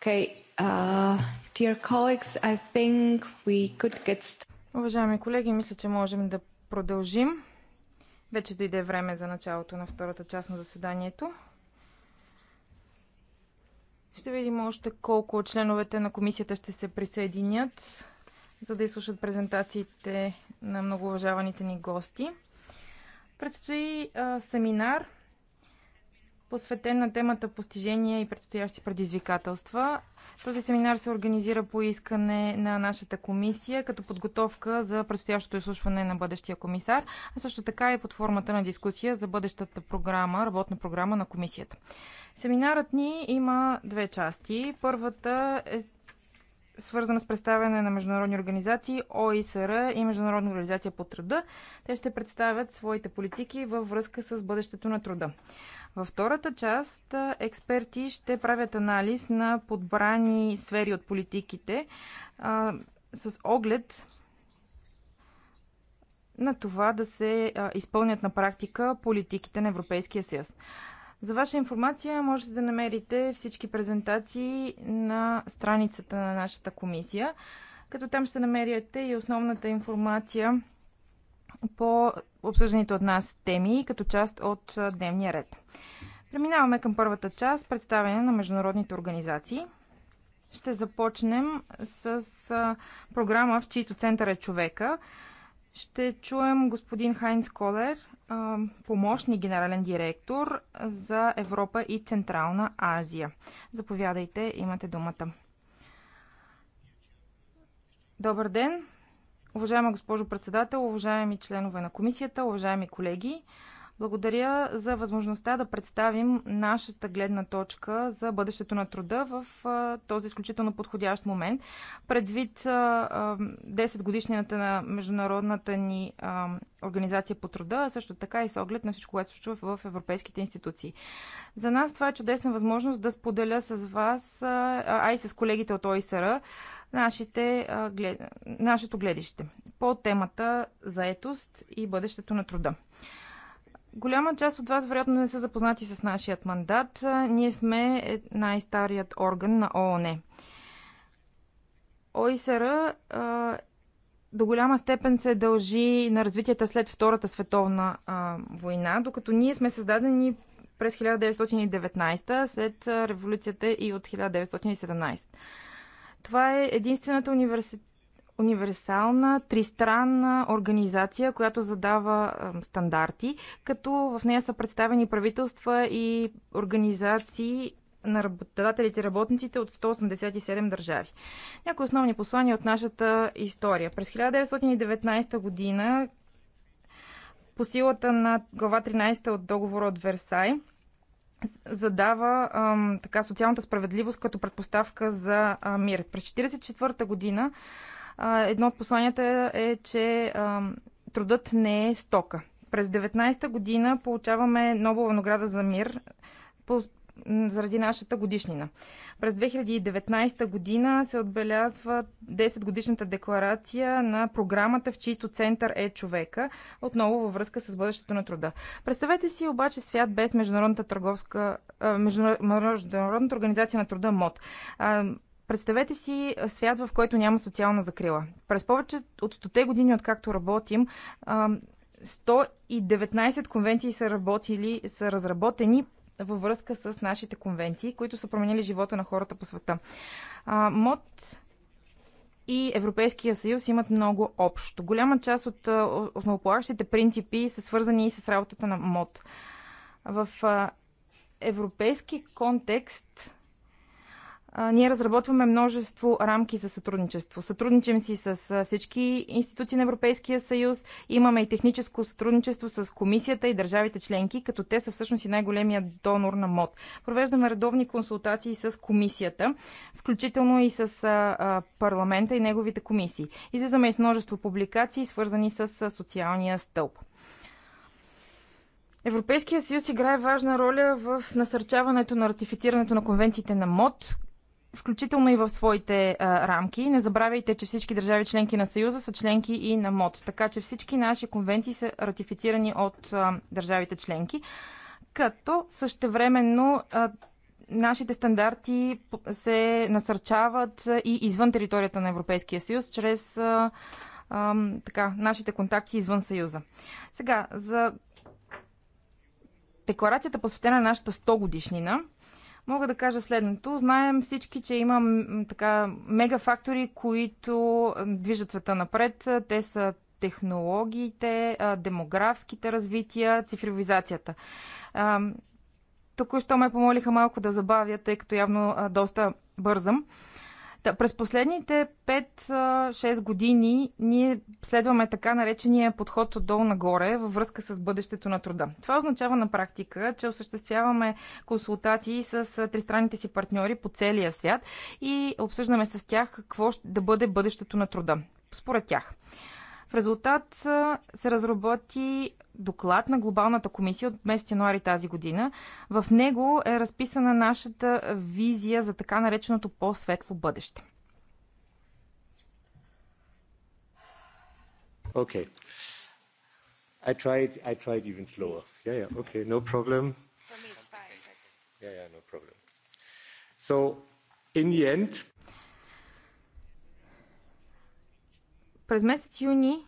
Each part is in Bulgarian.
Uh, Уважаеми колеги, мисля, че можем да продължим. Вече дойде време за началото на втората част на заседанието. Ще видим още колко от членовете на комисията ще се присъединят, за да изслушат презентациите на многоуважаваните ни гости. Предстои а, семинар – посветен на темата постижения и предстоящи предизвикателства. Този семинар се организира по искане на нашата комисия като подготовка за предстоящото изслушване на бъдещия комисар, а също така и под формата на дискусия за бъдещата програма, работна програма на комисията. Семинарът ни има две части. Първата е свързана с представяне на международни организации, ОИСР и Международна организация по труда. Те ще представят своите политики във връзка с бъдещето на труда. Във втората част експерти ще правят анализ на подбрани сфери от политиките а, с оглед на това да се а, изпълнят на практика политиките на Европейския съюз. За ваша информация можете да намерите всички презентации на страницата на нашата комисия, като там ще намерите и основната информация по обсъжданите от нас теми като част от дневния ред. Преминаваме към първата част представяне на международните организации. Ще започнем с програма, в чийто център е човека. Ще чуем господин Хайнц Колер, помощник генерален директор за Европа и Централна Азия. Заповядайте, имате думата. Добър ден! Уважаема госпожо председател, уважаеми членове на комисията, уважаеми колеги, благодаря за възможността да представим нашата гледна точка за бъдещето на труда в този изключително подходящ момент. Предвид 10 годишнината на Международната ни организация по труда, а също така и с оглед на всичко, което се случва в европейските институции. За нас това е чудесна възможност да споделя с вас, а и с колегите от ОИСР, нашите, нашето гледище по темата заетост и бъдещето на труда. Голяма част от вас, вероятно, не са запознати с нашият мандат. Ние сме е, най-старият орган на ООН. ОИСР до голяма степен се дължи на развитията след Втората световна а, война, докато ние сме създадени през 1919, след революцията и от 1917. Това е единствената университет универсална, тристранна организация, която задава стандарти, като в нея са представени правителства и организации на работодателите и работниците от 187 държави. Някои основни послания от нашата история. През 1919 година по силата на глава 13 от договора от Версай задава ам, така социалната справедливост като предпоставка за а, мир. През 1944 година едно от посланията е, че трудът не е стока. През 19-та година получаваме нова награда за мир по, заради нашата годишнина. През 2019 година се отбелязва 10 годишната декларация на програмата, в чийто център е човека, отново във връзка с бъдещето на труда. Представете си обаче свят без Международната търговска, международната организация на труда МОД. Представете си свят, в който няма социална закрила. През повече от 100 години, откакто работим, 119 конвенции са, работили, са разработени във връзка с нашите конвенции, които са променили живота на хората по света. МОД и Европейския съюз имат много общо. Голяма част от основополагащите принципи са свързани и с работата на МОД. В европейски контекст ние разработваме множество рамки за сътрудничество. Сътрудничим си с всички институции на Европейския съюз. Имаме и техническо сътрудничество с комисията и държавите членки, като те са всъщност и най-големия донор на МОД. Провеждаме редовни консултации с комисията, включително и с парламента и неговите комисии. Излизаме и с множество публикации, свързани с социалния стълб. Европейския съюз играе важна роля в насърчаването на ратифицирането на конвенциите на МОД, включително и в своите а, рамки. Не забравяйте, че всички държави членки на Съюза са членки и на МОД, така че всички наши конвенции са ратифицирани от а, държавите членки, като същевременно а, нашите стандарти се насърчават и извън територията на Европейския съюз, чрез а, а, така, нашите контакти извън съюза. Сега, за декларацията посветена на нашата 100 годишнина – мога да кажа следното. Знаем всички, че има така мегафактори, които движат света напред. Те са технологиите, демографските развития, цифровизацията. Току-що ме помолиха малко да забавя, тъй като явно доста бързам. Да, през последните 5-6 години ние следваме така наречения подход отдолу нагоре във връзка с бъдещето на труда. Това означава на практика, че осъществяваме консултации с тристранните си партньори по целия свят и обсъждаме с тях какво да бъде бъдещето на труда. Според тях. В резултат се разработи доклад на Глобалната комисия от месец януари тази година. В него е разписана нашата визия за така нареченото по-светло бъдеще. Okay. I tried, I tried even slower. Yeah, yeah, okay, no problem. For me it's fine. Yeah, yeah, no problem. So, in the end, През месец юни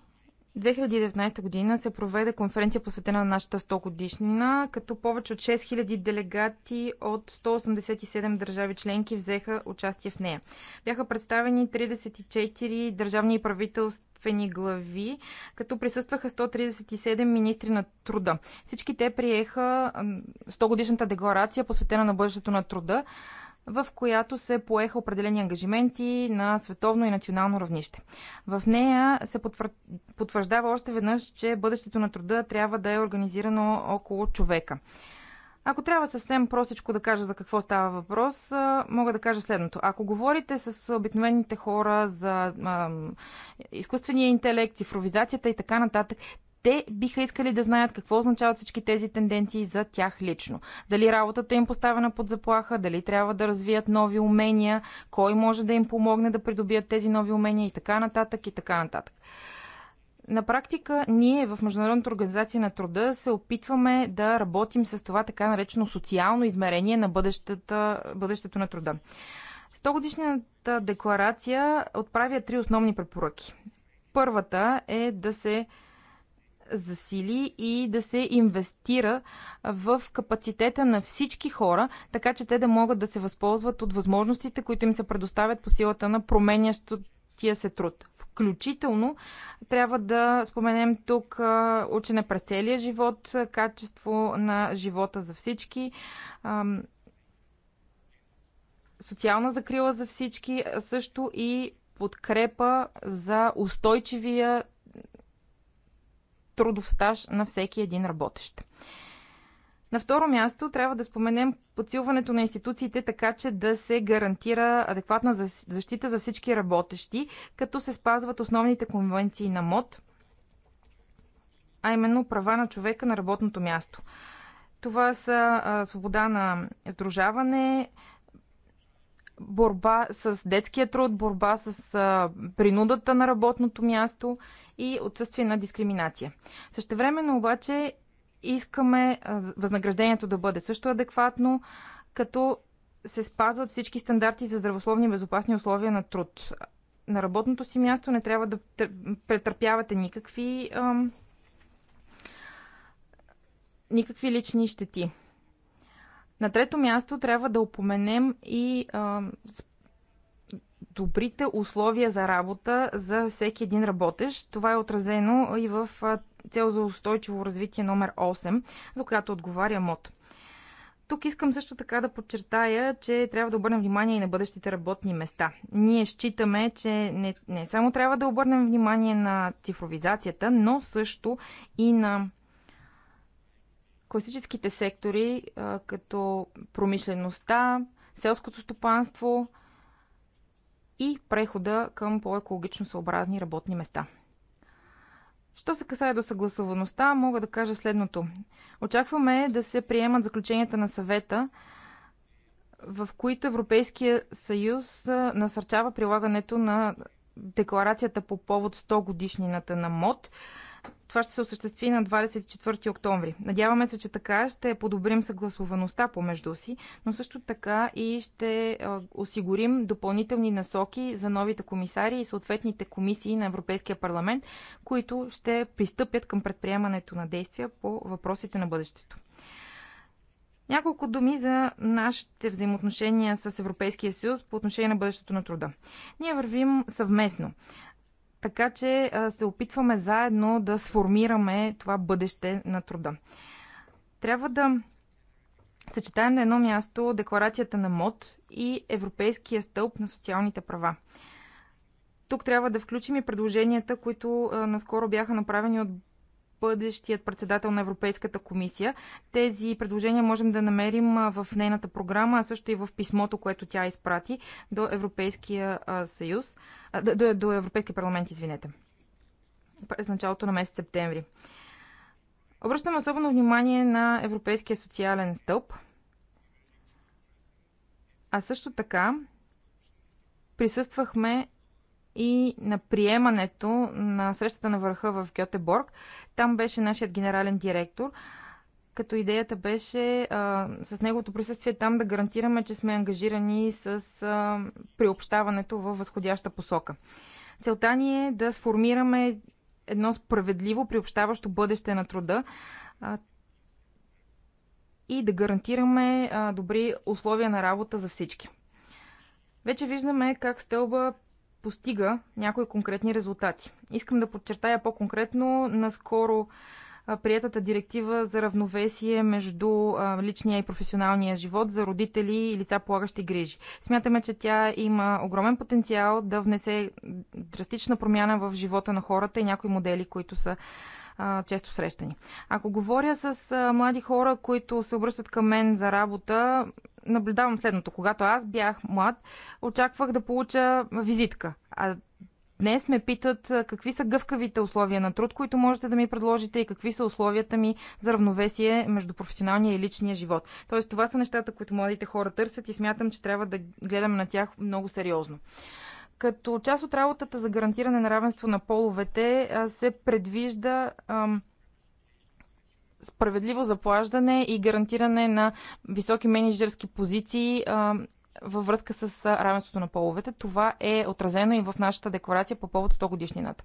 2019 година се проведе конференция посветена на нашата 100 годишнина, като повече от 6000 делегати от 187 държави членки взеха участие в нея. Бяха представени 34 държавни и правителствени глави, като присъстваха 137 министри на труда. Всички те приеха 100 годишната декларация посветена на бъдещето на труда, в която се поеха определени ангажименти на световно и национално равнище. В нея се потвърждава още веднъж, че бъдещето на труда трябва да е организирано около човека. Ако трябва съвсем простичко да кажа за какво става въпрос, мога да кажа следното. Ако говорите с обикновените хора за а, изкуствения интелект, цифровизацията и така нататък, те биха искали да знаят какво означават всички тези тенденции за тях лично. Дали работата им поставена под заплаха, дали трябва да развият нови умения, кой може да им помогне да придобият тези нови умения и така нататък и така нататък. На практика ние в Международната организация на труда се опитваме да работим с това така наречено социално измерение на бъдещето на труда. 100 годишната декларация отправя три основни препоръки. Първата е да се засили и да се инвестира в капацитета на всички хора, така че те да могат да се възползват от възможностите, които им се предоставят по силата на променящия се труд. Включително трябва да споменем тук учене през целия живот, качество на живота за всички, социална закрила за всички, също и подкрепа за устойчивия трудов стаж на всеки един работещ. На второ място трябва да споменем подсилването на институциите, така че да се гарантира адекватна защита за всички работещи, като се спазват основните конвенции на МОД, а именно права на човека на работното място. Това са а, свобода на сдружаване, борба с детския труд, борба с а, принудата на работното място и отсъствие на дискриминация. Същевременно обаче искаме а, възнаграждението да бъде също адекватно, като се спазват всички стандарти за здравословни и безопасни условия на труд. На работното си място не трябва да претърпявате никакви, ам, никакви лични щети. На трето място трябва да упоменем и а, добрите условия за работа за всеки един работещ. Това е отразено и в цел за устойчиво развитие номер 8, за която отговаря МОД. Тук искам също така да подчертая, че трябва да обърнем внимание и на бъдещите работни места. Ние считаме, че не, не само трябва да обърнем внимание на цифровизацията, но също и на класическите сектори, като промишлеността, селското стопанство и прехода към по-екологично съобразни работни места. Що се касае до съгласуваността, мога да кажа следното. Очакваме да се приемат заключенията на съвета, в които Европейския съюз насърчава прилагането на декларацията по повод 100 годишнината на МОД – това ще се осъществи на 24 октомври. Надяваме се, че така ще подобрим съгласуваността помежду си, но също така и ще осигурим допълнителни насоки за новите комисари и съответните комисии на Европейския парламент, които ще пристъпят към предприемането на действия по въпросите на бъдещето. Няколко думи за нашите взаимоотношения с Европейския съюз по отношение на бъдещето на труда. Ние вървим съвместно. Така че се опитваме заедно да сформираме това бъдеще на труда. Трябва да съчетаем на едно място декларацията на МОД и Европейския стълб на социалните права. Тук трябва да включим и предложенията, които наскоро бяха направени от бъдещият председател на Европейската комисия. Тези предложения можем да намерим в нейната програма, а също и в писмото, което тя изпрати до Европейския съюз, до, до Европейския парламент, извинете, през началото на месец септември. Обръщаме особено внимание на Европейския социален стълб, а също така присъствахме и на приемането на срещата на върха в Гьотеборг. Там беше нашият генерален директор като идеята беше а, с неговото присъствие там да гарантираме, че сме ангажирани с а, приобщаването във възходяща посока. Целта ни е да сформираме едно справедливо приобщаващо бъдеще на труда а, и да гарантираме а, добри условия на работа за всички. Вече виждаме как стълба постига някои конкретни резултати. Искам да подчертая по-конкретно наскоро приятата директива за равновесие между личния и професионалния живот за родители и лица полагащи грижи. Смятаме, че тя има огромен потенциал да внесе драстична промяна в живота на хората и някои модели, които са а, често срещани. Ако говоря с а, млади хора, които се обръщат към мен за работа, наблюдавам следното. Когато аз бях млад, очаквах да получа визитка. А Днес ме питат какви са гъвкавите условия на труд, които можете да ми предложите и какви са условията ми за равновесие между професионалния и личния живот. Тоест, това са нещата, които младите хора търсят и смятам, че трябва да гледаме на тях много сериозно. Като част от работата за гарантиране на равенство на половете се предвижда справедливо заплаждане и гарантиране на високи менеджерски позиции във връзка с равенството на половете. Това е отразено и в нашата декларация по повод 100 годишнината.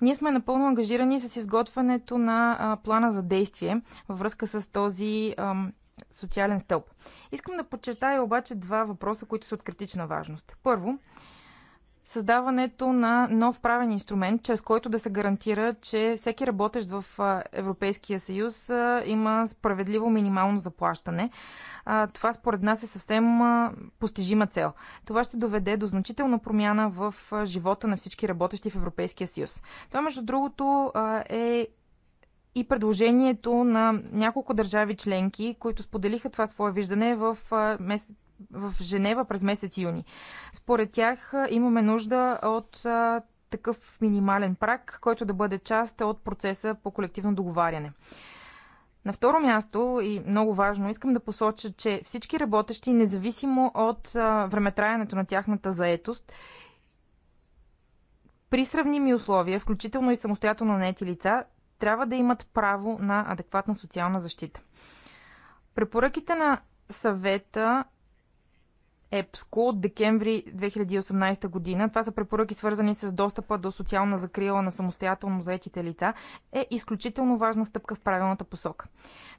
Ние сме напълно ангажирани с изготвянето на а, плана за действие във връзка с този ам, социален стълб. Искам да подчертая обаче два въпроса, които са от критична важност. Първо, създаването на нов правен инструмент, чрез който да се гарантира, че всеки работещ в Европейския съюз има справедливо минимално заплащане. Това според нас е съвсем постижима цел. Това ще доведе до значителна промяна в живота на всички работещи в Европейския съюз. Това, между другото, е и предложението на няколко държави членки, които споделиха това свое виждане в в Женева през месец юни. Според тях имаме нужда от такъв минимален прак, който да бъде част от процеса по колективно договаряне. На второ място и много важно, искам да посоча, че всички работещи, независимо от времетраянето на тяхната заетост, при сравними условия, включително и самостоятелно наети лица, трябва да имат право на адекватна социална защита. Препоръките на съвета ЕПСКО от декември 2018 година, това са препоръки свързани с достъпа до социална закрила на самостоятелно заетите лица, е изключително важна стъпка в правилната посока.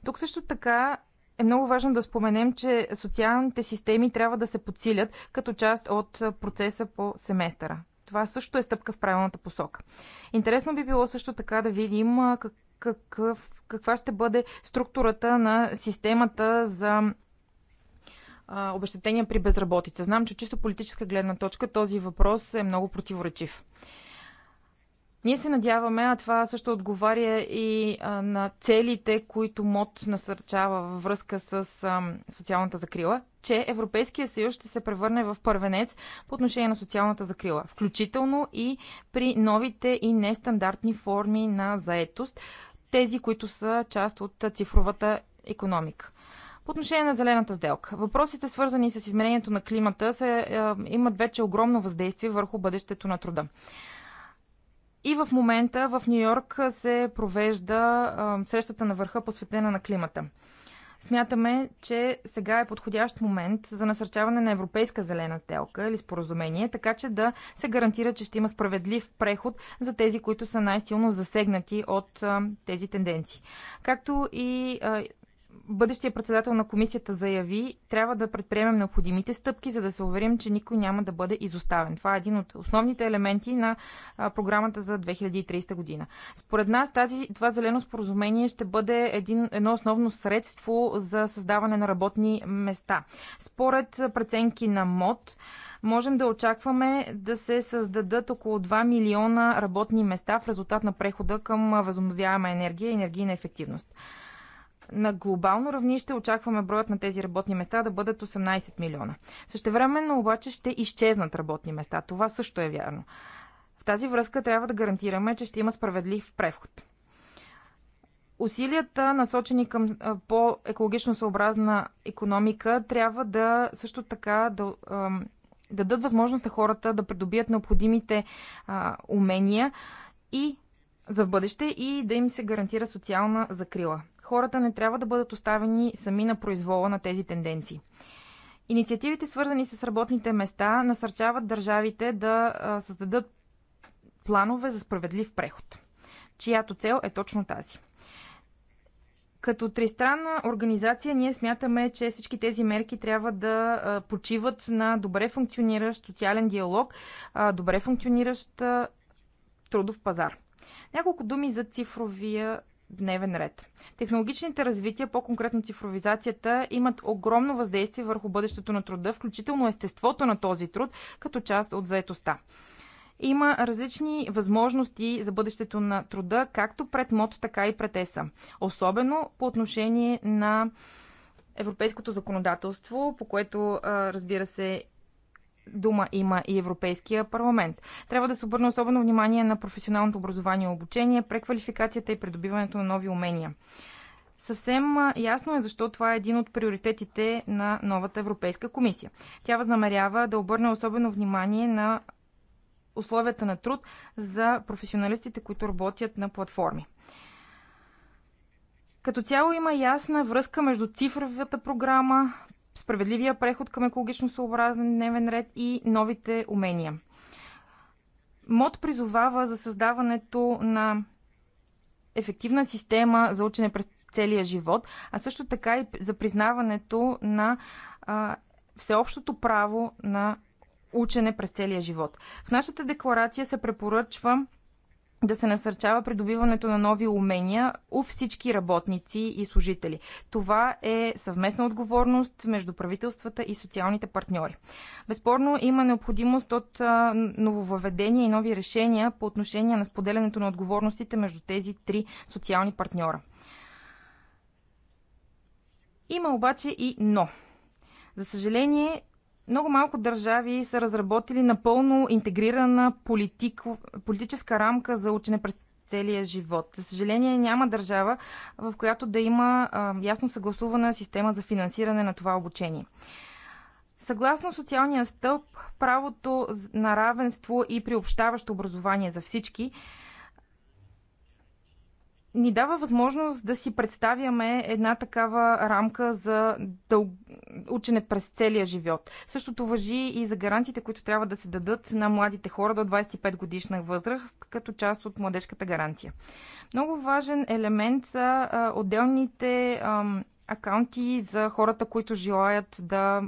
Тук също така е много важно да споменем, че социалните системи трябва да се подсилят като част от процеса по семестъра. Това също е стъпка в правилната посока. Интересно би било също така да видим какъв, каква ще бъде структурата на системата за а, обещетения при безработица. Знам, че чисто политическа гледна точка този въпрос е много противоречив. Ние се надяваме, а това също отговаря и а, на целите, които МОД насърчава във връзка с а, социалната закрила, че Европейския съюз ще се превърне в първенец по отношение на социалната закрила, включително и при новите и нестандартни форми на заетост, тези, които са част от цифровата економика. По отношение на зелената сделка, въпросите свързани с изменението на климата са, е, имат вече огромно въздействие върху бъдещето на труда. И в момента в Нью Йорк се провежда е, срещата на върха посветена на климата. Смятаме, че сега е подходящ момент за насърчаване на европейска зелена сделка или споразумение, така че да се гарантира, че ще има справедлив преход за тези, които са най-силно засегнати от а, е, тези тенденции. Както и а, е, бъдещия председател на комисията заяви, трябва да предприемем необходимите стъпки, за да се уверим, че никой няма да бъде изоставен. Това е един от основните елементи на програмата за 2030 година. Според нас тази, това зелено споразумение ще бъде един, едно основно средство за създаване на работни места. Според преценки на МОД, можем да очакваме да се създадат около 2 милиона работни места в резултат на прехода към възобновяема енергия и енергийна ефективност. На глобално равнище очакваме броят на тези работни места да бъдат 18 милиона. Същевременно обаче ще изчезнат работни места. Това също е вярно. В тази връзка трябва да гарантираме, че ще има справедлив преход. Усилията, насочени към по-екологично съобразна економика, трябва да също така да дадат възможност на хората да придобият необходимите а, умения и за в бъдеще и да им се гарантира социална закрила. Хората не трябва да бъдат оставени сами на произвола на тези тенденции. Инициативите, свързани с работните места, насърчават държавите да създадат планове за справедлив преход, чиято цел е точно тази. Като тристранна организация ние смятаме, че всички тези мерки трябва да почиват на добре функциониращ социален диалог, добре функциониращ трудов пазар. Няколко думи за цифровия дневен ред. Технологичните развития, по-конкретно цифровизацията, имат огромно въздействие върху бъдещето на труда, включително естеството на този труд, като част от заетостта има различни възможности за бъдещето на труда, както пред МОД, така и пред ЕСА. Особено по отношение на европейското законодателство, по което, разбира се, дума има и Европейския парламент. Трябва да се обърне особено внимание на професионалното образование и обучение, преквалификацията и придобиването на нови умения. Съвсем ясно е защо това е един от приоритетите на новата Европейска комисия. Тя възнамерява да обърне особено внимание на условията на труд за професионалистите, които работят на платформи. Като цяло има ясна връзка между цифровата програма, справедливия преход към екологично съобразен дневен ред и новите умения. МОД призовава за създаването на ефективна система за учене през целия живот, а също така и за признаването на а, всеобщото право на учене през целия живот. В нашата декларация се препоръчва да се насърчава придобиването на нови умения у всички работници и служители. Това е съвместна отговорност между правителствата и социалните партньори. Безспорно има необходимост от нововъведения и нови решения по отношение на споделянето на отговорностите между тези три социални партньора. Има обаче и но. За съжаление, много малко държави са разработили напълно интегрирана политик, политическа рамка за учене през целия живот. За съжаление, няма държава, в която да има а, ясно съгласувана система за финансиране на това обучение. Съгласно социалния стълб, правото на равенство и приобщаващо образование за всички – ни дава възможност да си представяме една такава рамка за дъл... учене през целия живот. Същото въжи и за гаранциите, които трябва да се дадат на младите хора до 25 годишна възраст, като част от младежката гаранция. Много важен елемент са отделните акаунти за хората, които желаят да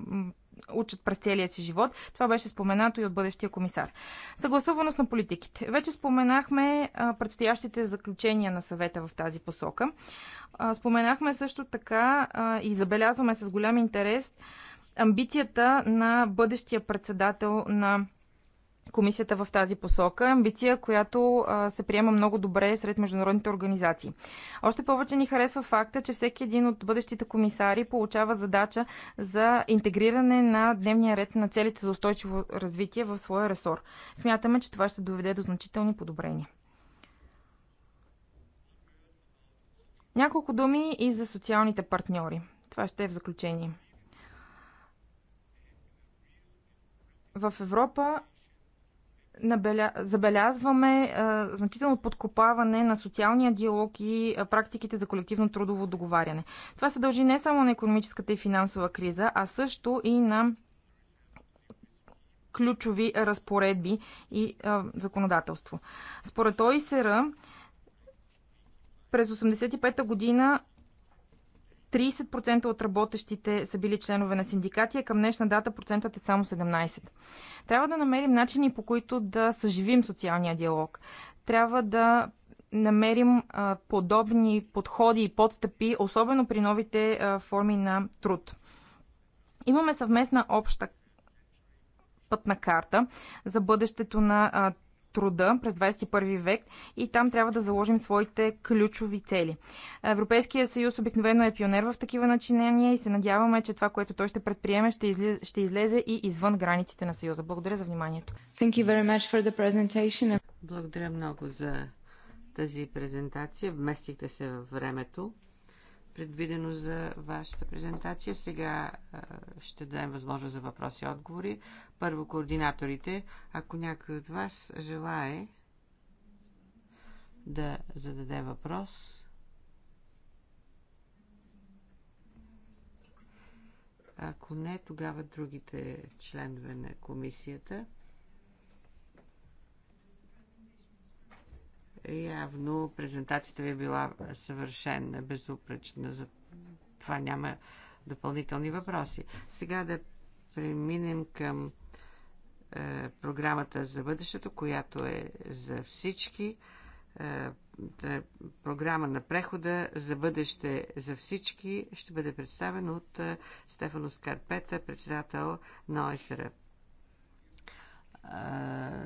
учат през целия си живот. Това беше споменато и от бъдещия комисар. Съгласуваност на политиките. Вече споменахме предстоящите заключения на съвета в тази посока. Споменахме също така и забелязваме с голям интерес амбицията на бъдещия председател на комисията в тази посока. Амбиция, която а, се приема много добре сред международните организации. Още повече ни харесва факта, че всеки един от бъдещите комисари получава задача за интегриране на дневния ред на целите за устойчиво развитие в своя ресор. Смятаме, че това ще доведе до значителни подобрения. Няколко думи и за социалните партньори. Това ще е в заключение. В Европа набеля... забелязваме а, значително подкопаване на социалния диалог и а, практиките за колективно трудово договаряне. Това се дължи не само на економическата и финансова криза, а също и на ключови разпоредби и а, законодателство. Според ОИСР през 1985 та година 30% от работещите са били членове на синдикати, а към днешна дата процентът е само 17%. Трябва да намерим начини по които да съживим социалния диалог. Трябва да намерим а, подобни подходи и подстъпи, особено при новите а, форми на труд. Имаме съвместна обща пътна карта за бъдещето на а, труда през 21 век и там трябва да заложим своите ключови цели. Европейския съюз обикновено е пионер в такива начинения и се надяваме, че това, което той ще предприеме, ще, излезе, ще излезе и извън границите на съюза. Благодаря за вниманието. Благодаря много за тази презентация. Вместихте се във времето предвидено за вашата презентация. Сега ще дадем възможност за въпроси и отговори. Първо координаторите, ако някой от вас желае да зададе въпрос. Ако не, тогава другите членове на комисията. Явно презентацията ви е била съвършена, безупречна, за това няма допълнителни въпроси. Сега да преминем към е, програмата за бъдещето, която е за всички. Е, е, програма на прехода за бъдеще за всички ще бъде представена от е, Стефано Скарпета, председател на ОСР.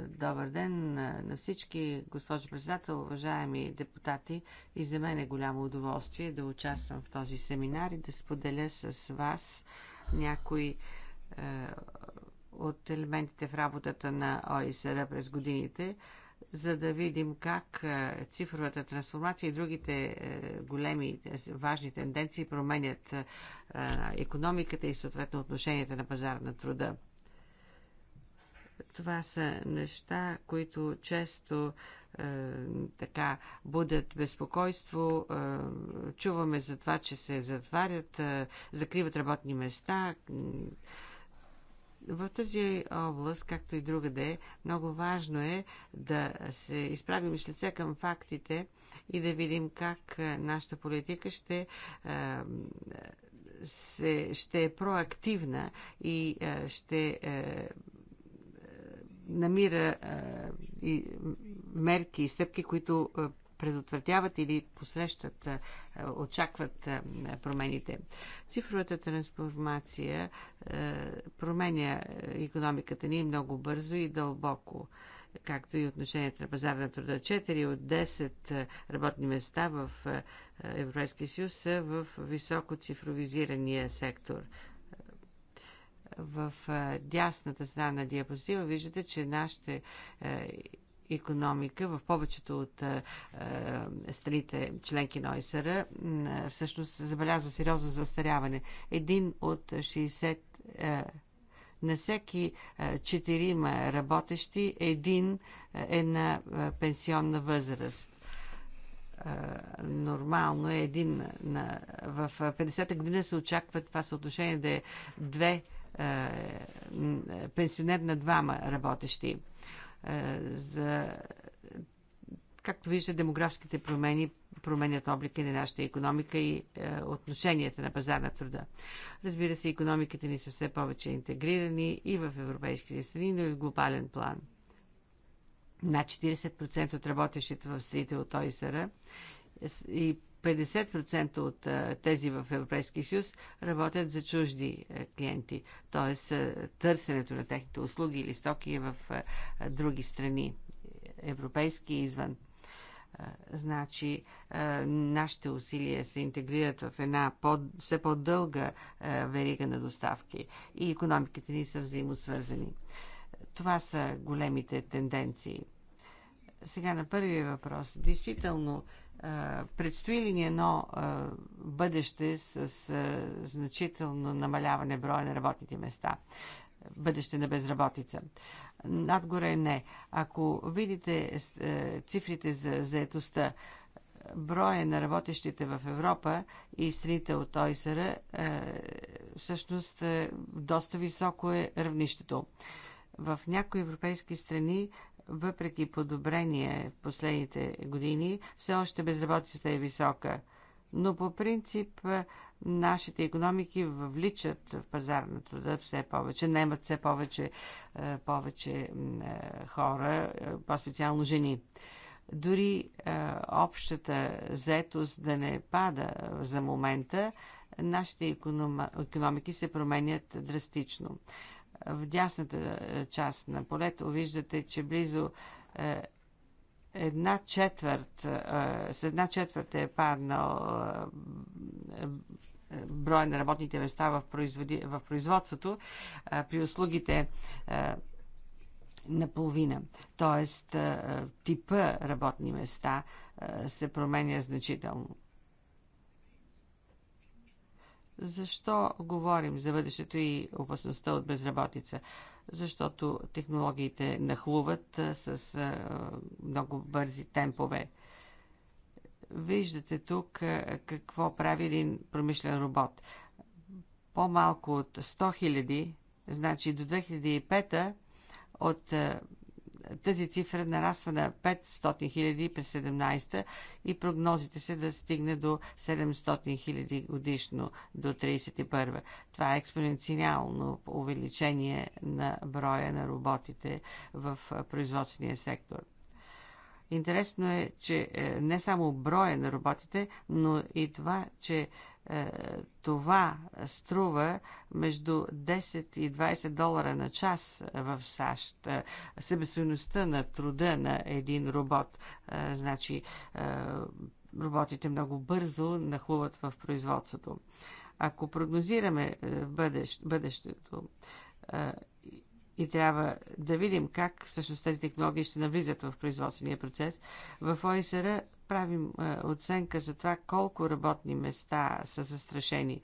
Добър ден на всички, госпожо председател, уважаеми депутати. И за мен е голямо удоволствие да участвам в този семинар и да споделя с вас някои е, от елементите в работата на ОИСР през годините, за да видим как е, цифровата трансформация и другите е, големи важни тенденции променят економиката и съответно отношенията на пазара на труда. Това са неща, които често е, така будят безпокойство. Е, чуваме за това, че се затварят, е, закриват работни места. В тази област, както и другаде, много важно е да се изправим с лице към фактите и да видим как е, нашата политика ще е, се, ще е проактивна и е, ще намира е, и мерки и стъпки, които е, предотвратяват или посрещат, е, очакват промените. Цифровата трансформация променя економиката ни много бързо и дълбоко както и отношението на пазара на труда. 4 от 10 работни места в Европейския съюз са в високо цифровизирания сектор – в е, дясната страна на диапозитива виждате, че нашите економика в повечето от е, е страните членки на ОСР е, всъщност забелязва сериозно застаряване. Един от 60 е, на всеки четирима работещи един е на пенсионна възраст. Нормално е един на, в 50-та година се очаква това съотношение да е 2 е, е, пенсионер на двама работещи. Е, за както вижда, демографските промени променят облика на нашата економика и отношенията на пазар на труда. Разбира се, економиките ни са все повече интегрирани и в европейските страни, но и в глобален план. Над 40% от работещите в страните от ОИСР и 50% от тези в Европейския съюз работят за чужди клиенти, т.е. търсенето на техните услуги или стоки е в други страни, европейски и извън. Значи, нашите усилия се интегрират в една под, все по-дълга верига на доставки и економиките ни са взаимосвързани. Това са големите тенденции. Сега на първия въпрос. Действително, Предстои ли ни едно бъдеще с значително намаляване броя на работните места? Бъдеще на безработица. Надгоре не. Ако видите е, цифрите за заетостта, броя на работещите в Европа и страните от ОИСР е, всъщност е, доста високо е равнището. В някои европейски страни въпреки подобрение в последните години, все още безработицата е висока. Но по принцип нашите економики въвличат в пазарна труда все повече, наймат все повече, повече хора, по-специално жени. Дори общата заетост да не пада за момента, нашите економики се променят драстично. В дясната е, част на полето виждате, че близо е, една четвърт, е, с една четвърт е паднал брой на работните места в, производи, в производството, при услугите наполовина. Тоест, типа работни места се променя значително. Защо говорим за бъдещето и опасността от безработица? Защото технологиите нахлуват с много бързи темпове. Виждате тук какво прави един промишлен робот. По-малко от 100 000, значи до 2005 от тази цифра нараства на 500 000 през 17 и прогнозите се да стигне до 700 000 годишно до 31. Това е експоненциално увеличение на броя на роботите в производствения сектор. Интересно е, че е, не само броя на роботите, но и това, че е, е, това струва между 10 и 20 долара на час в САЩ. Е, Себестоеността на труда на един робот. Е, значи, роботите много бързо нахлуват в производството. Ако прогнозираме бъдещ, бъдещето, и трябва да видим как всъщност тези технологии ще навлизат в производствения процес. В ОИСР правим е, оценка за това колко работни места са застрашени.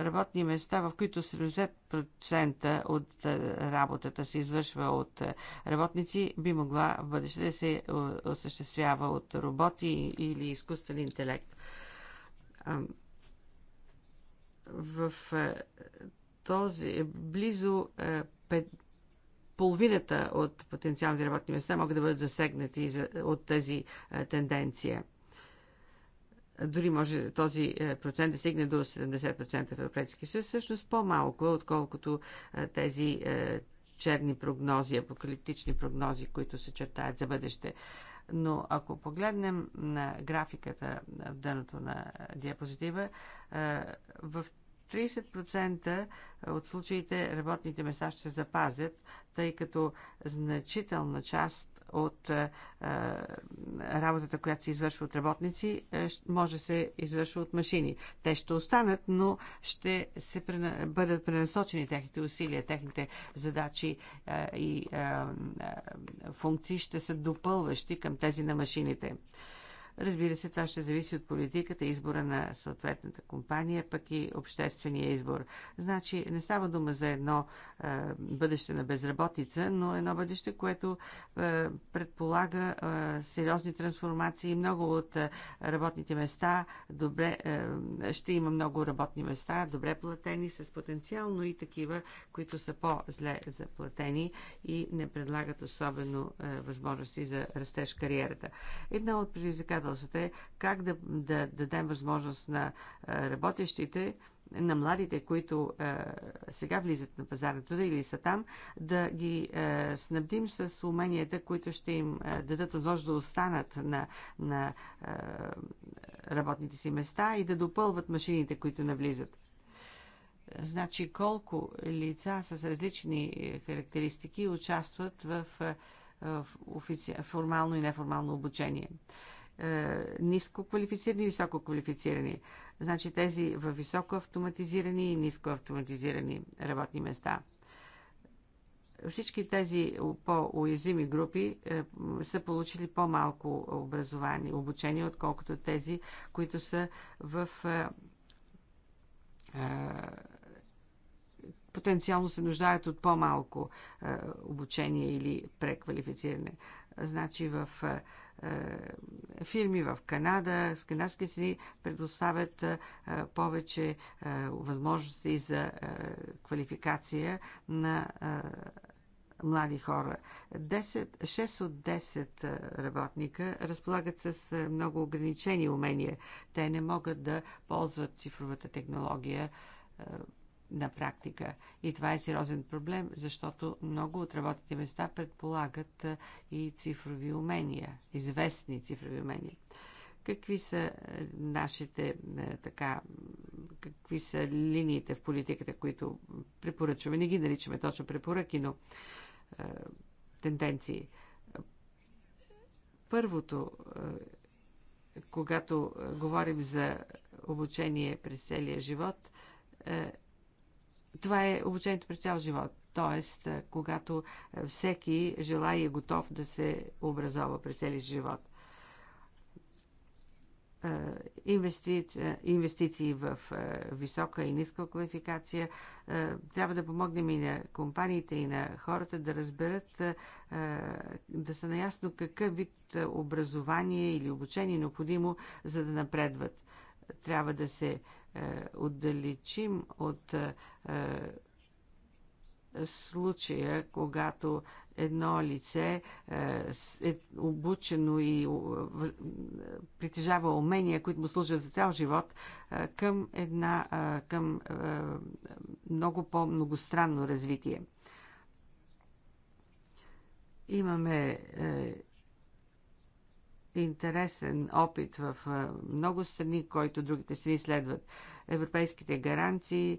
Е, работни места, в които 70% от е, работата се извършва от работници, би могла в бъдеще да се осъществява от роботи или изкуствен интелект. В този близо половината от потенциалните работни места могат да бъдат засегнати от тази е, тенденция. Дори може този е, процент да стигне до 70% в Европейския съюз, всъщност по-малко, отколкото е, тези черни прогнози, апокалиптични прогнози, които се чертаят за бъдеще. Но ако погледнем на графиката в дъното на диапозитива, в 30% от случаите работните места ще се запазят, тъй като значителна част от е, е, работата, която се извършва от работници, е, може да се извършва от машини. Те ще останат, но ще се прена... бъдат пренасочени техните усилия, техните задачи и функции ще са допълващи към тези на машините. Разбира се, това ще зависи от политиката, избора на съответната компания, пък и обществения избор. Значи не става дума за едно е, бъдеще на безработица, но едно бъдеще, което е, предполага е, сериозни трансформации. Много от е, работните места добре, е, ще има много работни места, добре платени, с потенциал, но и такива, които са по-зле заплатени и не предлагат особено е, възможности за растеж кариерата. Една от предизвикателствата Въпросът е как да, да дадем възможност на работещите, на младите, които сега влизат на пазара труда или са там, да ги снабдим с уменията, които ще им дадат възможност да останат на, на работните си места и да допълват машините, които навлизат. Значи колко лица с различни е, характеристики участват в, е, в офици... формално и неформално обучение. Е, ниско квалифицирани и високо квалифицирани. Значи тези в високо автоматизирани и ниско автоматизирани работни места. Всички тези по-уязвими групи е, са получили по-малко образование, обучение, отколкото тези, които са в е, потенциално се нуждаят от по-малко обучение или преквалифициране. Значи в е, фирми в Канада, канадски страни предоставят е, повече е, възможности за квалификация на млади хора. 10, 6 от 10 работника разполагат с много ограничени умения. Те не могат да ползват цифровата технология на практика. И това е сериозен проблем, защото много от работните места предполагат и цифрови умения, известни цифрови умения. Какви са нашите така, какви са линиите в политиката, които препоръчваме? Не ги наричаме точно препоръки, но е, тенденции. Първото, е, когато говорим за обучение през целия живот, е, това е обучението през цял живот. Тоест, когато всеки желая и е готов да се образова през целия живот. Инвестиции, инвестиции в висока и ниска квалификация. Трябва да помогнем и на компаниите, и на хората да разберат, да са наясно какъв вид образование или обучение е необходимо, за да напредват. Трябва да се е, отдалечим от е, е, случая, когато едно лице е обучено и притежава умения, които му служат за цял живот, към, една, към много по-многостранно развитие. Имаме интересен опит в много страни, който другите страни следват. Европейските гаранции,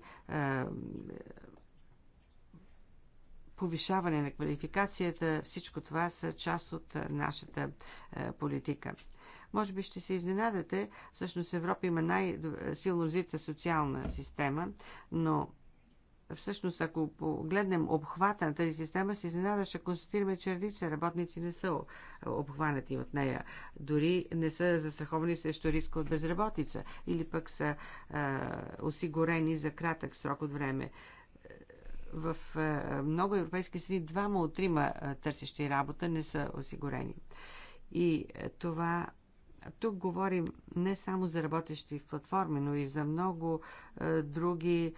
повишаване на квалификацията, всичко това са част от нашата политика. Може би ще се изненадате, всъщност Европа има най-силно развита социална система, но Всъщност, ако погледнем обхвата на тази система, се изненада ще констатираме, че редица работници не са обхванати от нея. Дори не са застраховани срещу риска от безработица или пък са а, осигурени за кратък срок от време в много европейски страни двама от трима търсещи работа не са осигурени. И това тук говорим не само за работещи в платформи, но и за много е, други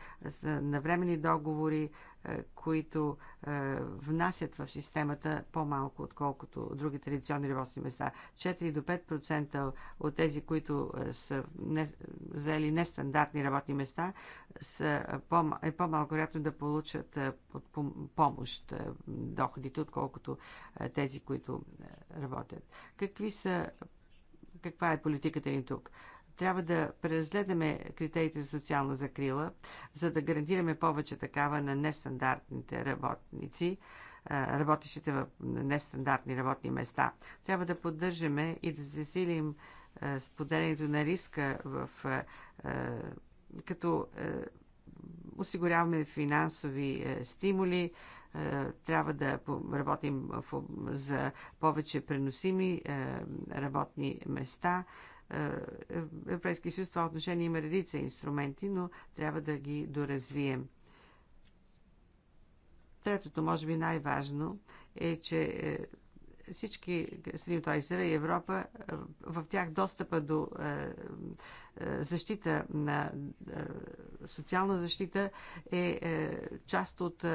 е, навремени договори, е, които е, внасят в системата по-малко, отколкото други традиционни работни места. 4 до 5% от тези, които е, са не, заели нестандартни работни места, са, е, по, е по-малко вероятно да получат е, под, помощ е, доходите, отколкото е, тези, които е, работят. Какви са каква е политиката ни тук трябва да преразгледаме критериите за социална закрила, за да гарантираме повече такава на нестандартните работници, работещите в нестандартни работни места. Трябва да поддържаме и да засилим споделянето на риска в, като осигуряваме финансови стимули, е, трябва да работим за повече преносими е, работни места. Е, Европейския съюз това отношение има редица инструменти, но трябва да ги доразвием. Третото, може би най-важно, е, че всички страни от ОИСР и Европа, е, в тях достъпа до е, е, защита на социална защита е част от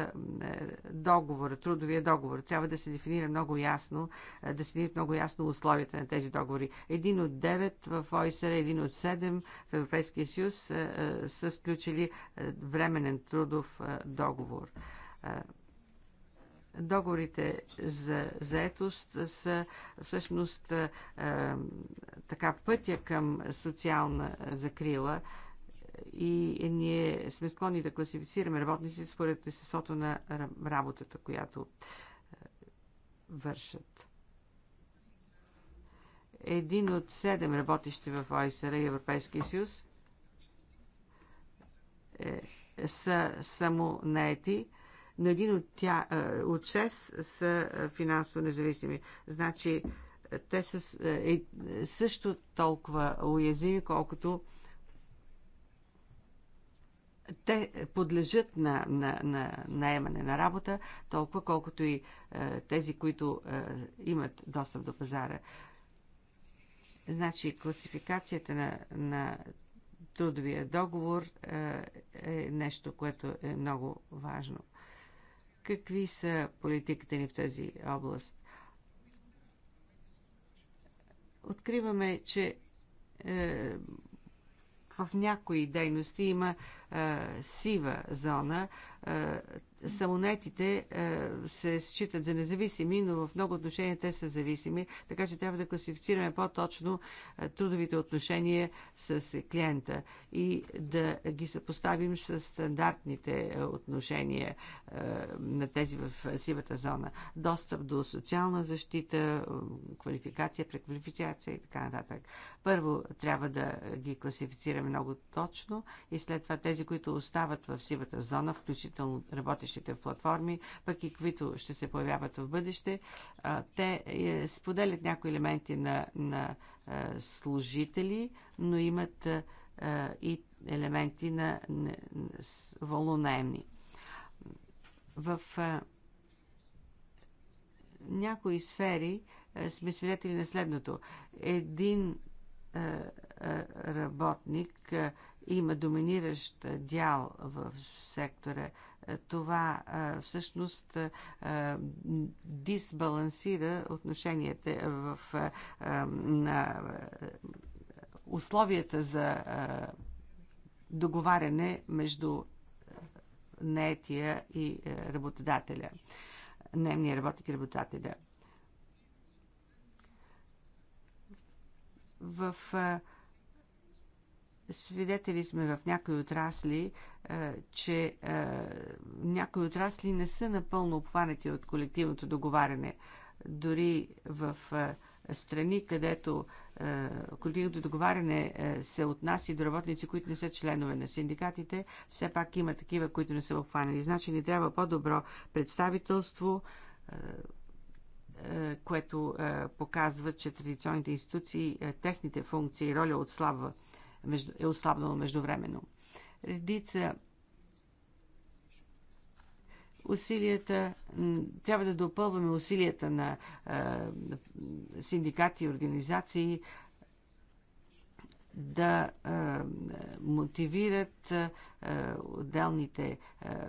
договора, трудовия договор. Трябва да се дефинира много ясно, да се дефинират много ясно условията на тези договори. Един от девет в ОИСР, един от седем в Европейския съюз са сключили временен трудов договор Договорите за заетост са всъщност е, така пътя към социална закрила и ние сме склонни да класифицираме работници според естеството на работата, която е, вършат. Един от седем работещи в ОИСР и Европейския съюз е, са самонаети но един от, тя, от 6 са финансово независими. Значи, те са е, също толкова уязвими, колкото те подлежат на, на, на наемане на работа, толкова колкото и е, тези, които е, имат достъп до пазара. Значи, класификацията на, на трудовия договор е, е нещо, което е много важно. Какви са политиката ни в тази област? Откриваме, че е, в някои дейности има е, сива зона. Е, самонетите е, се считат за независими, но в много отношения те са зависими, така че трябва да класифицираме по-точно е, трудовите отношения с клиента и да ги съпоставим с стандартните е, отношения на тези в сивата зона. Достъп до социална защита, квалификация, преквалификация и така нататък. Първо трябва да ги класифицираме много точно и след това тези, които остават в сивата зона, включително работещите работещите в платформи, пък и които ще се появяват в бъдеще. Те е, споделят някои елементи на, на е, служители, но имат е, и елементи на, на, волонаемни. В някои сфери сме свидетели на следното. Един работник има доминиращ дял в сектора това всъщност дисбалансира отношенията в, на условията за договаряне между наетия и работодателя, наемния работник и работодателя. В Свидетели сме в някои отрасли, е, че е, някои отрасли не са напълно обхванати от колективното договаряне. Дори в е, страни, където колективното договаряне се отнася до работници, които не са членове на синдикатите, все пак има такива, които не са обхванали. Значи ни трябва по-добро представителство, което показва, че традиционните институции, техните функции и роля отслабват е ослабнало междувременно. Редица усилията, трябва да допълваме усилията на синдикати и организации да мотивират отделните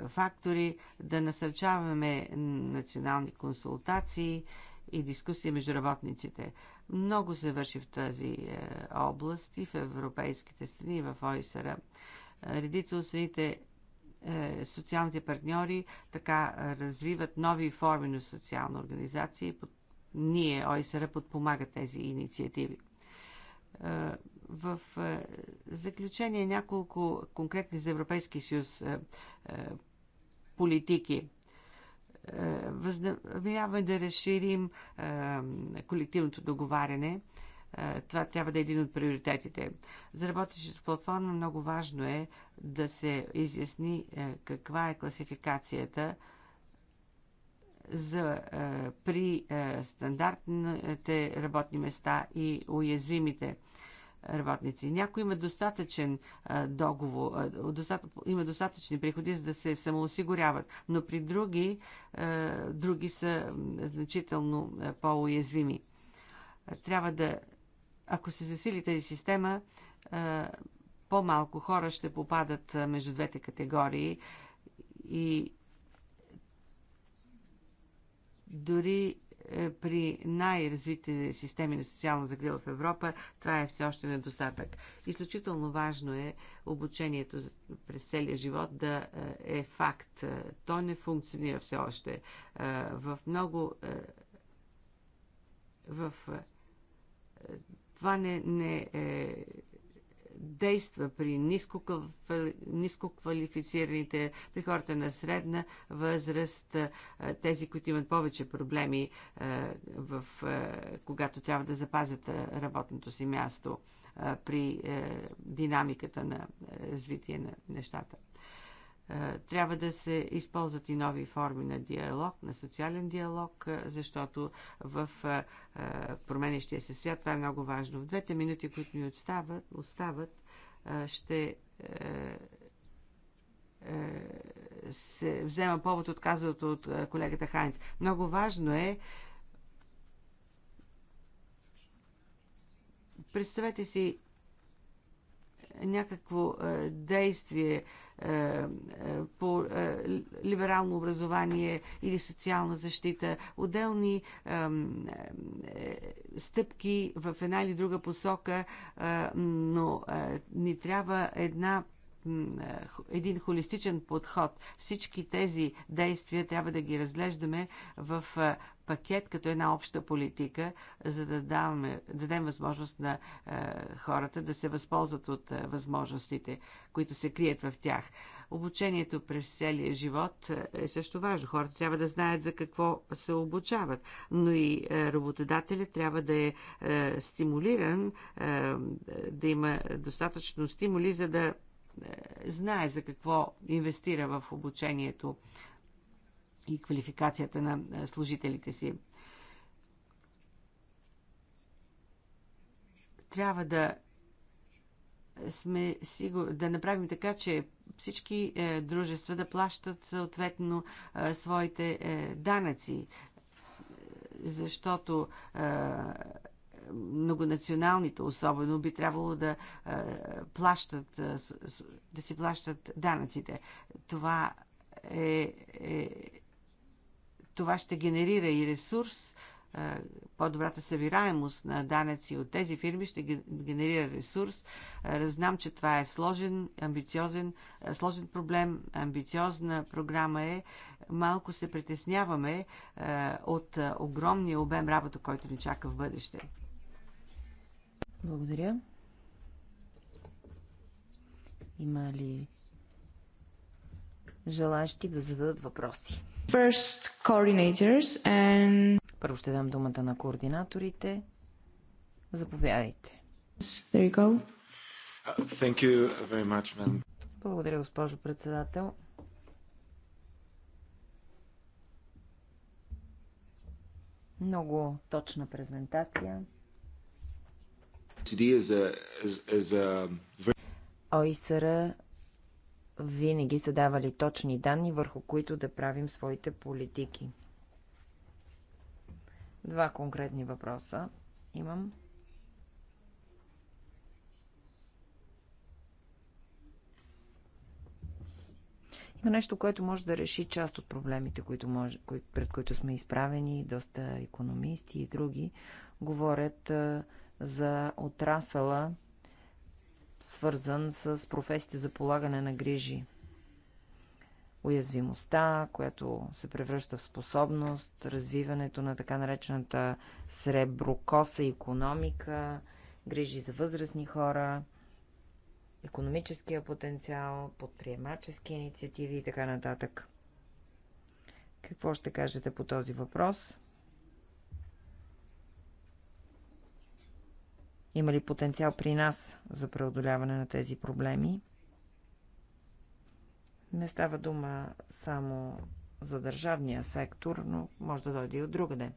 фактори, да насърчаваме национални консултации и дискусии между работниците. Много се върши в тази е, област и в европейските страни, и в ОИСР. Е, редица от страните е, социалните партньори така развиват нови форми на социална организация и под... ние, ОИСР, подпомага тези инициативи. В заключение няколко конкретни за Европейски съюз политики. Е, възнамеряваме да разширим е, колективното договаряне. Е, това трябва да е един от приоритетите. За работещата платформа много важно е да се изясни каква е класификацията за, при стандартните работни места и уязвимите работници. Някой има достатъчен договор, има достатъчни приходи, за да се самоосигуряват, но при други, други са значително по-уязвими. Трябва да, ако се засили тази система, по-малко хора ще попадат между двете категории и дори е, при най-развитите системи на социална закрила в Европа това е все още недостатък. Изключително важно е обучението през целия живот да е, е факт. То не функционира все още. Е, в много. В това не, не е действа при нискоквалифицираните, при хората на средна възраст, тези, които имат повече проблеми, в, когато трябва да запазят работното си място при динамиката на развитие на нещата. Трябва да се използват и нови форми на диалог, на социален диалог, защото в променещия се свят това е много важно. В двете минути, които ми остават, остават ще е, е, се взема повод от казалото от колегата Хайнц. Много важно е представете си някакво е, действие, е, е, по е, либерално образование или социална защита, отделни стъпки в една или друга посока, но ни трябва една един холистичен подход. Всички тези действия трябва да ги разглеждаме в пакет като една обща политика, за да даваме, дадем възможност на е, хората да се възползват от е, възможностите, които се крият в тях. Обучението през целия живот е, е също важно. Хората трябва да знаят за какво се обучават, но и е, работодателя трябва да е, е стимулиран, да има достатъчно стимули, за да знае за какво инвестира в обучението и квалификацията на служителите си. Трябва да сме сигур... да направим така, че всички е, дружества да плащат съответно е, своите е, данъци, защото е, многонационалните особено би трябвало да е, плащат, е, да си плащат данъците. Това е, е това ще генерира и ресурс, по-добрата събираемост на данъци от тези фирми ще генерира ресурс. Знам, че това е сложен, амбициозен, сложен проблем, амбициозна програма е. Малко се притесняваме от огромния обем работа, който ни чака в бъдеще. Благодаря. Има ли желащи да зададат въпроси? First coordinators and... Първо ще дам думата на координаторите. Заповядайте. There you go. Thank you very much, man. Благодаря, госпожо председател. Много точна презентация. ОИСР винаги са давали точни данни, върху които да правим своите политики. Два конкретни въпроса имам. Има нещо, което може да реши част от проблемите, които може, кои, пред които сме изправени. Доста економисти и други говорят а, за отрасъла свързан с професиите за полагане на грижи. Уязвимостта, която се превръща в способност, развиването на така наречената среброкоса економика, грижи за възрастни хора, економическия потенциал, подприемачески инициативи и така нататък. Какво ще кажете по този въпрос? Има ли потенциал при нас за преодоляване на тези проблеми? Не става дума само за държавния сектор, но може да дойде и от другаде.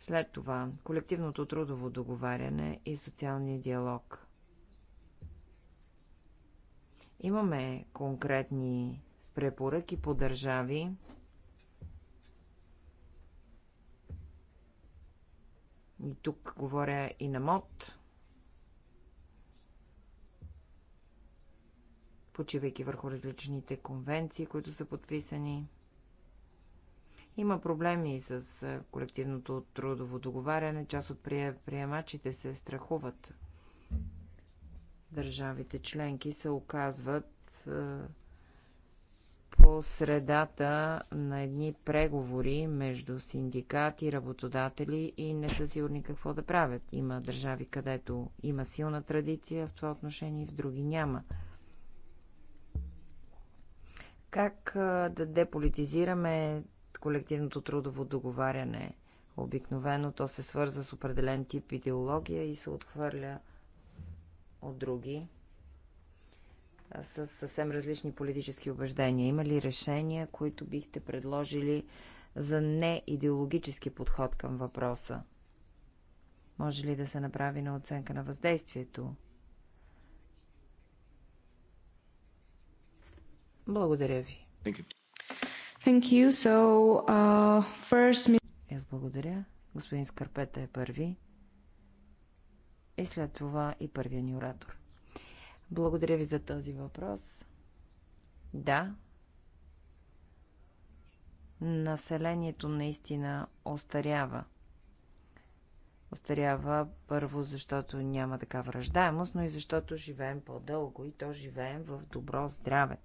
След това колективното трудово договаряне и социалния диалог. Имаме конкретни препоръки по държави, И тук говоря и на МОД. почивайки върху различните конвенции, които са подписани. Има проблеми с колективното трудово договаряне. Част от приемачите се страхуват. Държавите членки се оказват по средата на едни преговори между синдикати, работодатели и не са сигурни какво да правят. Има държави, където има силна традиция в това отношение, в други няма. Как да деполитизираме колективното трудово договаряне? Обикновено то се свърза с определен тип идеология и се отхвърля от други с съвсем различни политически убеждения. Има ли решения, които бихте предложили за неидеологически подход към въпроса? Може ли да се направи на оценка на въздействието? Благодаря ви. Thank you. So, uh, first... Аз благодаря. Господин Скарпета е първи. И след това и първия ни оратор. Благодаря ви за този въпрос. Да, населението наистина остарява. Остарява първо, защото няма такава ръждаемост, но и защото живеем по-дълго и то живеем в добро здраве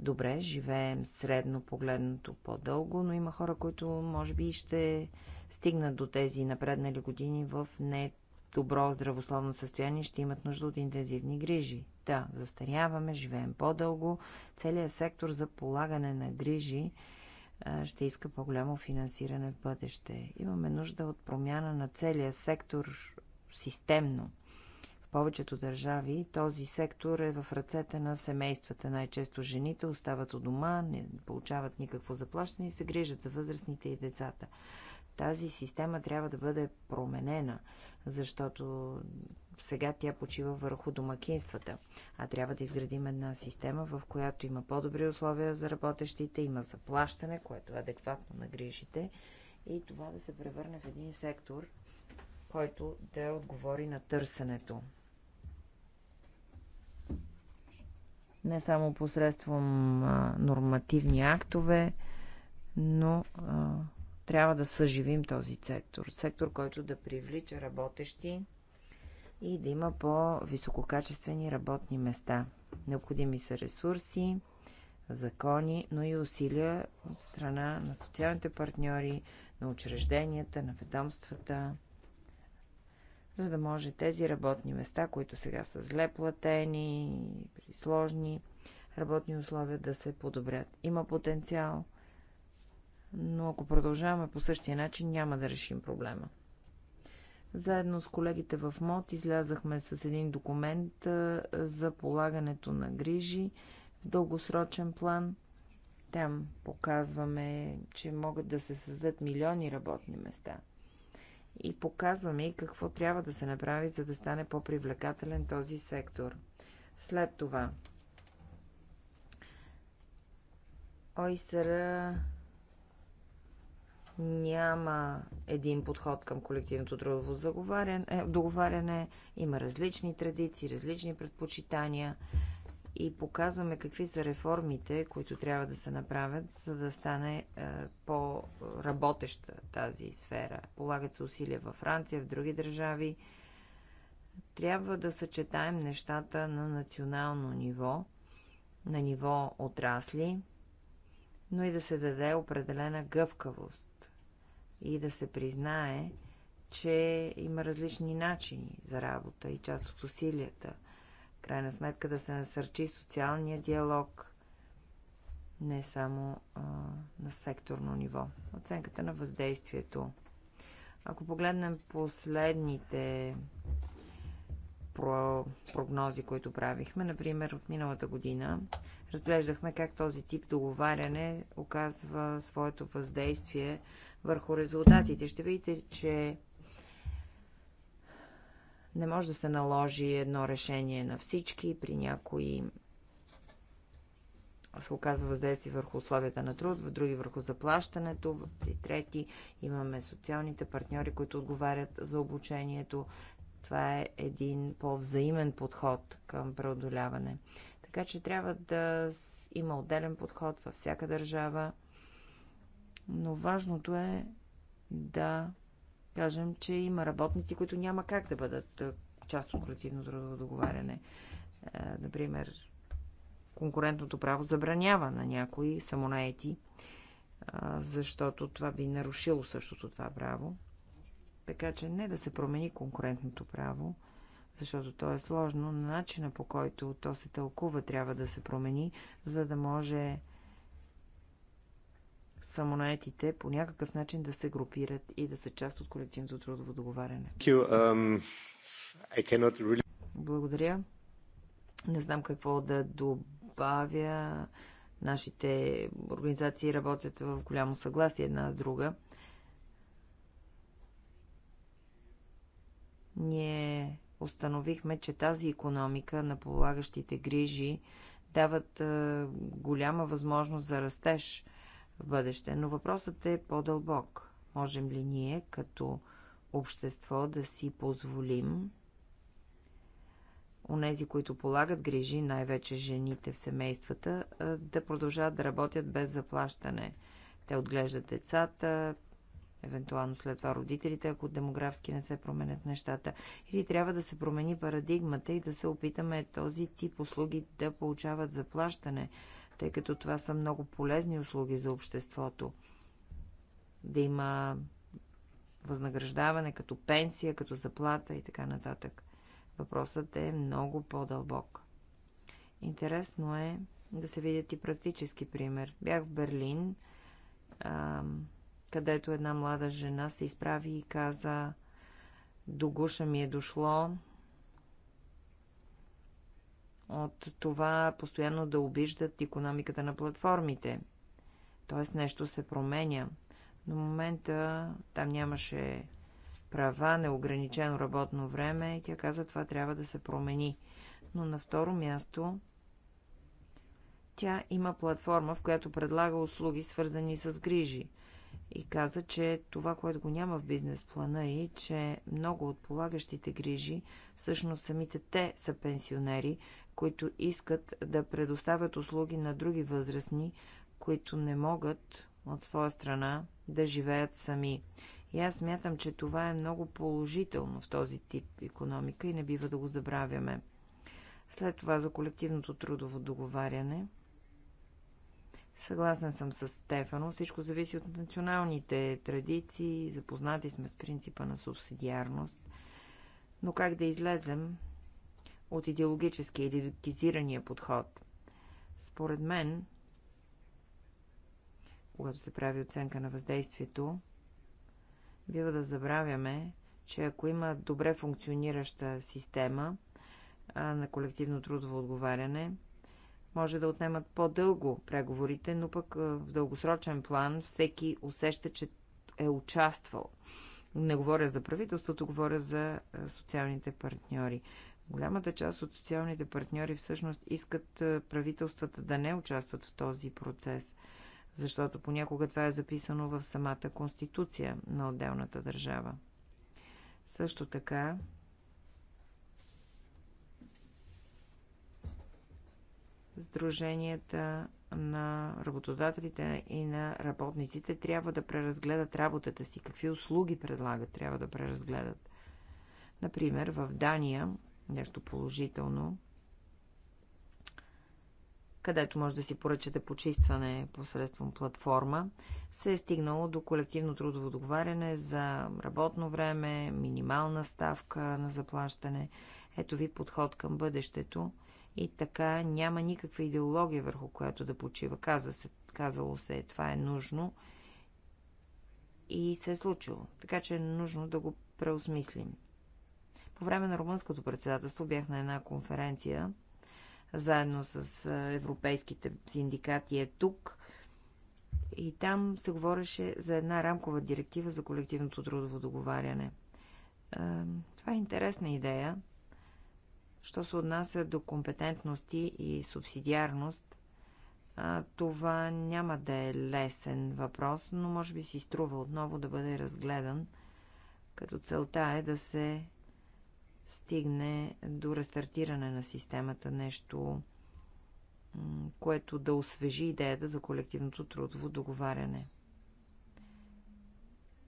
добре, живеем средно погледнато по-дълго, но има хора, които може би ще стигнат до тези напреднали години в не добро здравословно състояние, ще имат нужда от интензивни грижи. Да, застаряваме, живеем по-дълго, целият сектор за полагане на грижи ще иска по-голямо финансиране в бъдеще. Имаме нужда от промяна на целия сектор системно – повечето държави този сектор е в ръцете на семействата. Най-често жените остават у дома, не получават никакво заплащане и се грижат за възрастните и децата. Тази система трябва да бъде променена, защото сега тя почива върху домакинствата, а трябва да изградим една система, в която има по-добри условия за работещите, има заплащане, което е адекватно на грижите и това да се превърне в един сектор, който да отговори на търсенето. не само посредством а, нормативни актове, но а, трябва да съживим този сектор. Сектор, който да привлича работещи и да има по-висококачествени работни места. Необходими са ресурси, закони, но и усилия от страна на социалните партньори, на учрежденията, на ведомствата, за да може тези работни места, които сега са зле платени, при сложни работни условия да се подобрят. Има потенциал, но ако продължаваме по същия начин, няма да решим проблема. Заедно с колегите в МОД излязахме с един документ за полагането на грижи в дългосрочен план. Там показваме, че могат да се създадат милиони работни места – и показваме и какво трябва да се направи, за да стане по-привлекателен този сектор. След това ОИСР няма един подход към колективното трудово е, договаряне. Има различни традиции, различни предпочитания и показваме какви са реформите, които трябва да се направят, за да стане е, по-работеща тази сфера. Полагат се усилия във Франция, в други държави. Трябва да съчетаем нещата на национално ниво, на ниво отрасли, но и да се даде определена гъвкавост и да се признае, че има различни начини за работа и част от усилията – крайна сметка да се насърчи социалния диалог не само а, на секторно ниво. Оценката на въздействието. Ако погледнем последните про прогнози, които правихме, например от миналата година, разглеждахме как този тип договаряне оказва своето въздействие върху резултатите. Ще видите, че не може да се наложи едно решение на всички. При някои се оказва въздействие върху условията на труд, в други върху заплащането, при трети имаме социалните партньори, които отговарят за обучението. Това е един по-взаимен подход към преодоляване. Така че трябва да има отделен подход във всяка държава, но важното е да кажем, че има работници, които няма как да бъдат част от колективно трудово договаряне. Е, например, конкурентното право забранява на някои самонаети, защото това би нарушило същото това право. Така че не да се промени конкурентното право, защото то е сложно, но начина по който то се тълкува трябва да се промени, за да може самонаетите по някакъв начин да се групират и да са част от колективното трудово договаряне. Um, Благодаря. Не знам какво да добавя. Нашите организации работят в голямо съгласие една с друга. Ние установихме, че тази економика на полагащите грижи дават голяма възможност за растеж – в бъдеще. Но въпросът е по-дълбок. Можем ли ние, като общество, да си позволим онези, които полагат грижи, най-вече жените в семействата, да продължават да работят без заплащане. Те отглеждат децата, евентуално след това родителите, ако демографски не се променят нещата. Или трябва да се промени парадигмата и да се опитаме този тип услуги да получават заплащане – тъй като това са много полезни услуги за обществото. Да има възнаграждаване като пенсия, като заплата и така нататък. Въпросът е много по-дълбок. Интересно е да се видят и практически пример. Бях в Берлин, а, където една млада жена се изправи и каза «Догуша ми е дошло от това постоянно да обиждат економиката на платформите. Тоест нещо се променя. До момента там нямаше права, неограничено работно време и тя каза, това трябва да се промени. Но на второ място тя има платформа, в която предлага услуги, свързани с грижи. И каза, че това, което го няма в бизнес плана и е, че много от полагащите грижи, всъщност самите те са пенсионери, които искат да предоставят услуги на други възрастни, които не могат от своя страна да живеят сами. И аз смятам, че това е много положително в този тип економика и не бива да го забравяме. След това за колективното трудово договаряне. Съгласен съм с Стефано. Всичко зависи от националните традиции. Запознати сме с принципа на субсидиарност. Но как да излезем от идеологически идеологизирания подход. Според мен, когато се прави оценка на въздействието, бива да забравяме, че ако има добре функционираща система на колективно трудово отговаряне, може да отнемат по-дълго преговорите, но пък в дългосрочен план всеки усеща, че е участвал. Не говоря за правителството, говоря за социалните партньори. Голямата част от социалните партньори всъщност искат е, правителствата да не участват в този процес, защото понякога това е записано в самата конституция на отделната държава. Също така, Сдруженията на работодателите и на работниците трябва да преразгледат работата си. Какви услуги предлагат, трябва да преразгледат. Например, в Дания нещо положително, където може да си поръчате почистване посредством платформа, се е стигнало до колективно трудово договаряне за работно време, минимална ставка на заплащане. Ето ви подход към бъдещето и така няма никаква идеология върху която да почива. Каза се, казало се, това е нужно и се е случило. Така че е нужно да го преосмислим. По време на румънското председателство бях на една конференция заедно с европейските синдикати е тук. И там се говореше за една рамкова директива за колективното трудово договаряне. Това е интересна идея. Що се отнася до компетентности и субсидиарност, това няма да е лесен въпрос, но може би си струва отново да бъде разгледан, като целта е да се стигне до рестартиране на системата нещо, което да освежи идеята за колективното трудово договаряне.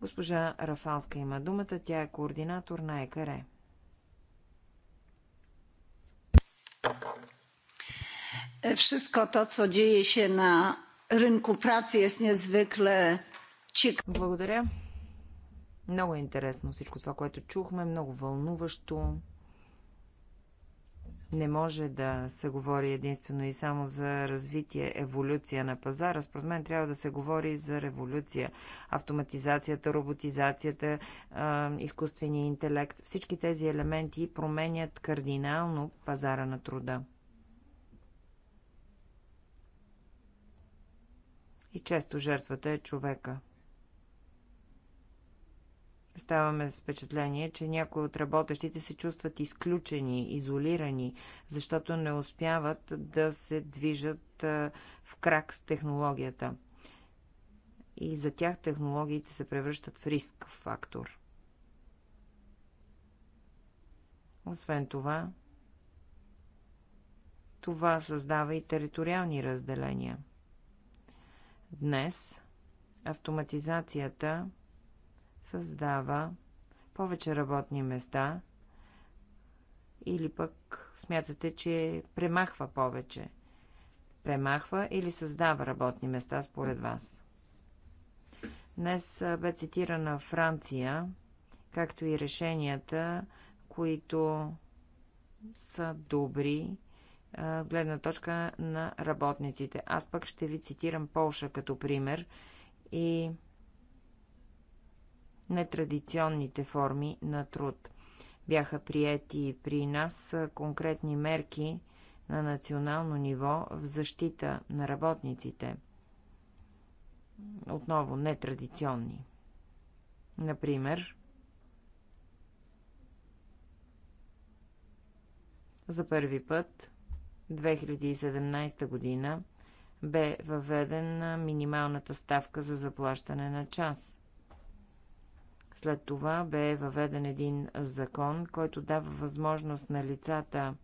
Госпожа Рафалска има думата. Тя е координатор на ЕКАРЕ. Е Благодаря. Много е интересно всичко това, което чухме, много вълнуващо. Не може да се говори единствено и само за развитие, еволюция на пазара. Според мен трябва да се говори за революция. Автоматизацията, роботизацията, изкуствения интелект. Всички тези елементи променят кардинално пазара на труда. И често жертвата е човека. Ставаме с впечатление, че някои от работещите се чувстват изключени, изолирани, защото не успяват да се движат в крак с технологията. И за тях технологиите се превръщат в риск фактор. Освен това, това създава и териториални разделения. Днес автоматизацията създава повече работни места или пък смятате, че премахва повече? Премахва или създава работни места според вас? Днес бе цитирана Франция, както и решенията, които са добри гледна точка на работниците. Аз пък ще ви цитирам Полша като пример и нетрадиционните форми на труд. Бяха приети при нас конкретни мерки на национално ниво в защита на работниците. Отново нетрадиционни. Например, за първи път 2017 година бе въведена минималната ставка за заплащане на час. След това бе въведен един закон, който дава възможност на лицата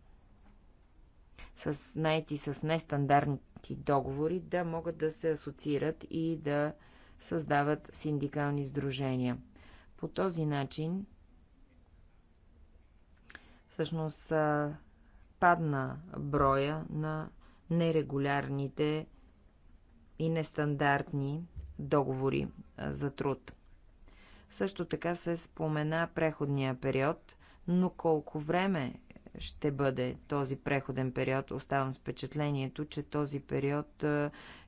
с ти с нестандартни договори да могат да се асоциират и да създават синдикални сдружения. По този начин всъщност падна броя на нерегулярните и нестандартни договори за труд. Също така се спомена преходния период, но колко време ще бъде този преходен период, оставам с впечатлението, че този период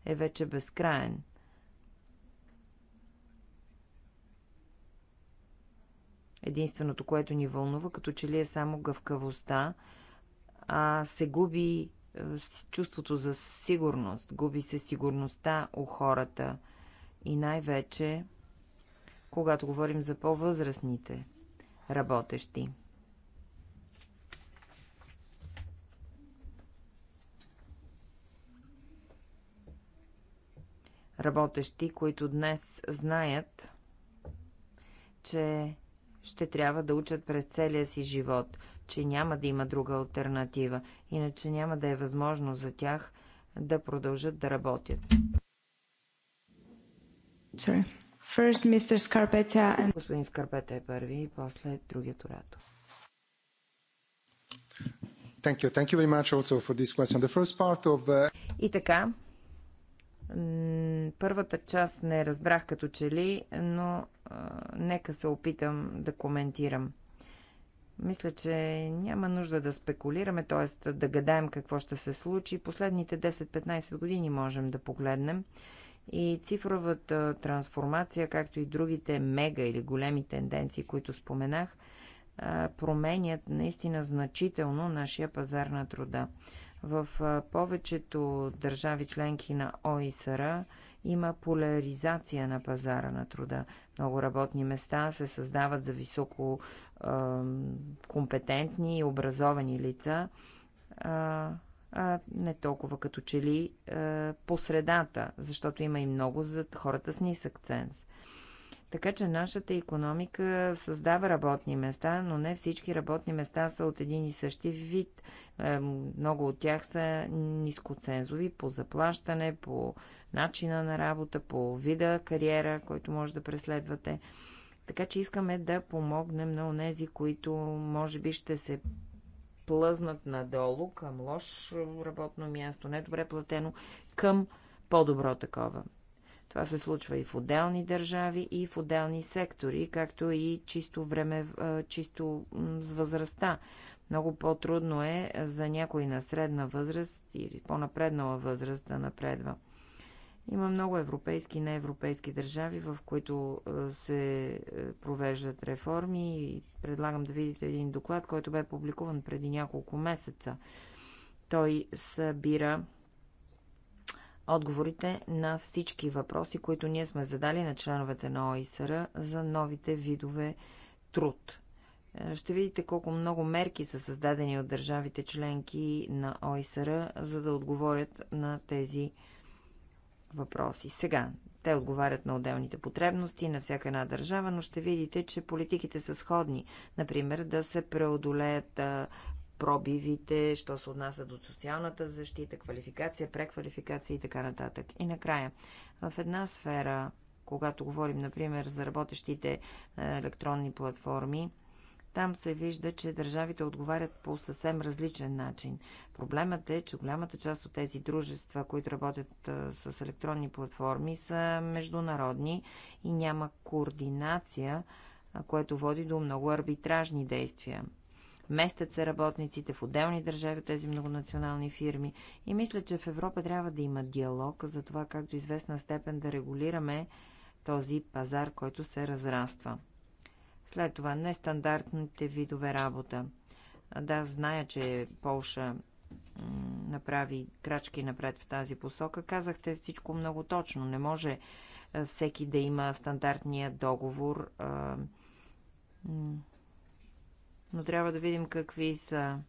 е вече безкраен. Единственото, което ни вълнува, като че ли е само гъвкавостта, а се губи чувството за сигурност, губи се сигурността у хората и най-вече когато говорим за по-възрастните работещи. Работещи, които днес знаят, че ще трябва да учат през целия си живот, че няма да има друга альтернатива, иначе няма да е възможно за тях да продължат да работят. Sorry. First, Mr. Scarpetta and... Господин Скарпета е първи и после другият оратор. Thank you. Thank you very much also for this question. The first part of... Uh, и така, първата част не разбрах като че ли, но а, нека се опитам да коментирам. Мисля, че няма нужда да спекулираме, т.е. да гадаем какво ще се случи. Последните 10-15 години можем да погледнем. И цифровата трансформация, както и другите мега или големи тенденции, които споменах, променят наистина значително нашия пазар на труда. В повечето държави членки на ОИСР има поляризация на пазара на труда. Много работни места се създават за високо е, компетентни и образовани лица, а, не толкова като че ли а, по средата, защото има и много за хората с нисък ценз. Така че нашата економика създава работни места, но не всички работни места са от един и същи вид. Е, много от тях са нискоцензови по заплащане, по начина на работа, по вида кариера, който може да преследвате. Така че искаме да помогнем на онези, които може би ще се плъзнат надолу към лошо работно място, недобре платено, към по-добро такова. Това се случва и в отделни държави, и в отделни сектори, както и чисто време, чисто с възрастта. Много по-трудно е за някой на средна възраст или по-напреднала възраст да напредва. Има много европейски и неевропейски държави, в които е, се е, провеждат реформи предлагам да видите един доклад, който бе публикуван преди няколко месеца. Той събира отговорите на всички въпроси, които ние сме задали на членовете на ОИСР за новите видове труд. Е, ще видите колко много мерки са създадени от държавите членки на ОИСР, за да отговорят на тези въпроси въпроси. Сега, те отговарят на отделните потребности на всяка една държава, но ще видите, че политиките са сходни. Например, да се преодолеят пробивите, що се отнася до социалната защита, квалификация, преквалификация и така нататък. И накрая, в една сфера, когато говорим, например, за работещите електронни платформи, там се вижда, че държавите отговарят по съвсем различен начин. Проблемът е, че голямата част от тези дружества, които работят с електронни платформи, са международни и няма координация, което води до много арбитражни действия. Местят се работниците в отделни държави от тези многонационални фирми и мисля, че в Европа трябва да има диалог за това както известна степен да регулираме този пазар, който се разраства. След това нестандартните видове работа. Да, зная, че Полша направи крачки напред в тази посока. Казахте всичко много точно. Не може всеки да има стандартния договор. Но трябва да видим какви са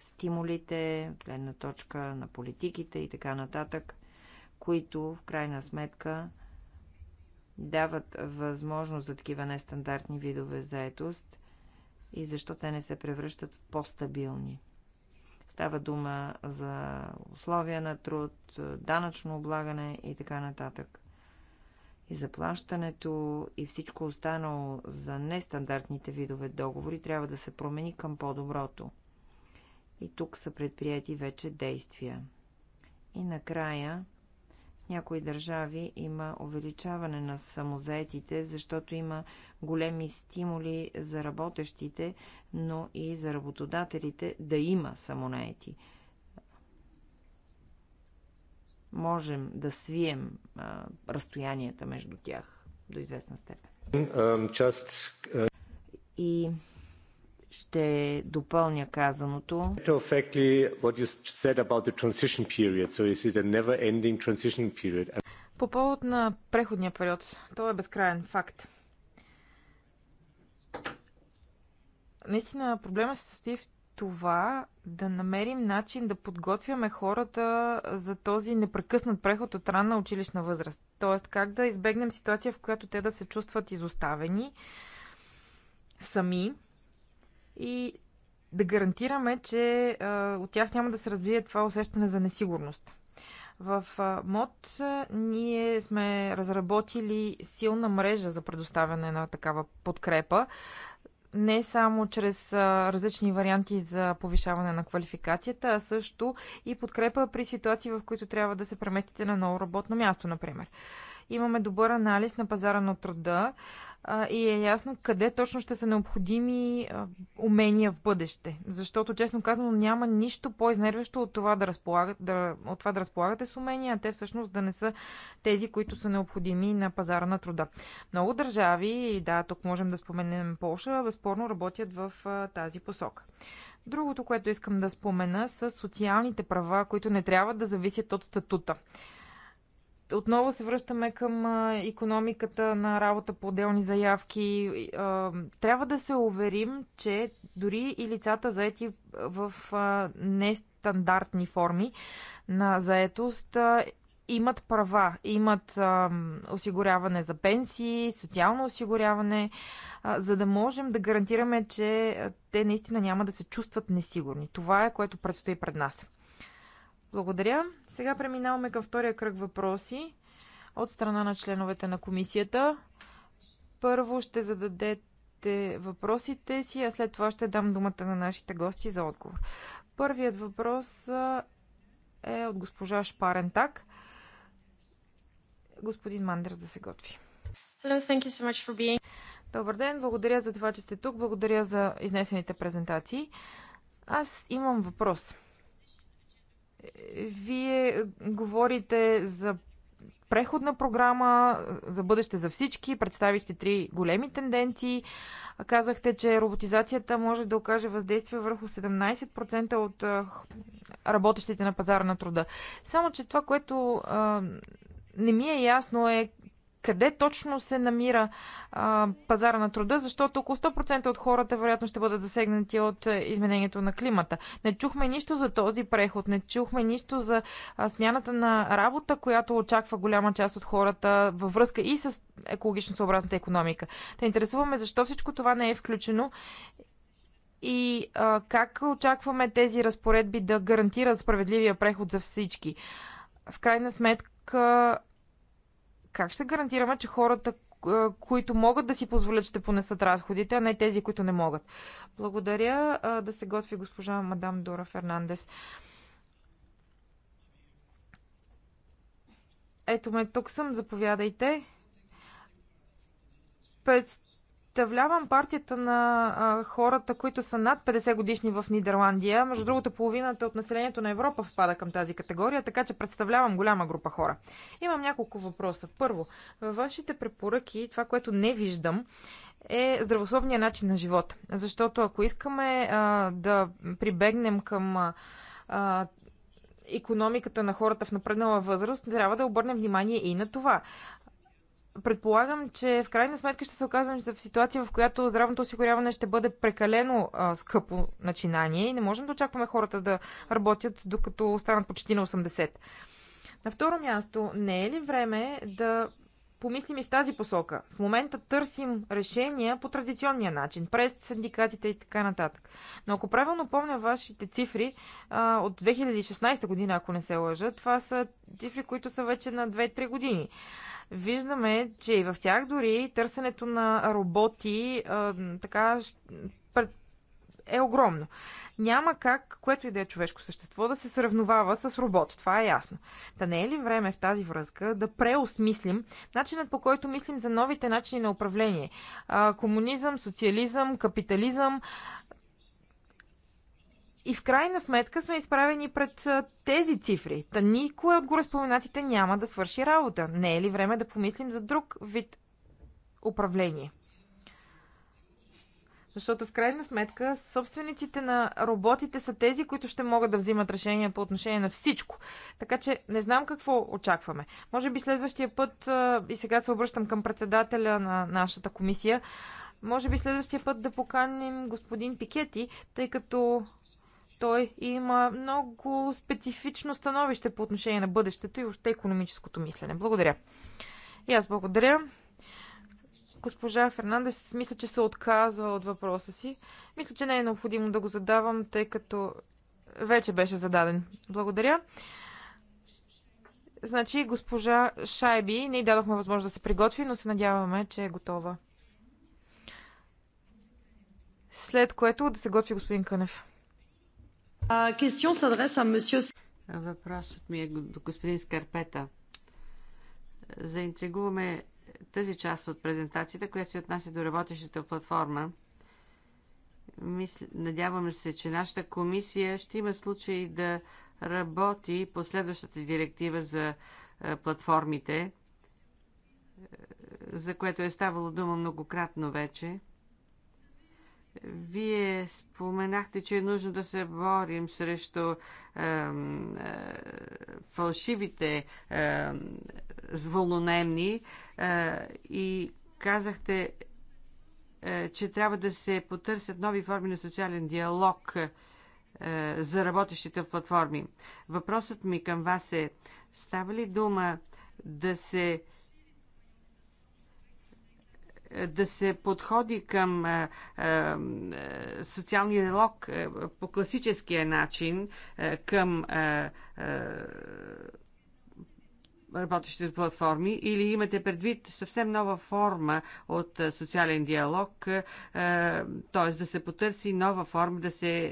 стимулите, гледна точка на политиките и така нататък, които в крайна сметка дават възможност за такива нестандартни видове заетост и защо те не се превръщат в по-стабилни. Става дума за условия на труд, данъчно облагане и така нататък. И заплащането и всичко останало за нестандартните видове договори трябва да се промени към по-доброто. И тук са предприяти вече действия. И накрая някои държави има увеличаване на самозаетите, защото има големи стимули за работещите, но и за работодателите да има самонаети. Можем да свием а, разстоянията между тях до известна степен. Just... И ще допълня казаното. По повод на преходния период, то е безкрайен факт. Наистина проблема се състои в това да намерим начин да подготвяме хората за този непрекъснат преход от ранна училищна възраст. Тоест как да избегнем ситуация, в която те да се чувстват изоставени сами, и да гарантираме, че от тях няма да се развие това усещане за несигурност. В МОД ние сме разработили силна мрежа за предоставяне на такава подкрепа, не само чрез различни варианти за повишаване на квалификацията, а също и подкрепа при ситуации, в които трябва да се преместите на ново работно място, например имаме добър анализ на пазара на труда а, и е ясно къде точно ще са необходими а, умения в бъдеще. Защото, честно казано, няма нищо по-изнервящо от това да, да, от това да разполагате с умения, а те всъщност да не са тези, които са необходими на пазара на труда. Много държави, и да, тук можем да споменем Полша, безспорно работят в а, тази посока. Другото, което искам да спомена, са социалните права, които не трябва да зависят от статута отново се връщаме към економиката на работа по отделни заявки. Трябва да се уверим, че дори и лицата заети в нестандартни форми на заетост имат права, имат а, осигуряване за пенсии, социално осигуряване, а, за да можем да гарантираме, че те наистина няма да се чувстват несигурни. Това е което предстои пред нас. Благодаря. Сега преминаваме към втория кръг въпроси от страна на членовете на комисията. Първо ще зададете въпросите си, а след това ще дам думата на нашите гости за отговор. Първият въпрос е от госпожа Шпарентак. Господин Мандерс да се готви. Hello, thank you so much for being... Добър ден, благодаря за това, че сте тук, благодаря за изнесените презентации. Аз имам въпрос. Вие говорите за преходна програма за бъдеще за всички. Представихте три големи тенденции. Казахте, че роботизацията може да окаже въздействие върху 17% от работещите на пазара на труда. Само, че това, което а, не ми е ясно е къде точно се намира а, пазара на труда, защото около 100% от хората вероятно ще бъдат засегнати от изменението на климата. Не чухме нищо за този преход, не чухме нищо за а, смяната на работа, която очаква голяма част от хората във връзка и с екологично съобразната економика. Те интересуваме защо всичко това не е включено и а, как очакваме тези разпоредби да гарантират справедливия преход за всички. В крайна сметка, как ще гарантираме, че хората, е, които могат да си позволят, ще понесат разходите, а не тези, които не могат? Благодаря да се готви госпожа мадам Дора Фернандес. Ето ме, тук съм, заповядайте. Представям представлявам партията на а, хората, които са над 50 годишни в Нидерландия. Между другото, половината от населението на Европа впада към тази категория, така че представлявам голяма група хора. Имам няколко въпроса. Първо, във вашите препоръки, това, което не виждам, е здравословният начин на живот. Защото ако искаме а, да прибегнем към а, економиката на хората в напреднала възраст, трябва да обърнем внимание и на това предполагам, че в крайна сметка ще се оказвам в ситуация, в която здравното осигуряване ще бъде прекалено а, скъпо начинание и не можем да очакваме хората да работят докато останат почти на 80. На второ място, не е ли време да помислим и в тази посока? В момента търсим решения по традиционния начин, през синдикатите и така нататък. Но ако правилно помня вашите цифри а, от 2016 година, ако не се лъжа, това са цифри, които са вече на 2-3 години виждаме, че и в тях дори търсенето на роботи а, така е огромно. Няма как, което и да е човешко същество, да се сравновава с робот. Това е ясно. Та не е ли време в тази връзка да преосмислим начинът по който мислим за новите начини на управление? А, комунизъм, социализъм, капитализъм, и в крайна сметка сме изправени пред тези цифри. Та никой от гореспоменатите няма да свърши работа. Не е ли време да помислим за друг вид управление? Защото в крайна сметка собствениците на роботите са тези, които ще могат да взимат решения по отношение на всичко. Така че не знам какво очакваме. Може би следващия път, и сега се обръщам към председателя на нашата комисия, може би следващия път да поканим господин Пикети, тъй като той има много специфично становище по отношение на бъдещето и още економическото мислене. Благодаря. И аз благодаря. Госпожа Фернандес, мисля, че се отказва от въпроса си. Мисля, че не е необходимо да го задавам, тъй като вече беше зададен. Благодаря. Значи, госпожа Шайби, не й дадохме възможност да се приготви, но се надяваме, че е готова. След което да се готви господин Кънев. Въпросът ми е до господин Скарпета. Заинтригуваме тази част от презентацията, която се отнася до работещата платформа. надяваме се, че нашата комисия ще има случай да работи по следващата директива за е, платформите, е, за което е ставало дума многократно вече. Вие споменахте, че е нужно да се борим срещу е, е, фалшивите е, звълнонемни е, и казахте, е, че трябва да се потърсят нови форми на социален диалог е, за работещите в платформи. Въпросът ми към вас е, става ли дума да се да се подходи към социалния диалог по класическия начин, към работещите платформи или имате предвид съвсем нова форма от социален диалог, т.е. да се потърси нова форма, да се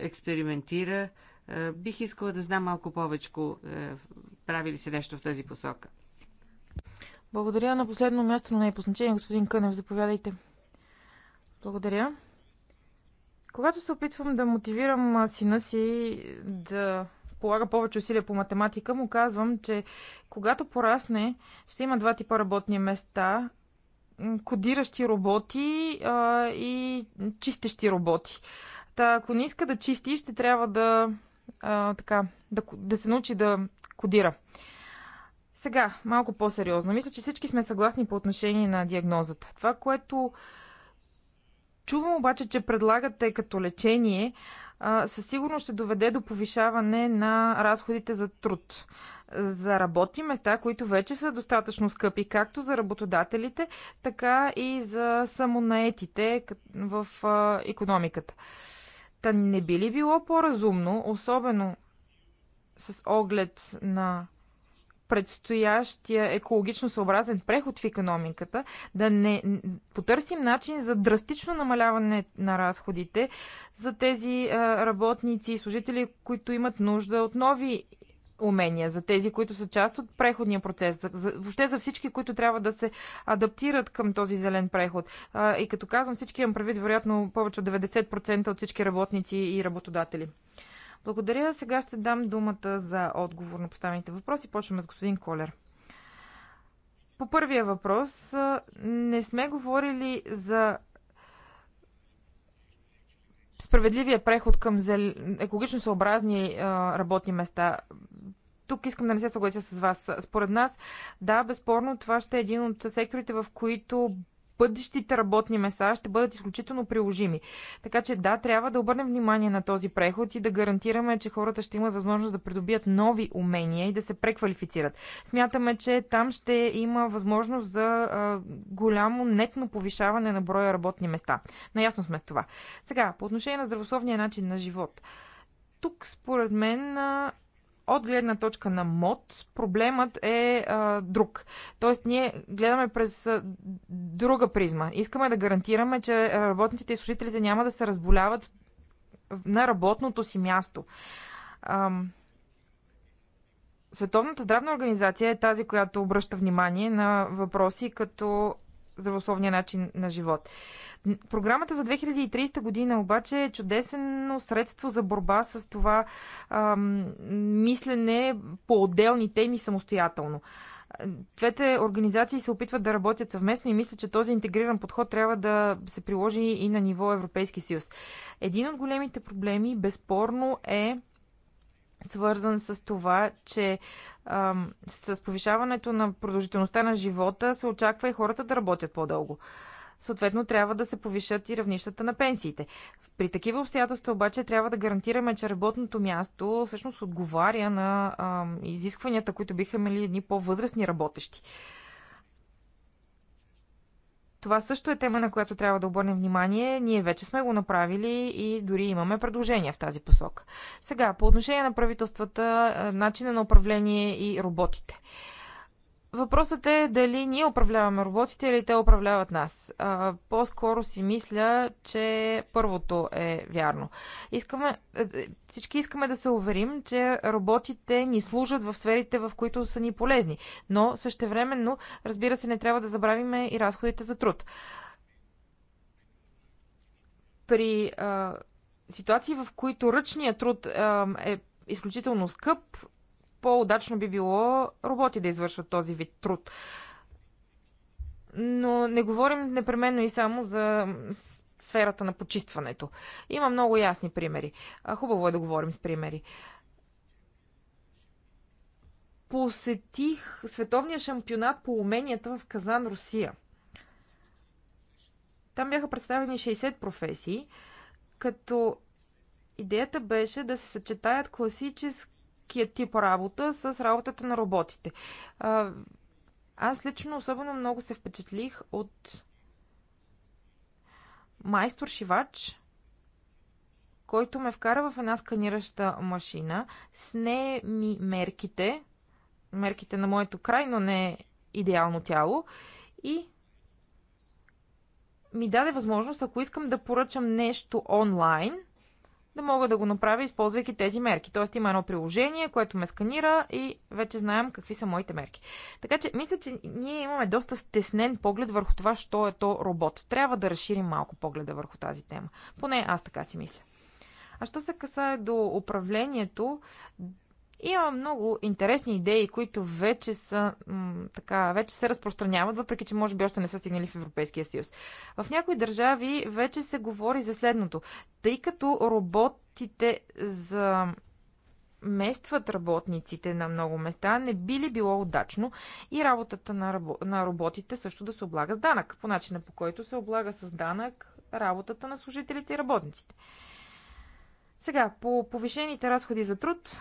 експериментира. Бих искала да знам малко повече, прави ли се нещо в тази посока. Благодаря. На последно място, но не е позначение, господин Кънев, заповядайте. Благодаря. Когато се опитвам да мотивирам сина си да полага повече усилия по математика, му казвам, че когато порасне, ще има два типа работни места кодиращи роботи а, и чистещи роботи. Та, ако не иска да чисти, ще трябва да, а, така, да, да се научи да кодира. Сега, малко по-сериозно. Мисля, че всички сме съгласни по отношение на диагнозата. Това, което чувам обаче, че предлагате като лечение, със сигурност ще доведе до повишаване на разходите за труд. За работни места, които вече са достатъчно скъпи, както за работодателите, така и за самонаетите в економиката. Та не би ли било по-разумно, особено с оглед на предстоящия екологично съобразен преход в економиката, да не потърсим начин за драстично намаляване на разходите за тези работници и служители, които имат нужда от нови умения, за тези, които са част от преходния процес, за, въобще за всички, които трябва да се адаптират към този зелен преход. А, и като казвам всички, имам предвид вероятно повече от 90% от всички работници и работодатели. Благодаря. Сега ще дам думата за отговор на поставените въпроси. Почваме с господин Колер. По първия въпрос не сме говорили за справедливия преход към зел... екологично съобразни работни места. Тук искам да не се съглася с вас. Според нас, да, безспорно, това ще е един от секторите, в които бъдещите работни места ще бъдат изключително приложими. Така че да, трябва да обърнем внимание на този преход и да гарантираме, че хората ще имат възможност да придобият нови умения и да се преквалифицират. Смятаме, че там ще има възможност за голямо нетно повишаване на броя работни места. Наясно сме с това. Сега, по отношение на здравословния начин на живот. Тук, според мен, от гледна точка на МОД, проблемът е а, друг. Тоест, ние гледаме през а, друга призма. Искаме да гарантираме, че работниците и служителите няма да се разболяват на работното си място. А, Световната здравна организация е тази, която обръща внимание на въпроси като здравословния начин на живот. Програмата за 2030 година обаче е чудесно средство за борба с това ам, мислене по отделни теми самостоятелно. Двете организации се опитват да работят съвместно и мисля, че този интегриран подход трябва да се приложи и на ниво Европейски съюз. Един от големите проблеми, безспорно, е свързан с това, че а, с повишаването на продължителността на живота се очаква и хората да работят по-дълго. Съответно, трябва да се повишат и равнищата на пенсиите. При такива обстоятелства обаче трябва да гарантираме, че работното място всъщност отговаря на а, изискванията, които биха имали едни по-възрастни работещи. Това също е тема, на която трябва да обърнем внимание. Ние вече сме го направили и дори имаме предложения в тази посока. Сега, по отношение на правителствата, е, начина на управление и роботите. Въпросът е дали ние управляваме роботите или те управляват нас. по-скоро си мисля, че първото е вярно. Искаме, е, е, всички искаме да се уверим, че роботите ни служат в сферите, в които са ни полезни. Но същевременно, разбира се, не трябва да забравиме и разходите за труд. При а, ситуации, в които ръчният труд а, е изключително скъп, по-удачно би било роботи да извършват този вид труд. Но не говорим непременно и само за сферата на почистването. Има много ясни примери. Хубаво е да говорим с примери. Посетих световния шампионат по уменията в Казан, Русия. Там бяха представени 60 професии, като идеята беше да се съчетаят класически такият тип работа с работата на роботите. Аз лично особено много се впечатлих от майстор-шивач, който ме вкара в една сканираща машина, сне ми мерките, мерките на моето крайно не идеално тяло и ми даде възможност, ако искам да поръчам нещо онлайн – да мога да го направя, използвайки тези мерки. Тоест има едно приложение, което ме сканира и вече знаем какви са моите мерки. Така че, мисля, че ние имаме доста стеснен поглед върху това, що е то робот. Трябва да разширим малко погледа върху тази тема. Поне аз така си мисля. А що се касае до управлението, има много интересни идеи, които вече са, така, вече се разпространяват, въпреки че може би още не са стигнали в Европейския съюз. В някои държави вече се говори за следното. Тъй като роботите за местват работниците на много места, не би ли било удачно и работата на, рабо... на роботите също да се облага с данък, по начина по който се облага с данък работата на служителите и работниците. Сега, по повишените разходи за труд,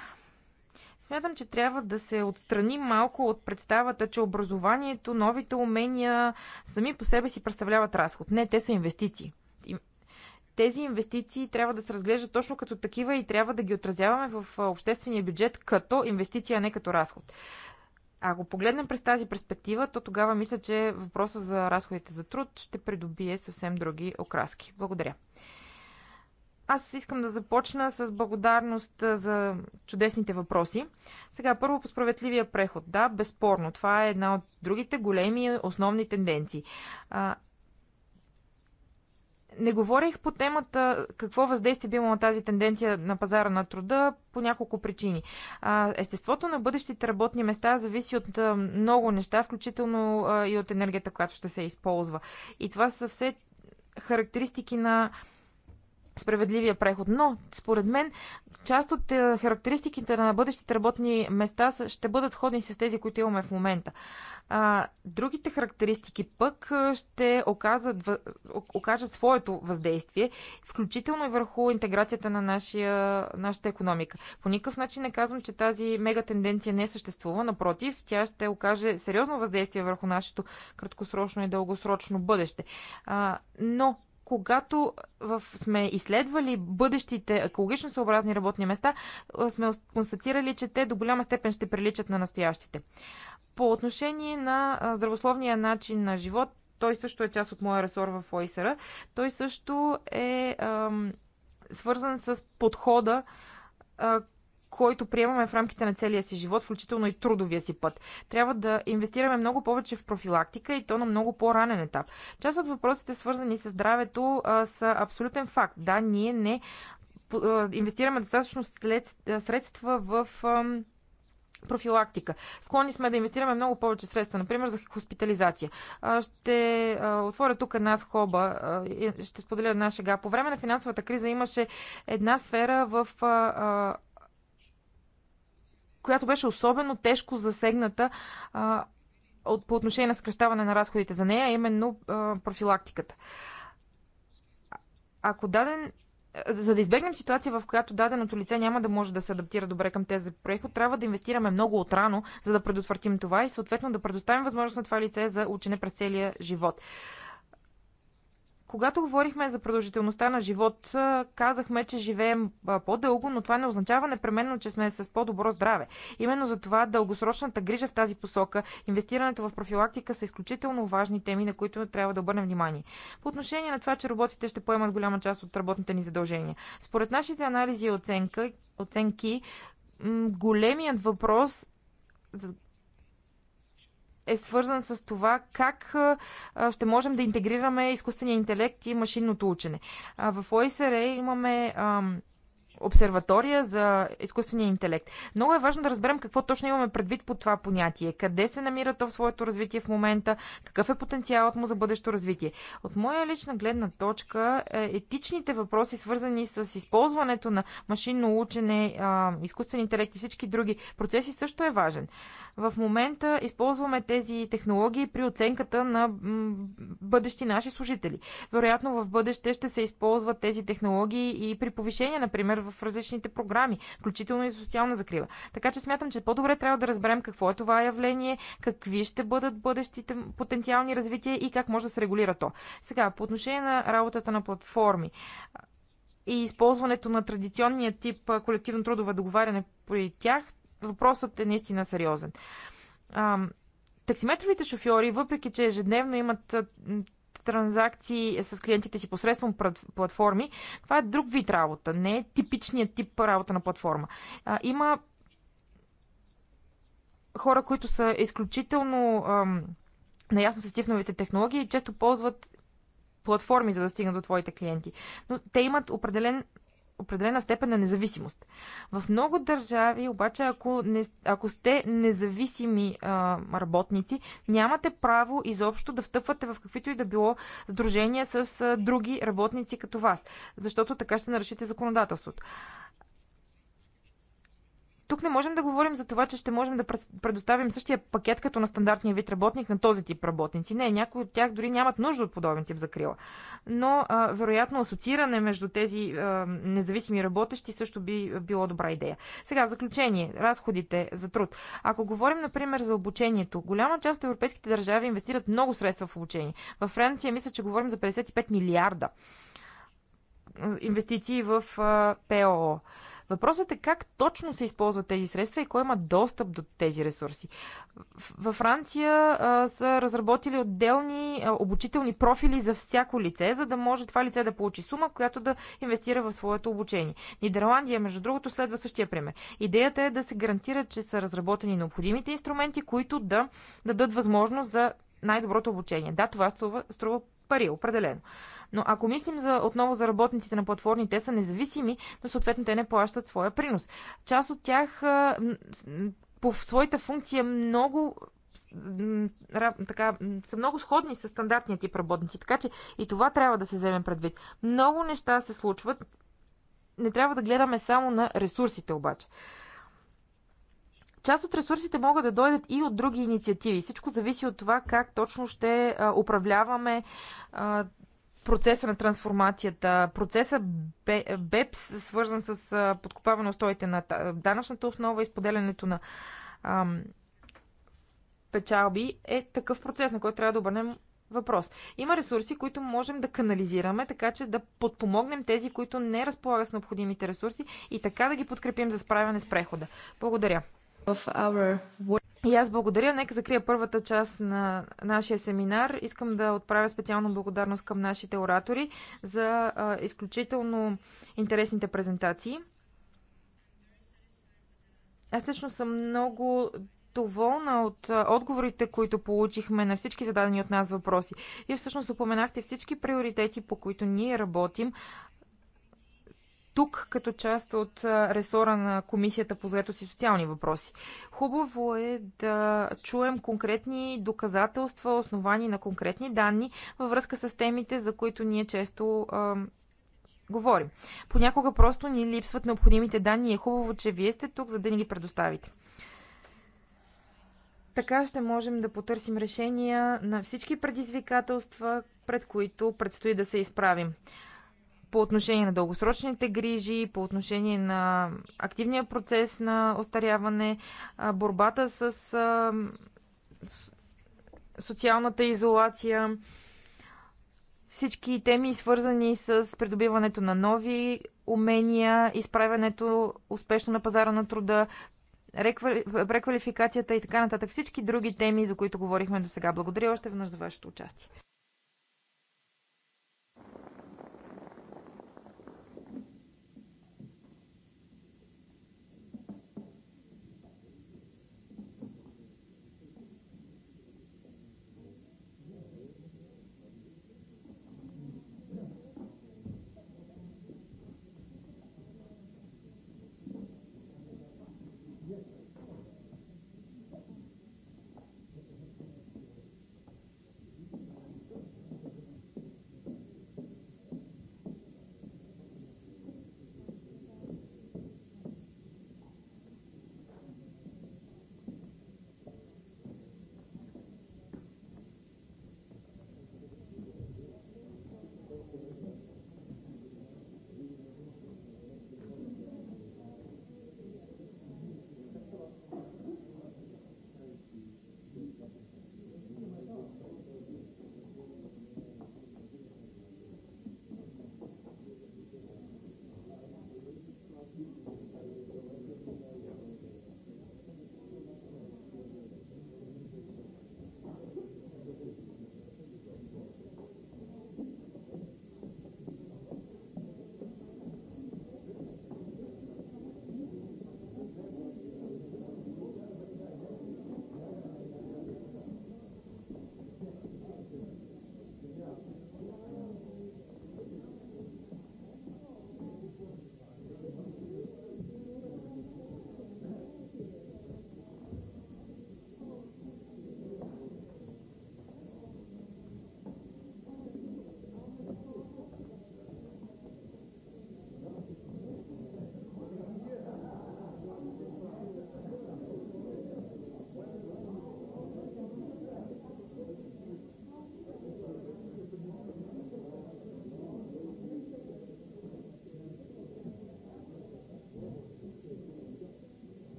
Смятам, че трябва да се отстраним малко от представата, че образованието, новите умения сами по себе си представляват разход. Не, те са инвестиции тези инвестиции трябва да се разглеждат точно като такива и трябва да ги отразяваме в обществения бюджет като инвестиция, а не като разход. Ако погледнем през тази перспектива, то тогава мисля, че въпроса за разходите за труд ще придобие съвсем други окраски. Благодаря. Аз искам да започна с благодарност за чудесните въпроси. Сега, първо по справедливия преход. Да, безспорно. Това е една от другите големи основни тенденции. А, не говорих по темата какво въздействие би на тази тенденция на пазара на труда по няколко причини. Естеството на бъдещите работни места зависи от много неща, включително и от енергията, която ще се използва. И това са все характеристики на справедливия преход. Но, според мен, част от е, характеристиките на бъдещите работни места ще бъдат сходни с тези, които имаме в момента. другите характеристики пък е, ще оказат, окажат своето въздействие, включително и върху интеграцията на нашия, нашата економика. По никакъв начин не казвам, че тази мега тенденция не е съществува. Напротив, тя ще окаже сериозно въздействие върху нашето краткосрочно и дългосрочно бъдеще. но когато в, сме изследвали бъдещите екологично съобразни работни места, сме констатирали, че те до голяма степен ще приличат на настоящите. По отношение на здравословния начин на живот, той също е част от моя ресор в ОИСР. Той също е ам, свързан с подхода, а, който приемаме в рамките на целия си живот, включително и трудовия си път. Трябва да инвестираме много повече в профилактика и то на много по-ранен етап. Част от въпросите, свързани с здравето, са абсолютен факт. Да, ние не инвестираме достатъчно средства в профилактика. Склонни сме да инвестираме много повече средства, например за хоспитализация. Ще отворя тук една схоба, ще споделя една шега. По време на финансовата криза имаше една сфера в която беше особено тежко засегната а, от, по отношение на съкръщаване на разходите за нея, именно а, профилактиката. Ако даден за да избегнем ситуация, в която даденото лице няма да може да се адаптира добре към тези преход, трябва да инвестираме много отрано, за да предотвратим това и съответно да предоставим възможност на това лице за учене през целия живот. Когато говорихме за продължителността на живот, казахме, че живеем по-дълго, но това не означава непременно, че сме с по-добро здраве. Именно за това дългосрочната грижа в тази посока, инвестирането в профилактика са изключително важни теми, на които трябва да обърнем внимание. По отношение на това, че роботите ще поемат голяма част от работните ни задължения. Според нашите анализи и оценка, оценки, големият въпрос е свързан с това как ще можем да интегрираме изкуствения интелект и машинното учене. В ОИСР е имаме обсерватория за изкуствения интелект. Много е важно да разберем какво точно имаме предвид по това понятие, къде се намира то в своето развитие в момента, какъв е потенциалът му за бъдещо развитие. От моя лична гледна точка, е, етичните въпроси, свързани с използването на машинно учене, изкуствен интелект и всички други процеси, също е важен. В момента използваме тези технологии при оценката на бъдещи наши служители. Вероятно в бъдеще ще се използват тези технологии и при повишение, например, в в различните програми, включително и социална закрива. Така че смятам, че по-добре трябва да разберем какво е това явление, какви ще бъдат бъдещите потенциални развития и как може да се регулира то. Сега, по отношение на работата на платформи и използването на традиционния тип колективно трудово договаряне при тях, въпросът е наистина сериозен. Таксиметровите шофьори, въпреки че ежедневно имат транзакции с клиентите си посредством платформи, това е друг вид работа. Не е типичният тип работа на платформа. А, има хора, които са изключително ам, наясно с тифновите технологии и често ползват платформи, за да стигнат до твоите клиенти. Но те имат определен определена степен на независимост. В много държави, обаче, ако, не, ако сте независими а, работници, нямате право изобщо да встъпвате в каквито и да било сдружения с а, други работници като вас, защото така ще нарушите законодателството. Тук не можем да говорим за това, че ще можем да предоставим същия пакет като на стандартния вид работник на този тип работници. Не, някои от тях дори нямат нужда от подобен тип закрила. Но а, вероятно асоцииране между тези а, независими работещи също би било добра идея. Сега, заключение, разходите за труд. Ако говорим, например, за обучението, голяма част от европейските държави инвестират много средства в обучение. Във Франция мисля, че говорим за 55 милиарда инвестиции в ПОО. Въпросът е как точно се използват тези средства и кой има достъп до тези ресурси. Във Франция а, са разработили отделни а, обучителни профили за всяко лице, за да може това лице да получи сума, която да инвестира в своето обучение. Нидерландия, между другото, следва същия пример. Идеята е да се гарантира, че са разработени необходимите инструменти, които да дадат възможност за най-доброто обучение. Да, това струва, струва пари, определено. Но ако мислим за, отново за работниците на платформи, те са независими, но съответно те не плащат своя принос. Част от тях по своята функция много така, са много сходни с стандартния тип работници, така че и това трябва да се вземе предвид. Много неща се случват. Не трябва да гледаме само на ресурсите обаче. Част от ресурсите могат да дойдат и от други инициативи. Всичко зависи от това как точно ще управляваме процеса на трансформацията. Процеса БЕПС, свързан с подкопаване устоите на данъчната основа и споделянето на печалби, е такъв процес, на който трябва да обърнем въпрос. Има ресурси, които можем да канализираме, така че да подпомогнем тези, които не разполагат с необходимите ресурси и така да ги подкрепим за справяне с прехода. Благодаря. И аз благодаря. Нека закрия първата част на нашия семинар. Искам да отправя специална благодарност към нашите оратори за изключително интересните презентации. Аз лично съм много доволна от отговорите, които получихме на всички зададени от нас въпроси. И всъщност упоменахте всички приоритети, по които ние работим тук като част от ресора на Комисията по заето си социални въпроси. Хубаво е да чуем конкретни доказателства, основани на конкретни данни във връзка с темите, за които ние често а, говорим. Понякога просто ни липсват необходимите данни и е хубаво, че вие сте тук, за да ни ги предоставите. Така ще можем да потърсим решения на всички предизвикателства, пред които предстои да се изправим по отношение на дългосрочните грижи, по отношение на активния процес на остаряване, борбата с социалната изолация, всички теми, свързани с придобиването на нови умения, изправянето успешно на пазара на труда, преквалификацията и така нататък. Всички други теми, за които говорихме до сега. Благодаря още веднъж за вашето участие.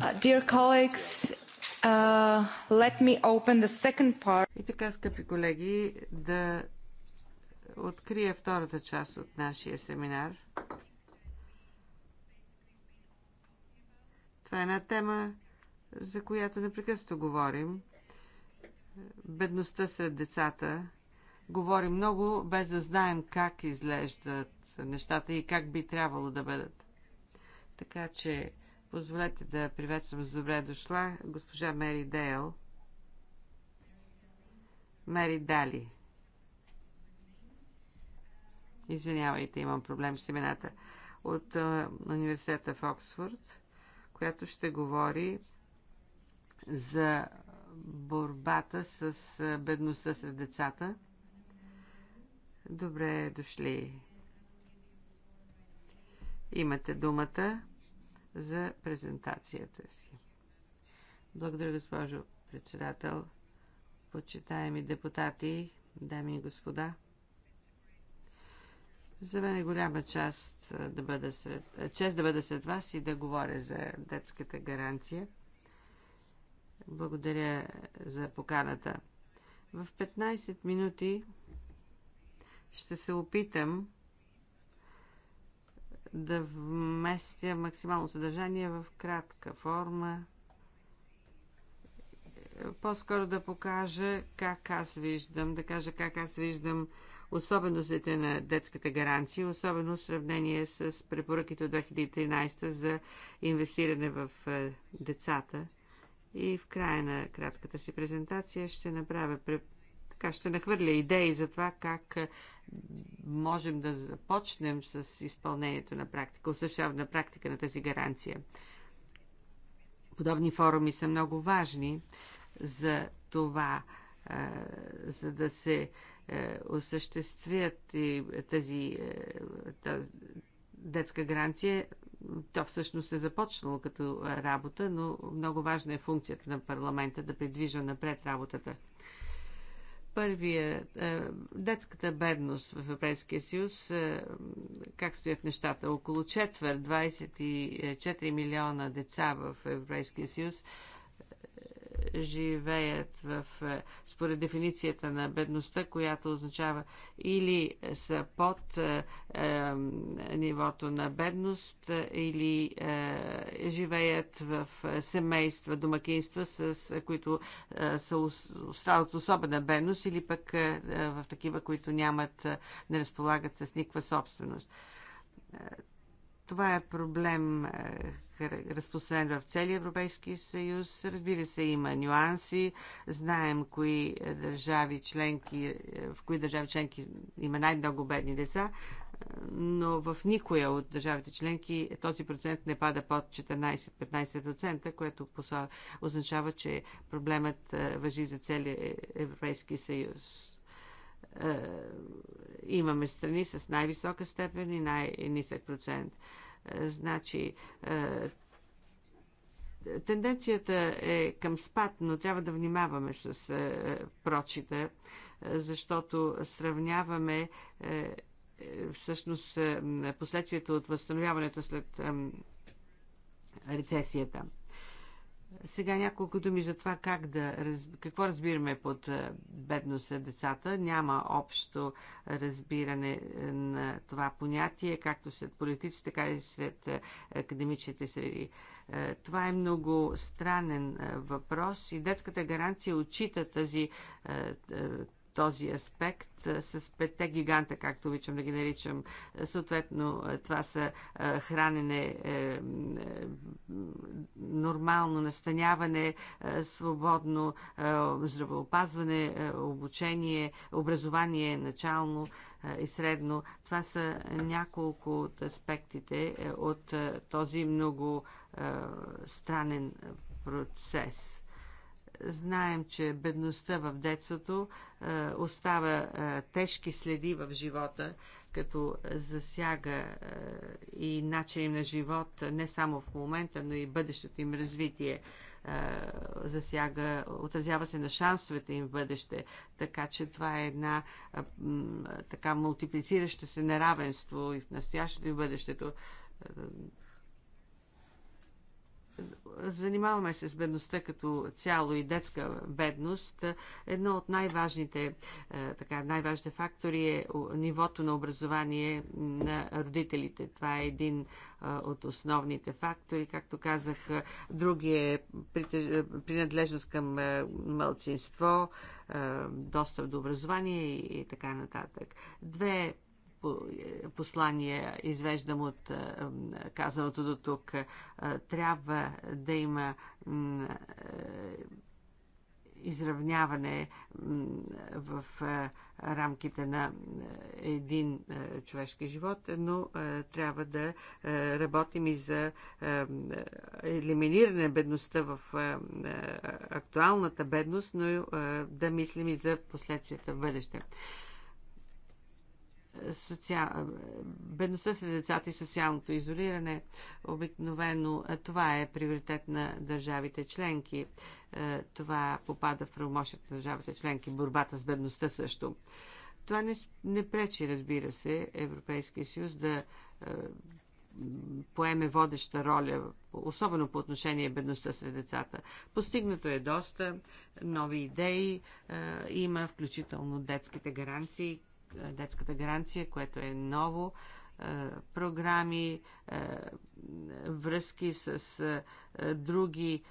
Uh, uh, и така, скъпи колеги, да открия втората част от нашия семинар. Това е една тема, за която непрекъснато говорим. Бедността сред децата. Говорим много, без да знаем как изглеждат нещата и как би трябвало да бъдат. Така че Позволете да приветствам с добре дошла госпожа Мери Дейл. Мери Дали. Извинявайте, имам проблем с имената. От uh, университета в Оксфорд, която ще говори за борбата с uh, бедността сред децата. Добре дошли. Имате думата за презентацията си. Благодаря, госпожо председател, почитаеми депутати, дами и господа. За мен е голяма част да бъда сред, чест да бъда сред вас и да говоря за детската гаранция. Благодаря за поканата. В 15 минути ще се опитам да вместя максимално съдържание в кратка форма. По-скоро да покажа как аз виждам, да кажа как аз виждам особеностите на детската гаранция, особено в сравнение с препоръките от 2013 за инвестиране в е, децата. И в края на кратката си презентация ще направя препоръките така ще нахвърля идеи за това как можем да започнем с изпълнението на практика, осъществяване на практика на тази гаранция. Подобни форуми са много важни за това, за да се осъществят и тази детска гаранция. То всъщност е започнало като работа, но много важна е функцията на парламента да придвижва напред работата Първия, е, детската бедност в Европейския съюз, е, как стоят нещата? Около четвър, 24 милиона деца в Европейския съюз живеят в, е, според дефиницията на бедността, която означава или са под е, е нивото на бедност, е, или е, живеят в семейства, домакинства, с които е, са остават особена бедност, или пък е, в такива, които нямат, не разполагат с никаква собственост. Това е проблем, разпространен в целия Европейски съюз. Разбира се, има нюанси. Знаем кои държави членки, в кои държави членки има най-много бедни деца, но в никоя от държавите членки този процент не пада под 14-15%, което означава, че проблемът е, въжи за целия Европейски съюз е, имаме страни с най-висока степен и най-нисък процент. Е, значи, е, тенденцията е към спад, но трябва да внимаваме с е, прочита, защото сравняваме всъщност последствието от възстановяването след рецесията. Сега няколко думи за това как да, какво разбираме под бедност на децата. Няма общо разбиране на това понятие, както сред политици, така и сред академичните среди. Това е много странен въпрос и детската гаранция отчита тази този аспект с петте гиганта, както обичам да ги наричам. Съответно, това са хранене, е, е, нормално настаняване, свободно здравеопазване, обучение, образование начално и средно. Това са няколко от аспектите е, от този много странен процес. Знаем, че бедността в детството е, остава е, тежки следи в живота, като засяга е, и начин на живот не само в момента, но и бъдещето им развитие засяга, отразява се на шансовете им в бъдеще. Така че това е една така мултиплицираща се неравенство и в настоящето и в бъдещето занимаваме се с бедността като цяло и детска бедност, едно от най-важните, е, така, най-важните фактори е нивото на образование на родителите. Това е един е, от основните фактори. Както казах, е, други е принадлежност към мълцинство, достъп до образование и така нататък. Две послание извеждам от е, казаното до тук. Е, трябва да има е, изравняване в рамките на един човешки живот, но трябва да работим и за елиминиране бедността в актуалната бедност, но да мислим и за последствията в бъдеще социал... бедността сред децата и социалното изолиране. Обикновено е, това е приоритет на държавите членки. Е, това попада в правомощите на държавите членки. Борбата с бедността също. Това не, не пречи, разбира се, Европейския съюз да е, поеме водеща роля, особено по отношение бедността сред децата. Постигнато е доста нови идеи, има включително детските гаранции, е, детската гаранция, което е ново, е, програми, е, връзки с други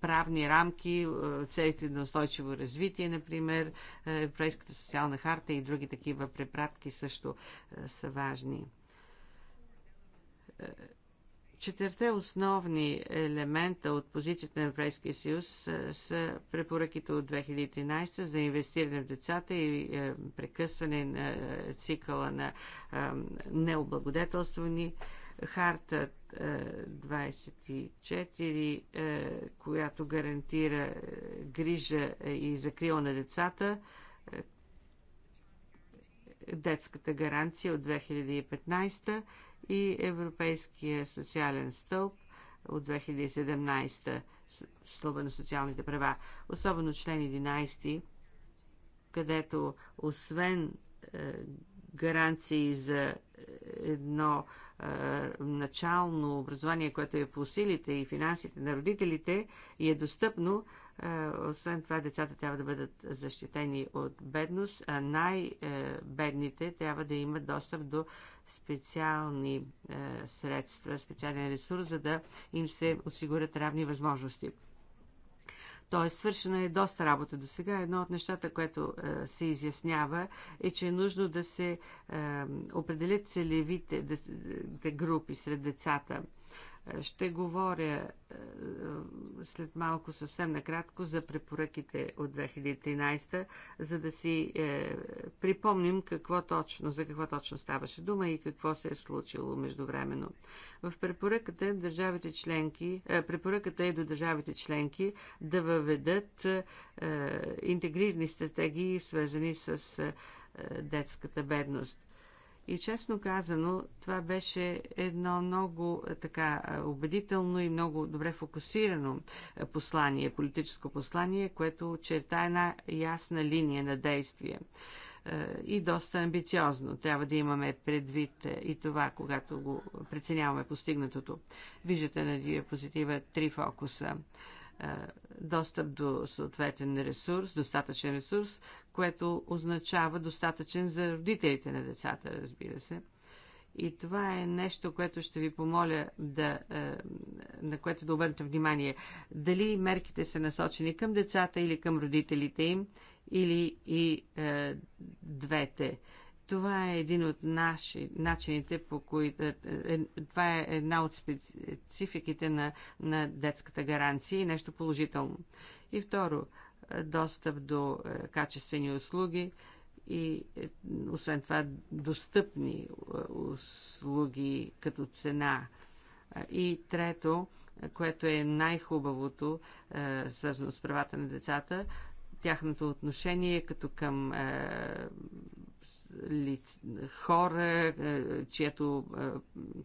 правни рамки, целите на устойчиво развитие, например, Европейската социална харта и други такива препратки също са важни Четирте основни елемента от позицията на Европейския съюз е, са, препоръките от 2013 за инвестиране в децата и е, прекъсване на е, цикъла на необлагодетелствани. Харта 24, която гарантира грижа и закрила на децата, детската гаранция от 2015 и Европейския социален стълб от 2017 стълба на социалните права, особено член 11, където освен е, гаранции за едно е, начално образование, което е по силите и финансите на родителите и е достъпно, освен това, децата трябва да бъдат защитени от бедност, а най-бедните трябва да имат достъп до специални средства, специален ресурс, за да им се осигурят равни възможности. Тоест, свършена е доста работа до сега. Едно от нещата, което е, се изяснява, е, че е нужно да се е, определят целевите да, да групи сред децата. Ще говоря е, след малко съвсем накратко за препоръките от 2013, за да си е, припомним какво точно, за какво точно ставаше дума и какво се е случило междувременно. В препоръката, държавите членки, е, препоръката е до държавите членки да въведат е, интегрирани стратегии, свързани с е, детската бедност и честно казано, това беше едно много е, така е, убедително и много добре фокусирано е, послание, политическо послание, което черта една ясна линия на действие и доста амбициозно. Трябва да имаме предвид и това, когато го преценяваме постигнатото. Виждате на диапозитива три фокуса. Достъп до съответен ресурс, достатъчен ресурс, което означава достатъчен за родителите на децата, разбира се. И това е нещо, което ще ви помоля да, е, на което да обърнете внимание. Дали мерките са насочени към децата или към родителите им, или и е, двете. Това е един от наши начините, по които. Е, е, това е една от спецификите на, на детската гаранция и нещо положително. И второ, достъп до е, качествени услуги и е, освен това достъпни е, услуги като цена. И трето, което е най-хубавото, свързано с правата на децата, тяхното отношение като към хора, чието,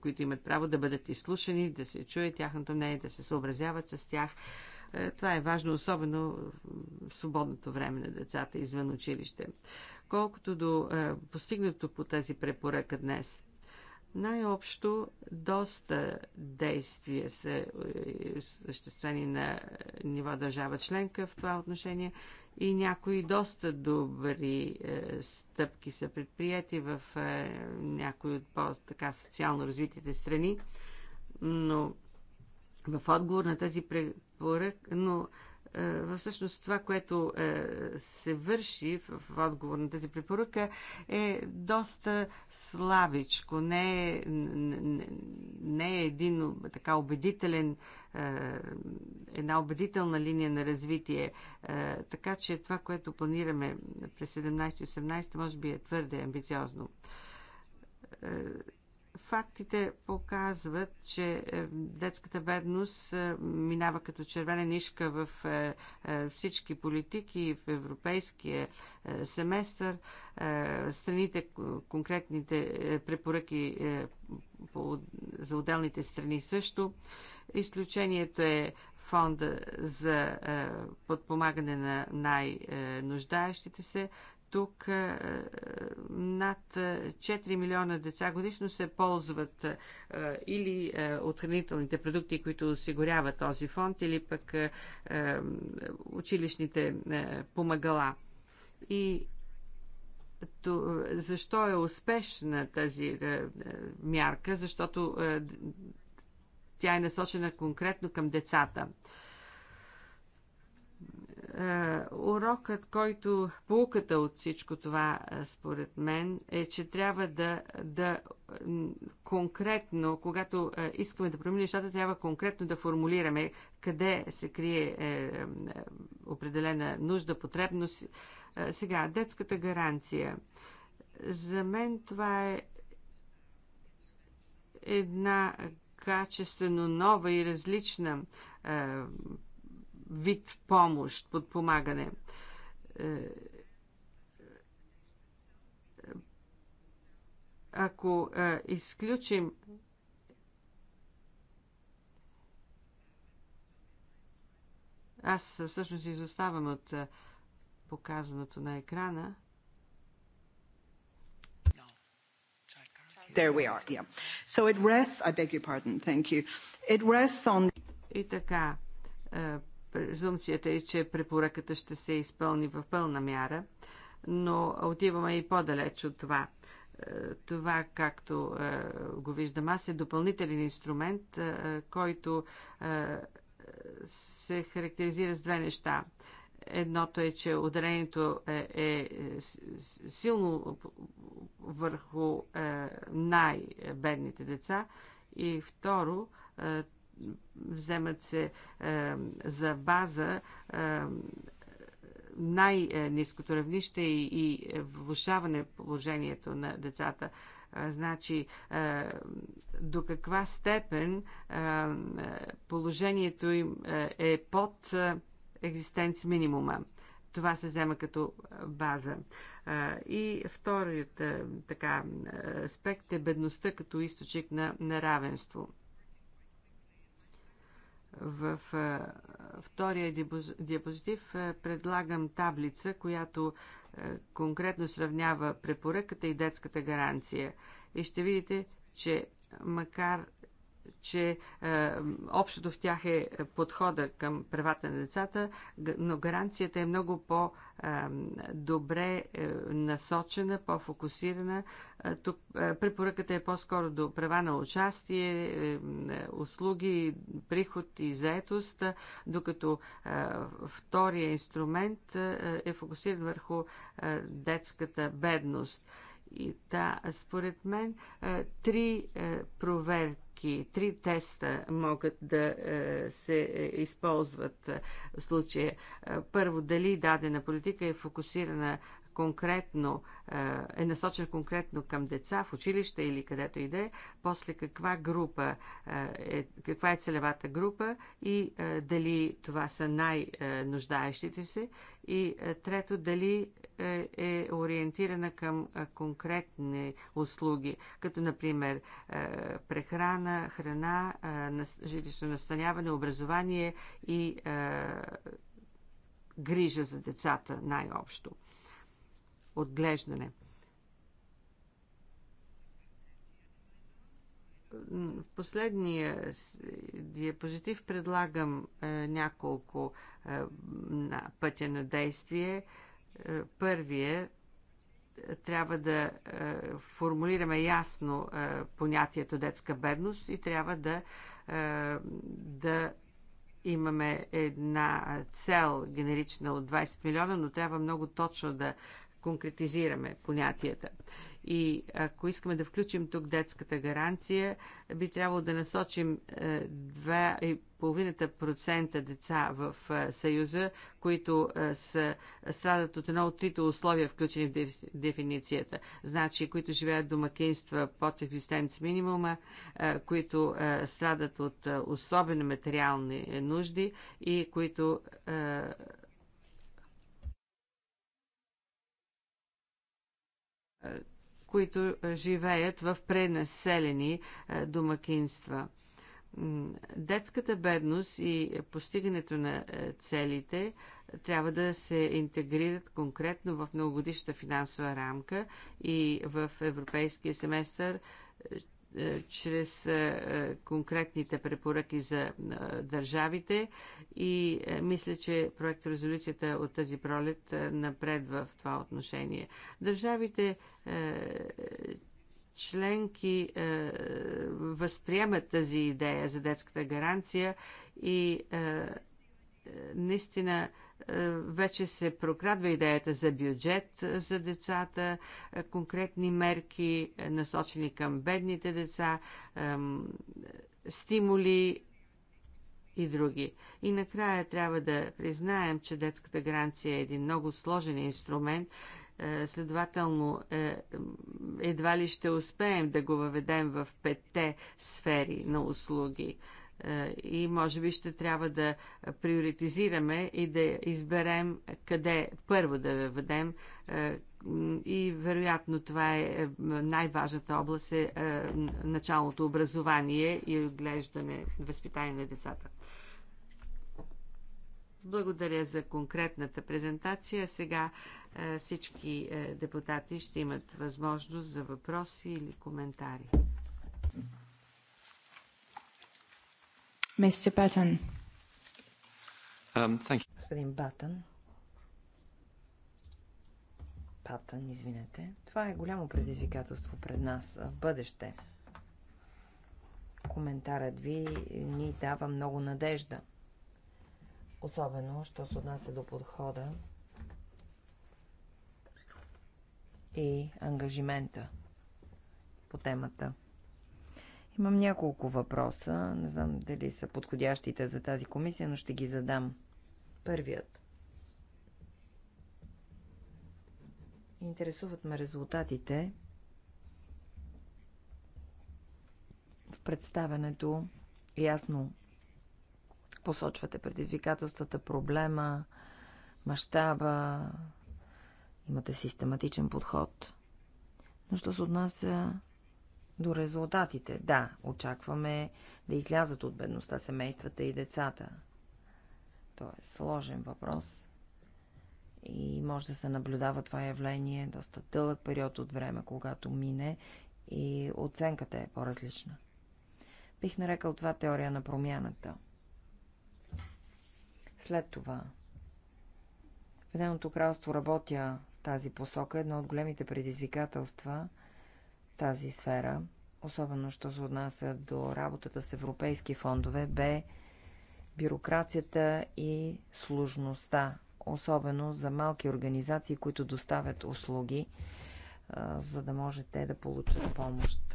които имат право да бъдат изслушани, да се чуе тяхното мнение, да се съобразяват с тях, е, това е важно, особено в свободното време на децата извън училище. Колкото до е, постигнато по тази препоръка днес, най-общо доста действия са е, съществени на ниво държава членка в това отношение и някои доста добри стъпки са предприяти в някои от по-така социално развитите страни, но в отговор на тази препорък, но е, всъщност това, което е, се върши в отговор на тази препоръка е доста слабичко. Не е, не е един така убедителен, е, една убедителна линия на развитие. Така че това, което планираме през 17-18, може би е твърде амбициозно Фактите показват, че е, детската бедност е, минава като червена нишка в е, всички политики, в европейския семестър. Страните, конкретните препоръки за отделните страни също. Изключението е фонда за подпомагане на най-нуждаещите се. Тук е, е, над 4 е, милиона деца годишно се ползват или от хранителните продукти, които осигурява този фонд, или пък училищните помагала. И защо е успешна тази мярка? Защото тя е насочена конкретно към децата урокът, който полуката от всичко това, според мен, е, че трябва да, да конкретно, когато искаме да променим нещата, трябва конкретно да формулираме къде се крие е, е определена нужда, потребност. Сега, детската гаранция. За мен това е една качествено нова и различна е, вид помощ, подпомагане. Е, ако е, изключим Аз всъщност изоставам от е, показаното на екрана. There we are, yeah. So it rests, I beg your pardon, thank you. It rests on... И така, презумцията е, че препоръката ще се изпълни в пълна мяра, но отиваме и по-далеч от това. Е, това, както е, го виждам аз, е допълнителен инструмент, е, който се характеризира с две неща. Едното е, че ударението е, силно върху най-бедните деца. И второ, вземат се е, за база е, най-низкото равнище и, и влушаване положението на децата. Е, значи, е, до каква степен е, положението им е, е под е, екзистенц минимума. Това се взема като база. И вторият така, аспект е бедността като източник на, на в втория диапозитив предлагам таблица, която конкретно сравнява препоръката и детската гаранция. И ще видите, че макар че е, общото в тях е подхода към правата на децата, но гаранцията е много по-добре е, е, насочена, по-фокусирана. Е, тук е, препоръката е по-скоро до права на участие, е, е услуги, приход и заетост, докато е, втория инструмент е, е фокусиран върху е, детската бедност. Е, и да, според мен е, три е, проверки, три теста могат да е, се използват в случая. Първо, дали дадена политика е фокусирана конкретно, е насочен конкретно към деца в училище или където и да е, после каква група е, каква е целевата група и дали това са най-нуждаещите се и трето, дали е, е ориентирана към конкретни услуги, като например е, прехрана, храна, е, жилищно настаняване, образование и грижа за децата най-общо. Отглеждане. В последния диапозитив предлагам няколко пътя на действие. Първия трябва да е, формулираме ясно е, понятието детска бедност и трябва да, е, да имаме една цел генерична от 20 милиона, но трябва много точно да конкретизираме понятията. И ако искаме да включим тук детската гаранция, би трябвало да насочим 2,5% е, деца в е, Съюза, които е, са, страдат от едно от трите условия, включени в дефиницията. Значи, които живеят домакинства под екзистенц минимума, които страдат от особено материални нужди и които които е, живеят в пренаселени е, домакинства. Детската бедност и постигането на е, целите трябва да се интегрират конкретно в многогодишната финансова рамка и в европейския семестър е, чрез е, е, конкретните препоръки за държавите и мисля, че проект резолюцията от тази пролет напредва в това отношение. Държавите членки възприемат тази идея за детската гаранция и наистина е, вече се прокрадва идеята за бюджет за децата, е, конкретни мерки е, насочени към бедните деца, стимули и други. И накрая трябва да признаем, че детската гаранция е един много сложен инструмент, следователно едва ли ще успеем да го въведем в петте сфери на услуги. Е, и може би ще трябва да приоритизираме и да изберем къде първо да въведем е, и вероятно това е, е най-важната област е началното образование и отглеждане, възпитание на децата. Благодаря за конкретната презентация. Сега всички депутати ще имат възможност за въпроси или коментари. Mr. Um, thank you. Господин Батън. Патън, извинете. Това е голямо предизвикателство пред нас в бъдеще. Коментарът ви ни дава много надежда. Особено, що се отнася до подхода и ангажимента по темата. Имам няколко въпроса. Не знам дали са подходящите за тази комисия, но ще ги задам. Първият. Интересуват ме резултатите в представянето. Ясно посочвате предизвикателствата, проблема, мащаба, имате систематичен подход. Но що се отнася до резултатите. Да, очакваме да излязат от бедността семействата и децата. То е сложен въпрос и може да се наблюдава това явление доста дълъг период от време, когато мине и оценката е по-различна. Бих нарекал това теория на промяната. След това в Единото кралство работя в тази посока. Едно от големите предизвикателства – тази сфера, особено що се отнася до работата с европейски фондове, бе бюрокрацията и сложността, особено за малки организации, които доставят услуги, за да може те да получат помощ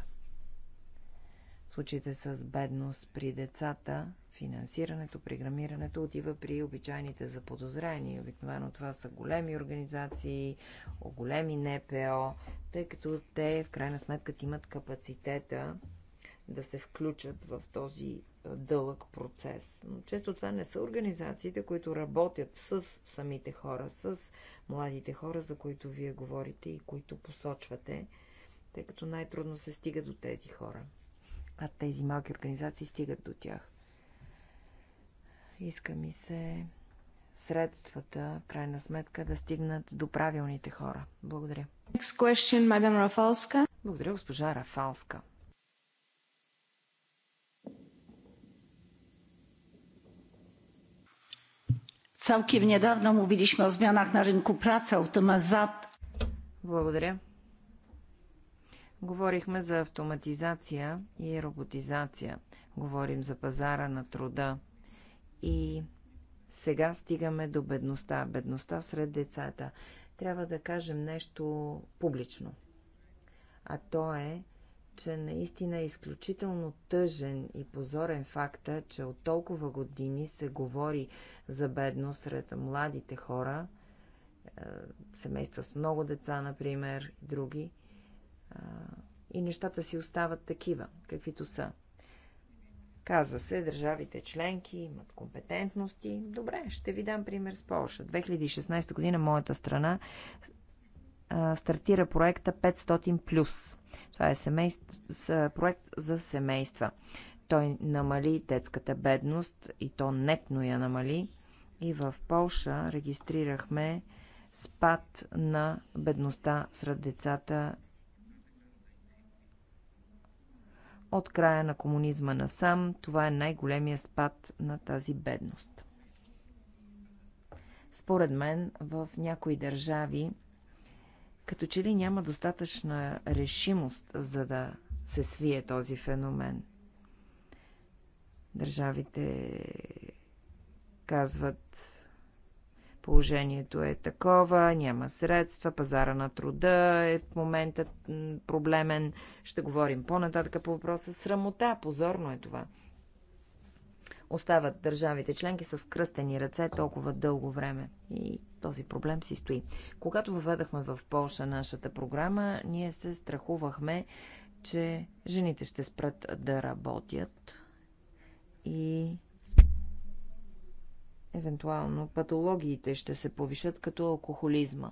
случаите с бедност при децата, финансирането, програмирането отива при обичайните заподозрени. Обикновено това са големи организации, големи НПО, тъй като те в крайна сметка имат капацитета да се включат в този дълъг процес. Но често това не са организациите, които работят с самите хора, с младите хора, за които вие говорите и които посочвате, тъй като най-трудно се стига до тези хора а тези малки организации стигат до тях. Иска ми се средствата, в крайна сметка, да стигнат до правилните хора. Благодаря. Next question, мадам Рафалска. Благодаря, госпожа Рафалска. Całkiem niedawno mówiliśmy o zmianach na rynku pracy, o tym Благодаря. Говорихме за автоматизация и роботизация. Говорим за пазара на труда. И сега стигаме до бедността. Бедността сред децата. Трябва да кажем нещо публично. А то е, че наистина е изключително тъжен и позорен факта, че от толкова години се говори за бедност сред младите хора, е, семейства с много деца, например, други, и нещата си остават такива, каквито са. Каза се, държавите членки имат компетентности. Добре, ще ви дам пример с Польша. 2016 година моята страна а, стартира проекта 500+. Това е семейство, с, проект за семейства. Той намали детската бедност и то нетно я намали. И в Полша регистрирахме спад на бедността сред децата От края на комунизма насам това е най-големия спад на тази бедност. Според мен в някои държави като че ли няма достатъчна решимост, за да се свие този феномен. Държавите казват Положението е такова, няма средства, пазара на труда е в момента проблемен. Ще говорим по-нататък по въпроса. Срамота, позорно е това. Остават държавите членки с кръстени ръце толкова дълго време. И този проблем си стои. Когато въведахме в Полша нашата програма, ние се страхувахме, че жените ще спрат да работят и Евентуално патологиите ще се повишат като алкохолизма.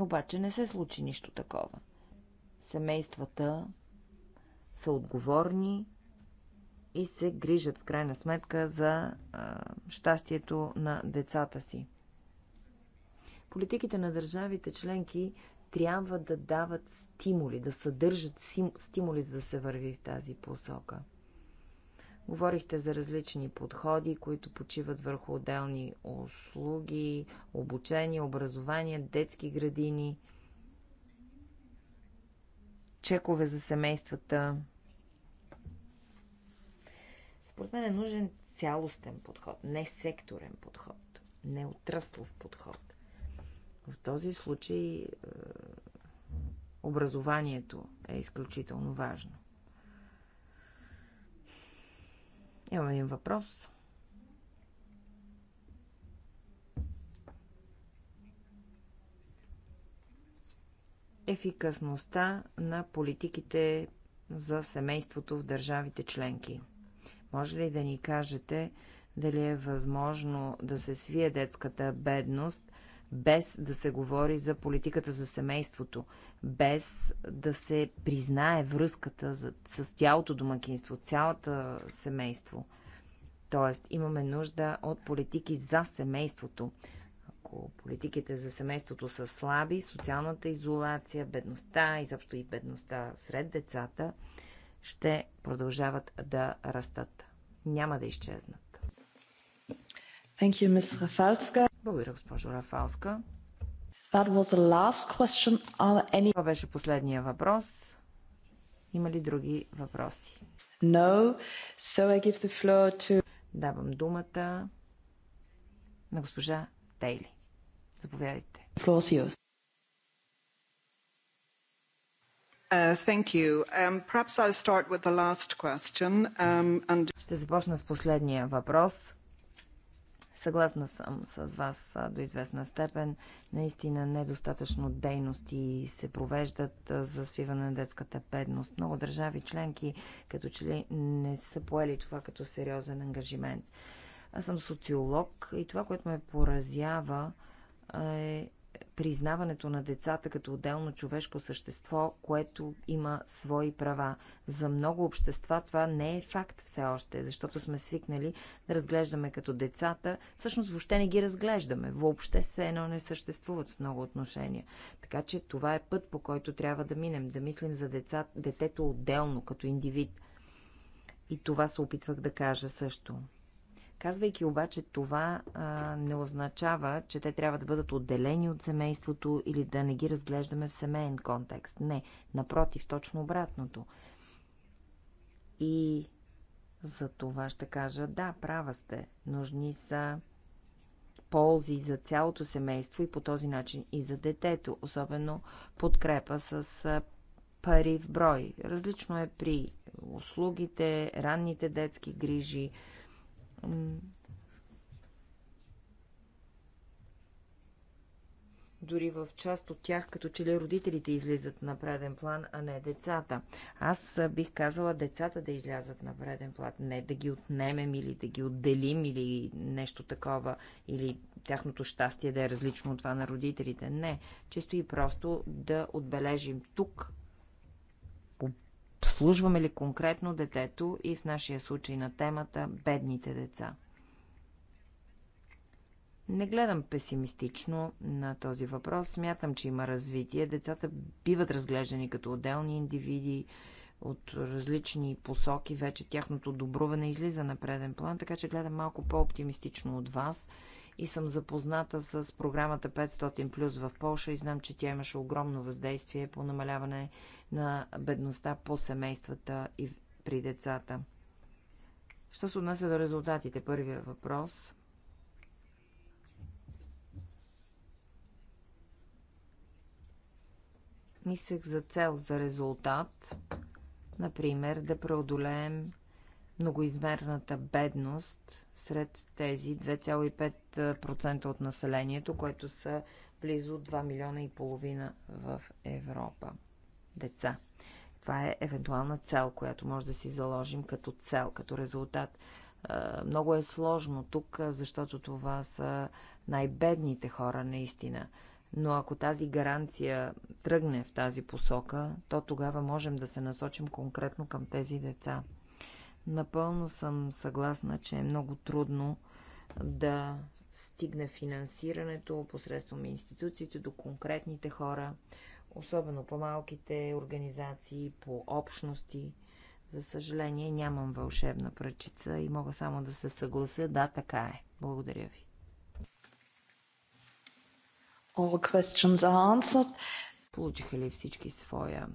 Обаче не се случи нищо такова. Семействата са отговорни и се грижат в крайна сметка за а, щастието на децата си. Политиките на държавите членки трябва да дават стимули, да съдържат стимули, за да се върви в тази посока – Говорихте за различни подходи, които почиват върху отделни услуги, обучение, образование, детски градини, чекове за семействата. Според мен е нужен цялостен подход, не секторен подход, не отраслов подход. В този случай е, образованието е изключително важно. Има един въпрос. Ефикасността на политиките за семейството в държавите членки. Може ли да ни кажете дали е възможно да се свие детската бедност без да се говори за политиката за семейството, без да се признае връзката с цялото домакинство, цялото семейство. Тоест, имаме нужда от политики за семейството. Ако политиките за семейството са слаби, социалната изолация, бедността, изобщо и бедността сред децата, ще продължават да растат. Няма да изчезнат. Thank you, Ms. Rafalska. Благодаря, госпожо Рафалска. That was the last question any... Това беше последния въпрос. Има ли други въпроси? No, so I give the floor to... Давам думата на госпожа Тейли. Заповядайте. Uh, thank you. Um, perhaps I'll start with the last question. Um, and... Ще започна с последния въпрос Съгласна съм с вас до известна степен. Наистина недостатъчно дейности се провеждат за свиване на детската бедност. Много държави членки като че ли не са поели това като сериозен ангажимент. Аз съм социолог и това, което ме поразява е признаването на децата като отделно човешко същество, което има свои права. За много общества това не е факт все още, защото сме свикнали да разглеждаме като децата. Всъщност въобще не ги разглеждаме. Въобще се едно не съществуват в много отношения. Така че това е път, по който трябва да минем, да мислим за деца, детето отделно, като индивид. И това се опитвах да кажа също. Казвайки обаче това, а, не означава, че те трябва да бъдат отделени от семейството или да не ги разглеждаме в семейен контекст. Не, напротив, точно обратното. И за това ще кажа, да, права сте, нужни са ползи за цялото семейство и по този начин и за детето, особено подкрепа с пари в брой. Различно е при услугите, ранните детски грижи, дори в част от тях, като че ли родителите излизат на преден план, а не децата. Аз бих казала децата да излязат на преден план, не да ги отнемем или да ги отделим или нещо такова, или тяхното щастие да е различно от това на родителите. Не, чисто и просто да отбележим тук обслужваме ли конкретно детето и в нашия случай на темата бедните деца. Не гледам песимистично на този въпрос. Смятам, че има развитие. Децата биват разглеждани като отделни индивиди от различни посоки. Вече тяхното добруване излиза на преден план, така че гледам малко по-оптимистично от вас и съм запозната с програмата 500 плюс в Польша и знам, че тя имаше огромно въздействие по намаляване на бедността по семействата и при децата. Що се отнася до резултатите? Първия въпрос. Мислех за цел, за резултат. Например, да преодолеем многоизмерната бедност – сред тези 2,5% от населението, което са близо 2 милиона и половина в Европа. Деца. Това е евентуална цел, която може да си заложим като цел, като резултат. Много е сложно тук, защото това са най-бедните хора наистина. Но ако тази гаранция тръгне в тази посока, то тогава можем да се насочим конкретно към тези деца. Напълно съм съгласна, че е много трудно да стигне финансирането посредством институциите до конкретните хора, особено по малките организации, по общности. За съжаление, нямам вълшебна пръчица и мога само да се съглася. Да, така е. Благодаря ви. All questions are answered. Получиха ли всички своя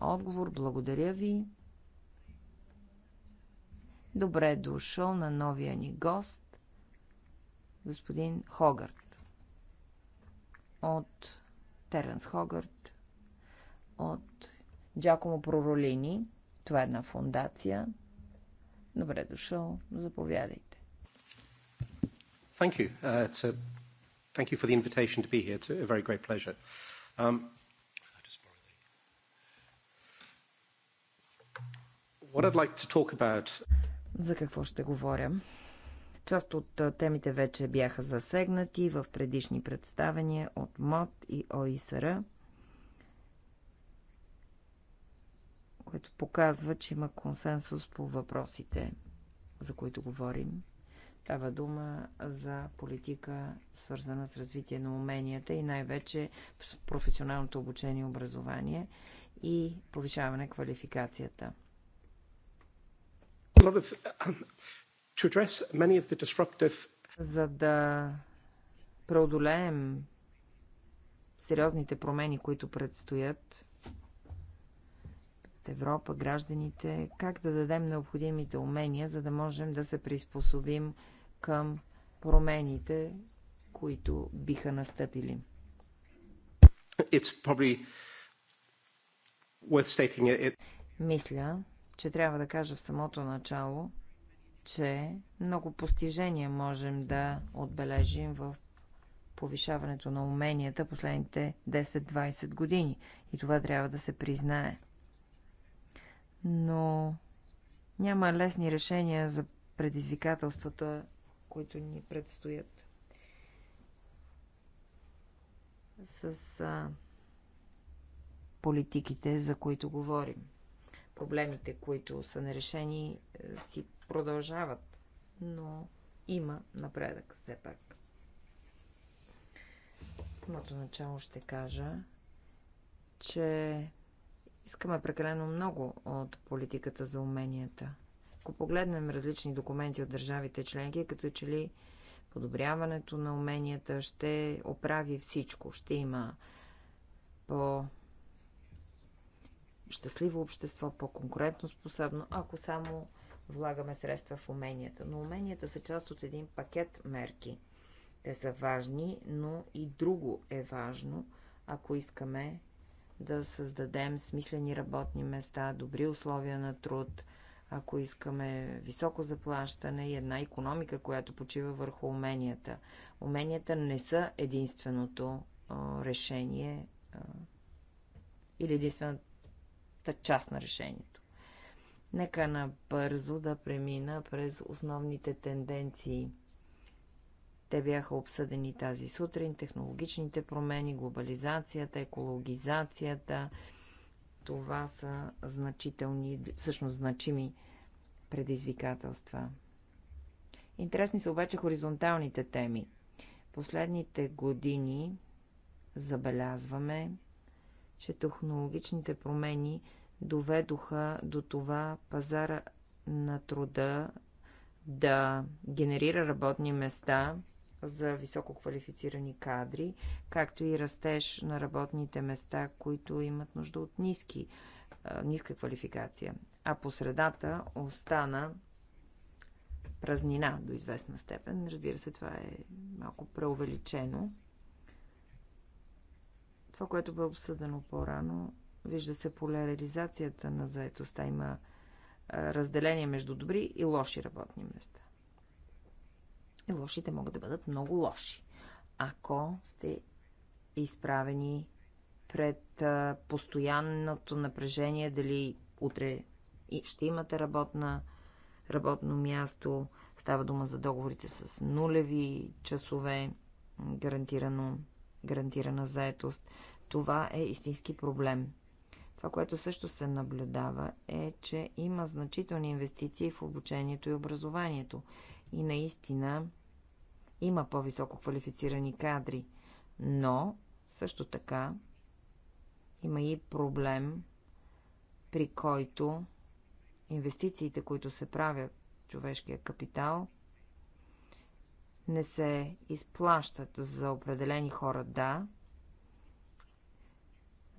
отговор? Благодаря ви. Добре е дошъл на новия ни гост, господин Хогарт. От Теренс Хогарт, от Джакомо Проролини. Това е една фундация. Добре е дошъл. Заповядайте. Thank you. Uh, it's a... Thank you for the invitation to be here. It's a very great pleasure. Um, what I'd like to talk about за какво ще говоря? Част от темите вече бяха засегнати в предишни представения от МОД и ОИСР, което показва, че има консенсус по въпросите, за които говорим. Става дума за политика, свързана с развитие на уменията и най-вече професионалното обучение и образование и повишаване на квалификацията – Um, за да преодолеем сериозните промени, които предстоят от Европа, гражданите, как да дадем необходимите умения, за да можем да се приспособим към промените, които биха настъпили. It. Мисля, че трябва да кажа в самото начало, че много постижения можем да отбележим в повишаването на уменията последните 10-20 години. И това трябва да се признае. Но няма лесни решения за предизвикателствата, които ни предстоят. С а, политиките, за които говорим проблемите, които са нерешени, е, си продължават, но има напредък все пак. самото начало ще кажа, че искаме прекалено много от политиката за уменията. Ако погледнем различни документи от държавите членки, като че ли подобряването на уменията ще оправи всичко. Ще има по щастливо общество, по-конкурентно способно, ако само влагаме средства в уменията. Но уменията са част от един пакет мерки. Те са важни, но и друго е важно, ако искаме да създадем смислени работни места, добри условия на труд, ако искаме високо заплащане и една економика, която почива върху уменията. Уменията не са единственото решение или единствената са част на решението. Нека набързо да премина през основните тенденции. Те бяха обсъдени тази сутрин. Технологичните промени, глобализацията, екологизацията. Това са значителни, всъщност значими предизвикателства. Интересни са обаче хоризонталните теми. Последните години забелязваме, че технологичните промени доведоха до това пазара на труда да генерира работни места за висококвалифицирани кадри, както и растеж на работните места, които имат нужда от ниски, ниска квалификация. А по средата остана празнина до известна степен. Разбира се, това е малко преувеличено. Това, което бе обсъдено по-рано, Вижда се поляризацията на заедостта. Има разделение между добри и лоши работни места. И лошите могат да бъдат много лоши. Ако сте изправени пред постоянното напрежение, дали утре ще имате работна, работно място, става дума за договорите с нулеви часове, гарантирано, гарантирана заетост. Това е истински проблем. Това, което също се наблюдава е, че има значителни инвестиции в обучението и образованието. И наистина има по-високо квалифицирани кадри. Но също така има и проблем, при който инвестициите, които се правят човешкия капитал, не се изплащат за определени хора, да,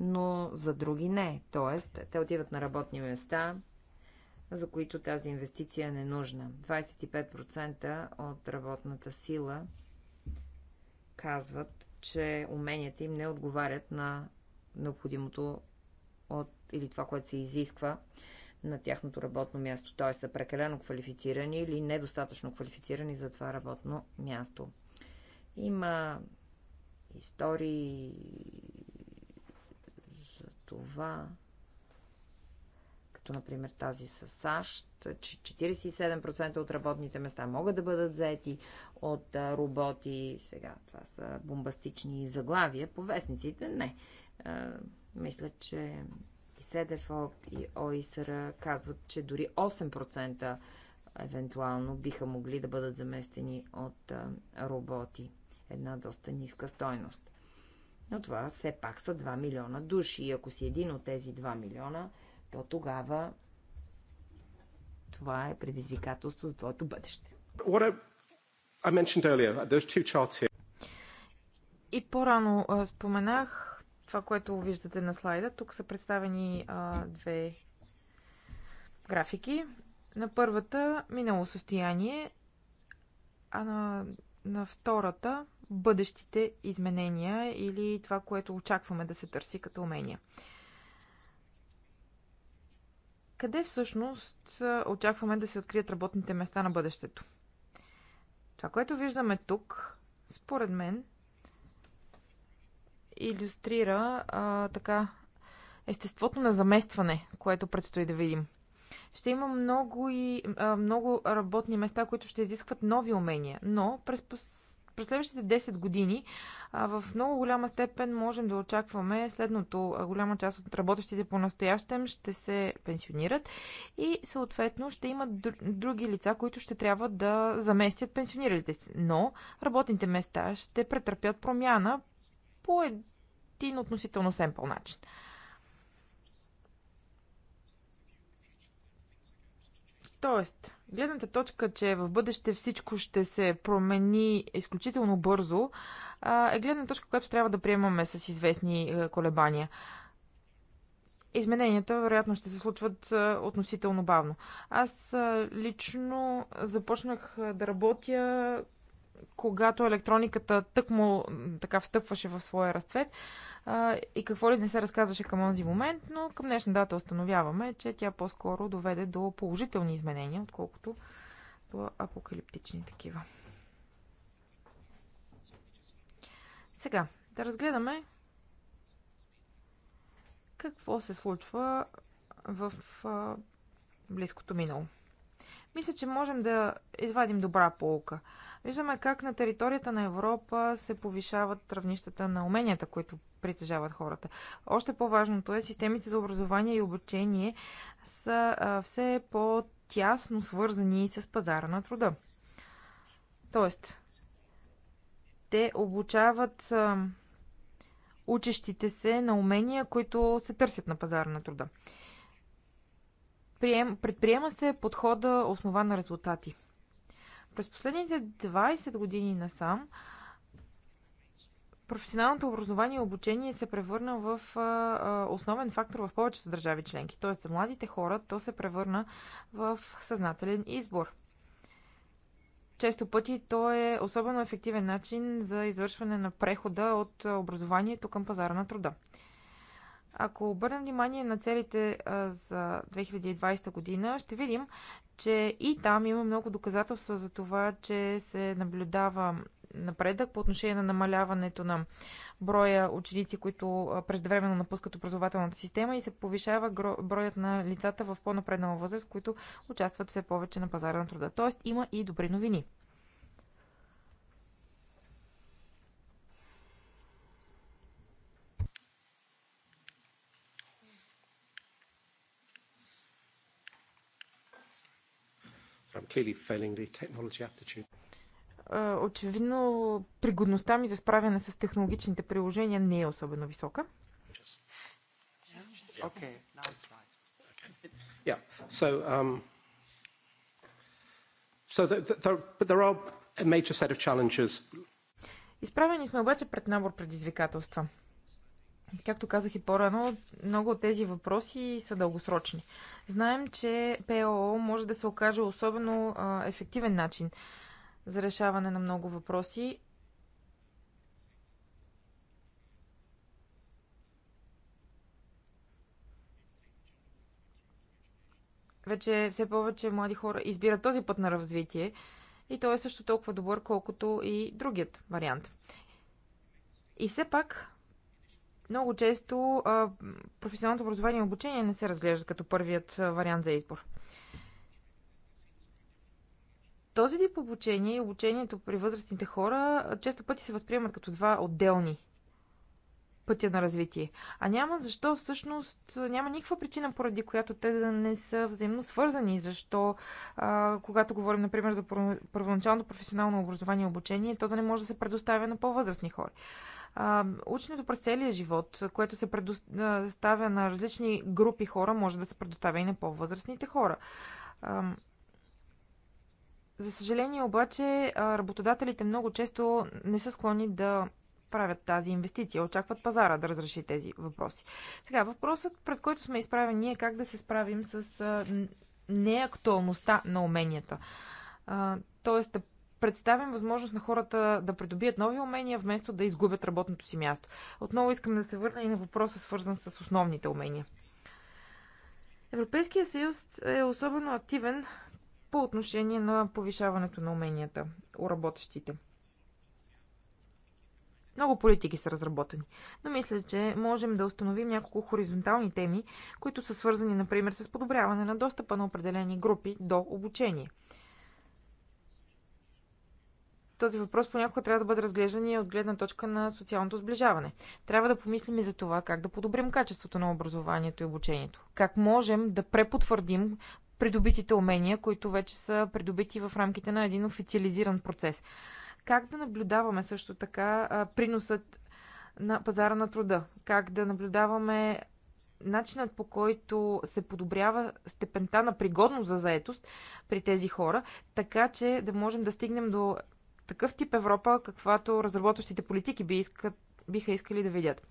но за други не. Тоест, те отиват на работни места, за които тази инвестиция е нужна. 25% от работната сила казват, че уменията им не отговарят на необходимото от, или това, което се изисква на тяхното работно място. Т.е. са прекалено квалифицирани или недостатъчно квалифицирани за това работно място. Има истории, това, като например тази с САЩ, че 47% от работните места могат да бъдат заети от роботи. Сега това са бомбастични заглавия. По вестниците не. Мисля, че и СДФО и ОИСР казват, че дори 8% евентуално биха могли да бъдат заместени от роботи. Една доста ниска стойност но това все пак са 2 милиона души. И ако си един от тези 2 милиона, то тогава това е предизвикателство за твоето бъдеще. И по-рано споменах това, което виждате на слайда. Тук са представени а, две графики. На първата минало състояние, а на, на втората бъдещите изменения или това, което очакваме да се търси като умения. Къде всъщност очакваме да се открият работните места на бъдещето? Това, което виждаме тук, според мен, иллюстрира а, така естеството на заместване, което предстои да видим. Ще има много и а, много работни места, които ще изискват нови умения, но през през следващите 10 години в много голяма степен можем да очакваме следното. Голяма част от работещите по настоящем ще се пенсионират и съответно ще имат други лица, които ще трябва да заместят пенсиониралите си. Но работните места ще претърпят промяна по един относително семпъл начин. Тоест, гледната точка, че в бъдеще всичко ще се промени изключително бързо, е гледна точка, която трябва да приемаме с известни е, колебания. Измененията, вероятно, ще се случват е, относително бавно. Аз е, лично започнах да работя когато електрониката тъкмо така встъпваше в своя разцвет а, и какво ли не се разказваше към онзи момент, но към днешна дата установяваме, че тя по-скоро доведе до положителни изменения, отколкото до апокалиптични такива. Сега, да разгледаме какво се случва в а, близкото минало мисля, че можем да извадим добра полука. Виждаме как на територията на Европа се повишават равнищата на уменията, които притежават хората. Още по-важното е, системите за образование и обучение са все по-тясно свързани с пазара на труда. Тоест, те обучават учещите се на умения, които се търсят на пазара на труда прием, предприема се подхода основа на резултати. През последните 20 години насам професионалното образование и обучение се превърна в основен фактор в повечето държави членки. Тоест, за младите хора то се превърна в съзнателен избор. Често пъти то е особено ефективен начин за извършване на прехода от образованието към пазара на труда. Ако обърнем внимание на целите за 2020 година, ще видим, че и там има много доказателства за това, че се наблюдава напредък по отношение на намаляването на броя ученици, които преждевременно напускат образователната система и се повишава броят на лицата в по-напреднала възраст, които участват все повече на пазара на труда. Тоест има и добри новини. Е, очевидно, пригодността ми за справяне с технологичните приложения не е особено висока. Изправени сме обаче пред набор предизвикателства. Както казах и по-рано, много от тези въпроси са дългосрочни. Знаем, че ПОО може да се окаже особено а, ефективен начин за решаване на много въпроси. Вече все повече млади хора избират този път на развитие и той е също толкова добър, колкото и другият вариант. И все пак много често професионалното образование и обучение не се разглежда като първият вариант за избор. Този тип обучение и обучението при възрастните хора често пъти се възприемат като два отделни пътя на развитие. А няма защо всъщност, няма никаква причина, поради която те да не са взаимно свързани. Защо, а, когато говорим, например, за първоначално професионално образование и обучение, то да не може да се предоставя на по-възрастни хора. Ученето през целия живот, което се предоставя на различни групи хора, може да се предоставя и на по-възрастните хора. За съжаление обаче, работодателите много често не са склонни да правят тази инвестиция, очакват пазара да разреши тези въпроси. Сега, въпросът, пред който сме изправени е как да се справим с неактуалността на уменията. Тоест, представим възможност на хората да придобият нови умения, вместо да изгубят работното си място. Отново искам да се върна и на въпроса, свързан с основните умения. Европейския съюз е особено активен по отношение на повишаването на уменията у работещите. Много политики са разработени, но мисля, че можем да установим няколко хоризонтални теми, които са свързани, например, с подобряване на достъпа на определени групи до обучение – този въпрос понякога трябва да бъде разглеждан и от гледна точка на социалното сближаване. Трябва да помислим и за това как да подобрим качеството на образованието и обучението. Как можем да препотвърдим придобитите умения, които вече са придобити в рамките на един официализиран процес. Как да наблюдаваме също така приносът на пазара на труда? Как да наблюдаваме начинът по който се подобрява степента на пригодност за заетост при тези хора, така че да можем да стигнем до такъв тип Европа, каквато разработващите политики би иска, биха искали да видят.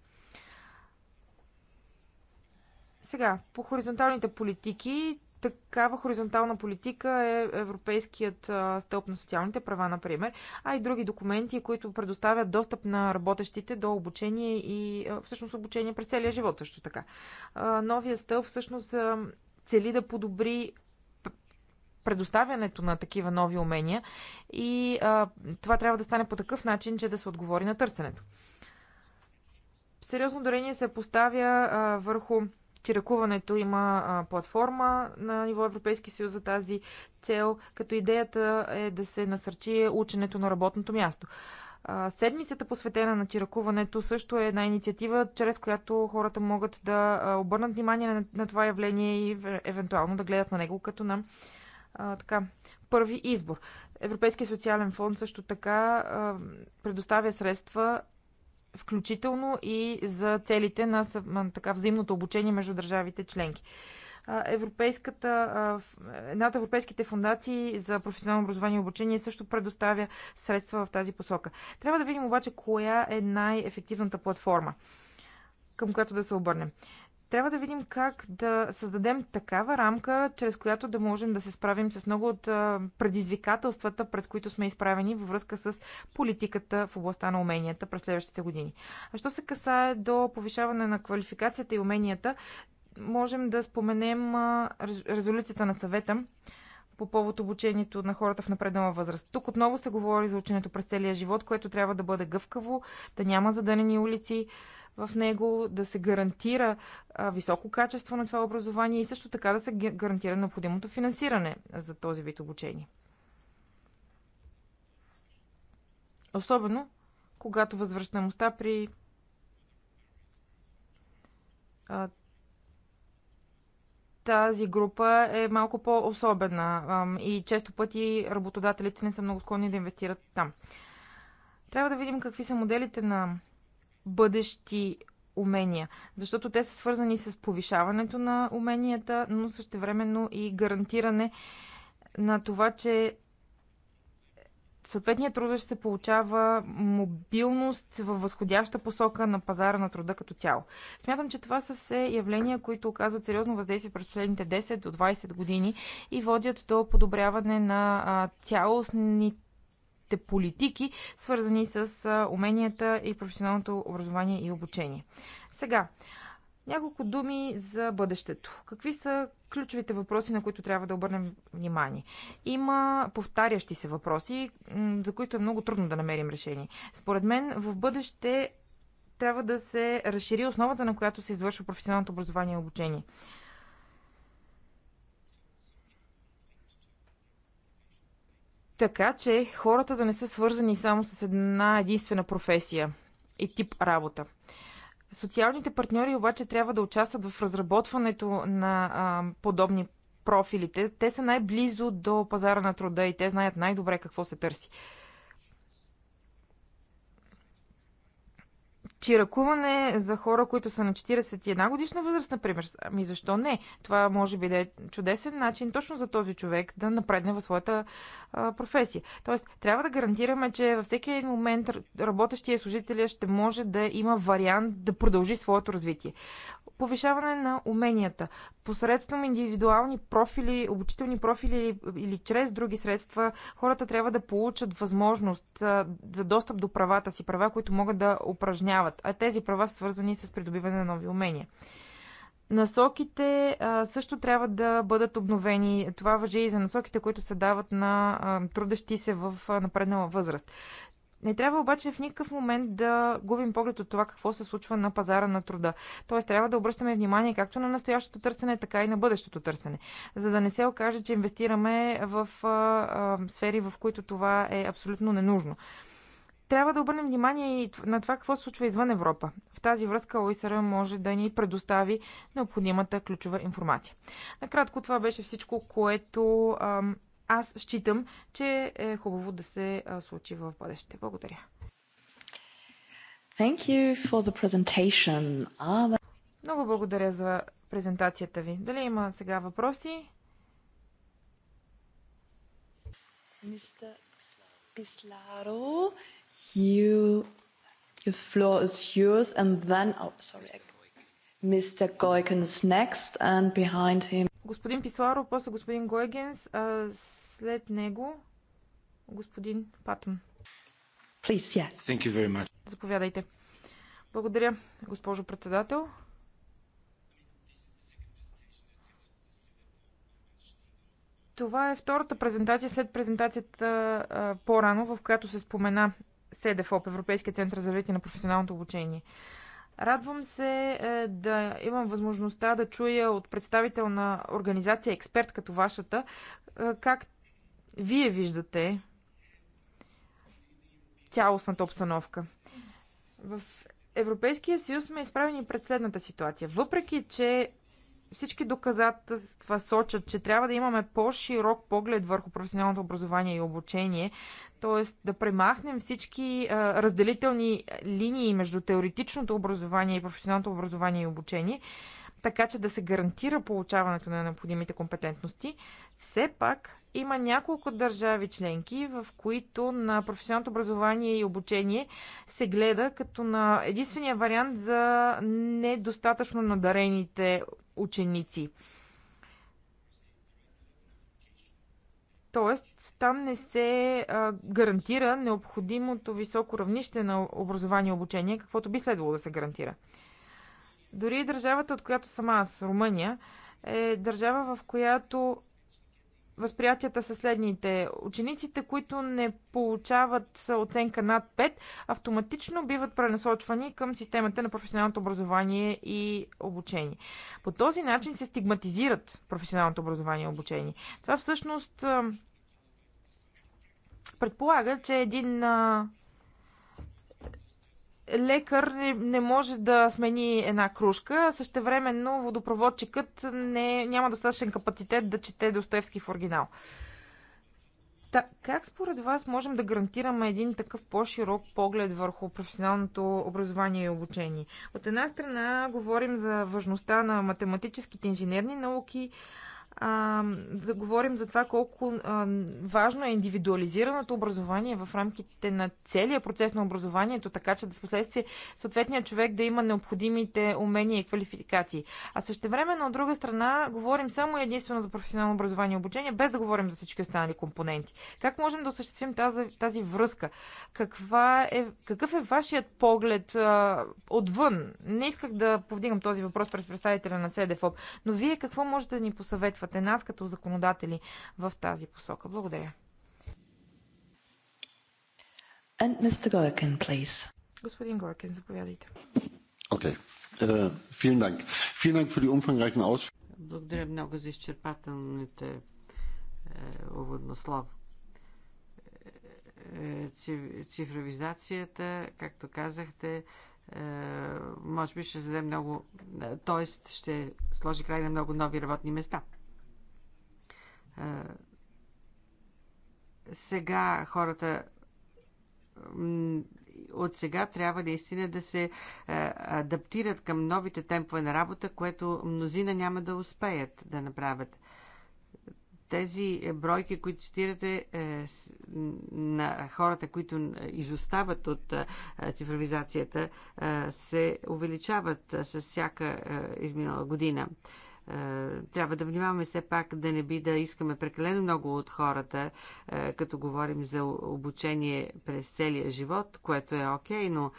Сега, по хоризонталните политики, такава хоризонтална политика е Европейският стълб на социалните права, например, а и други документи, които предоставят достъп на работещите до обучение и всъщност обучение през целия живот също така. Новия стълб всъщност цели да подобри предоставянето на такива нови умения и а, това трябва да стане по такъв начин, че да се отговори на търсенето. Сериозно дарение се поставя а, върху чиракуването има а, платформа на ниво Европейски съюз за тази цел, като идеята е да се насърчи ученето на работното място. А, седмицата посветена на чиракуването също е една инициатива, чрез която хората могат да обърнат внимание на, на това явление и евентуално да гледат на него като на а, така, първи избор. Европейския социален фонд също така а, предоставя средства включително и за целите на така, взаимното обучение между държавите членки. Европейската, една от европейските фундации за професионално образование и обучение също предоставя средства в тази посока. Трябва да видим обаче коя е най-ефективната платформа, към която да се обърнем. Трябва да видим как да създадем такава рамка, чрез която да можем да се справим с много от предизвикателствата, пред които сме изправени във връзка с политиката в областта на уменията през следващите години. А що се касае до повишаване на квалификацията и уменията, можем да споменем резолюцията на съвета, по повод обучението на хората в напреднала възраст. Тук отново се говори за ученето през целия живот, което трябва да бъде гъвкаво, да няма задънени улици, в него, да се гарантира високо качество на това образование и също така да се гарантира необходимото финансиране за този вид обучение. Особено, когато възвръщаемостта при тази група е малко по-особена и често пъти работодателите не са много склонни да инвестират там. Трябва да видим какви са моделите на бъдещи умения, защото те са свързани с повишаването на уменията, но същевременно и гарантиране на това, че съответният трудещ се получава мобилност във възходяща посока на пазара на труда като цяло. Смятам, че това са все явления, които оказват сериозно въздействие през последните 10 до 20 години и водят до подобряване на цялостните съответните политики, свързани с уменията и професионалното образование и обучение. Сега, няколко думи за бъдещето. Какви са ключовите въпроси, на които трябва да обърнем внимание? Има повтарящи се въпроси, за които е много трудно да намерим решение. Според мен, в бъдеще трябва да се разшири основата, на която се извършва професионалното образование и обучение. така че хората да не са свързани само с една единствена професия и тип работа. Социалните партньори обаче трябва да участват в разработването на а, подобни профилите. Те са най-близо до пазара на труда и те знаят най-добре какво се търси. чиракуване за хора, които са на 41 годишна възраст, например. Ами защо не? Това може би да е чудесен начин точно за този човек да напредне в своята а, професия. Тоест, трябва да гарантираме, че във всеки един момент работещия служителя ще може да има вариант да продължи своето развитие. Повишаване на уменията посредством индивидуални профили, обучителни профили или, или чрез други средства, хората трябва да получат възможност а, за достъп до правата си, права, които могат да упражняват имат, а тези права са свързани с придобиване на нови умения. Насоките а, също трябва да бъдат обновени. Това въжи и за насоките, които се дават на а, трудещи се в напреднала възраст. Не трябва обаче в никакъв момент да губим поглед от това какво се случва на пазара на труда. Тоест трябва да обръщаме внимание както на настоящото търсене, така и на бъдещото търсене, за да не се окаже, че инвестираме в а, а, сфери, в които това е абсолютно ненужно. А, трябва да обърнем внимание и на това какво се случва извън Европа. В тази връзка ОИСР може да ни предостави необходимата ключова информация. Накратко това беше всичко, което аз считам, че е хубаво да се случи в бъдеще. Благодаря. Thank you for the presentation. Ah, Много благодаря за презентацията ви. Дали има сега въпроси? Мистер Писларо you. The floor is yours, and then. Oh, sorry. Mr. Goikens next, and behind him. Господин Писларо, после господин Гойгенс, а след него господин Патън. Please, yeah. Thank you very much. Заповядайте. Благодаря, госпожо председател. Това е втората презентация след презентацията по-рано, в която се спомена СДФОП, Европейския център за развитие на професионалното обучение. Радвам се е, да имам възможността да чуя от представител на организация експерт като вашата, е, как вие виждате цялостната обстановка. В Европейския съюз сме изправени пред следната ситуация. Въпреки, че всички доказателства сочат, че трябва да имаме по-широк поглед върху професионалното образование и обучение, т.е. да премахнем всички а, разделителни линии между теоретичното образование и професионалното образование и обучение, така че да се гарантира получаването на необходимите компетентности. Все пак има няколко държави членки, в които на професионалното образование и обучение се гледа като на единствения вариант за недостатъчно надарените ученици. Тоест, там не се а, гарантира необходимото високо равнище на образование и обучение, каквото би следвало да се гарантира. Дори и държавата, от която съм аз, Румъния, е държава, в която възприятията са следните. Учениците, които не получават оценка над 5, автоматично биват пренасочвани към системата на професионалното образование и обучение. По този начин се стигматизират професионалното образование и обучение. Това всъщност предполага, че един а, лекар не, не може да смени една кружка, същевременно водопроводчикът не, няма достатъчен капацитет да чете Достоевски в оригинал. Та, как според вас можем да гарантираме един такъв по-широк поглед върху професионалното образование и обучение? От една страна говорим за важността на математическите инженерни науки, а, да говорим за това колко а, важно е индивидуализираното образование в рамките на целия процес на образованието, така че да в последствие съответният човек да има необходимите умения и квалификации. А същевременно, от друга страна, говорим само единствено за професионално образование и обучение, без да говорим за всички останали компоненти. Как можем да осъществим тази, тази връзка? Каква е, какъв е вашият поглед а, отвън? Не исках да повдигам този въпрос през представителя на СДФОП, но вие какво можете да ни посъветвате? подкрепяте нас като законодатели в тази посока. Благодаря. And Mr. Gorkin, please. Господин Горкин, заповядайте. Okay. Uh, е, Dank. Благодаря много за изчерпателните е, уводно слово. Е, цифровизацията, както казахте, е, може би ще вземе много, т.е. ще сложи край на много нови работни места сега хората от сега трябва наистина да се адаптират към новите темпове на работа, което мнозина няма да успеят да направят. Тези бройки, които цитирате е, на хората, които изостават от цифровизацията, се увеличават с всяка изминала година трябва да внимаваме все пак да не би да искаме прекалено много от хората, като говорим за обучение през целия живот, което е окей, okay, но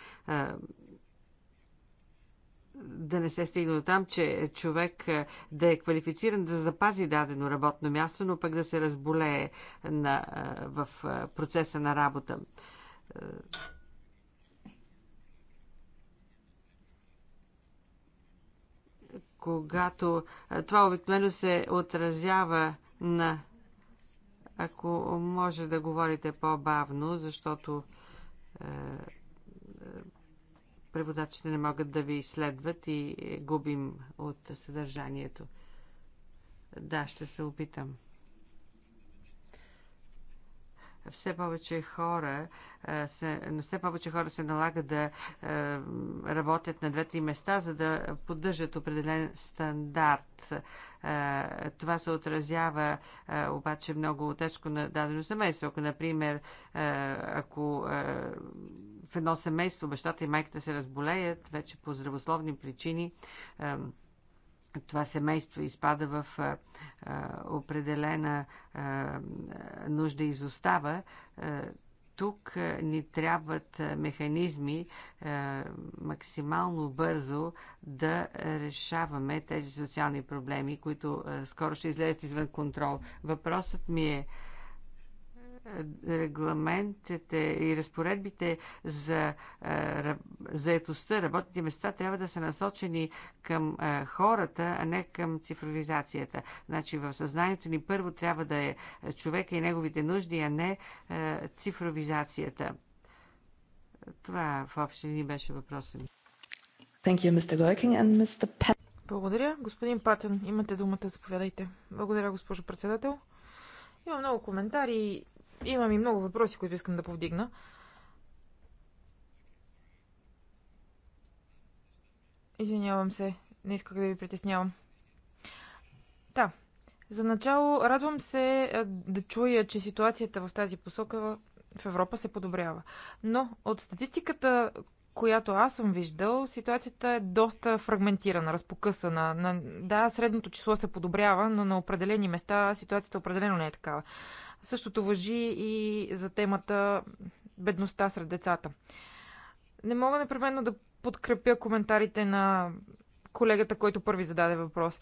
да не се стигне до там, че човек да е квалифициран да запази дадено работно място, но пък да се разболее на, в процеса на работа. когато това обикновено се отразява на... Ако може да говорите по-бавно, защото е, е преводачите не могат да ви изследват и е, губим от съдържанието. Да, ще се опитам все повече хора е, се, на все повече хора се налага да е, работят на двете места, за да поддържат определен стандарт. Е, това се отразява обаче много тежко на дадено семейство. Ако, например, ако в едно семейство бащата и майката се разболеят, вече по здравословни причини това семейство изпада в а, определена а, нужда, изостава, а, тук ни трябват механизми максимално бързо да решаваме тези социални проблеми, които скоро ще излезат извън контрол. Въпросът ми е регламентите и разпоредбите за е, заетостта, работните места трябва да са насочени към е, хората, а не към цифровизацията. Значи в съзнанието ни първо трябва да е човека и неговите нужди, а не е, цифровизацията. Това в общи ни беше въпросът ми. Thank you, Mr. and Mr. Pat. Благодаря. Господин Патън, имате думата, заповядайте. Благодаря, госпожо председател. Има много коментари Имам и много въпроси, които искам да повдигна. Извинявам се, не исках да ви притеснявам. Да, за начало радвам се да чуя, че ситуацията в тази посока в Европа се подобрява. Но от статистиката, която аз съм виждал, ситуацията е доста фрагментирана, разпокъсана. На, да, средното число се подобрява, но на определени места ситуацията определено не е такава. Същото въжи и за темата бедността сред децата. Не мога непременно да подкрепя коментарите на колегата, който първи зададе въпрос.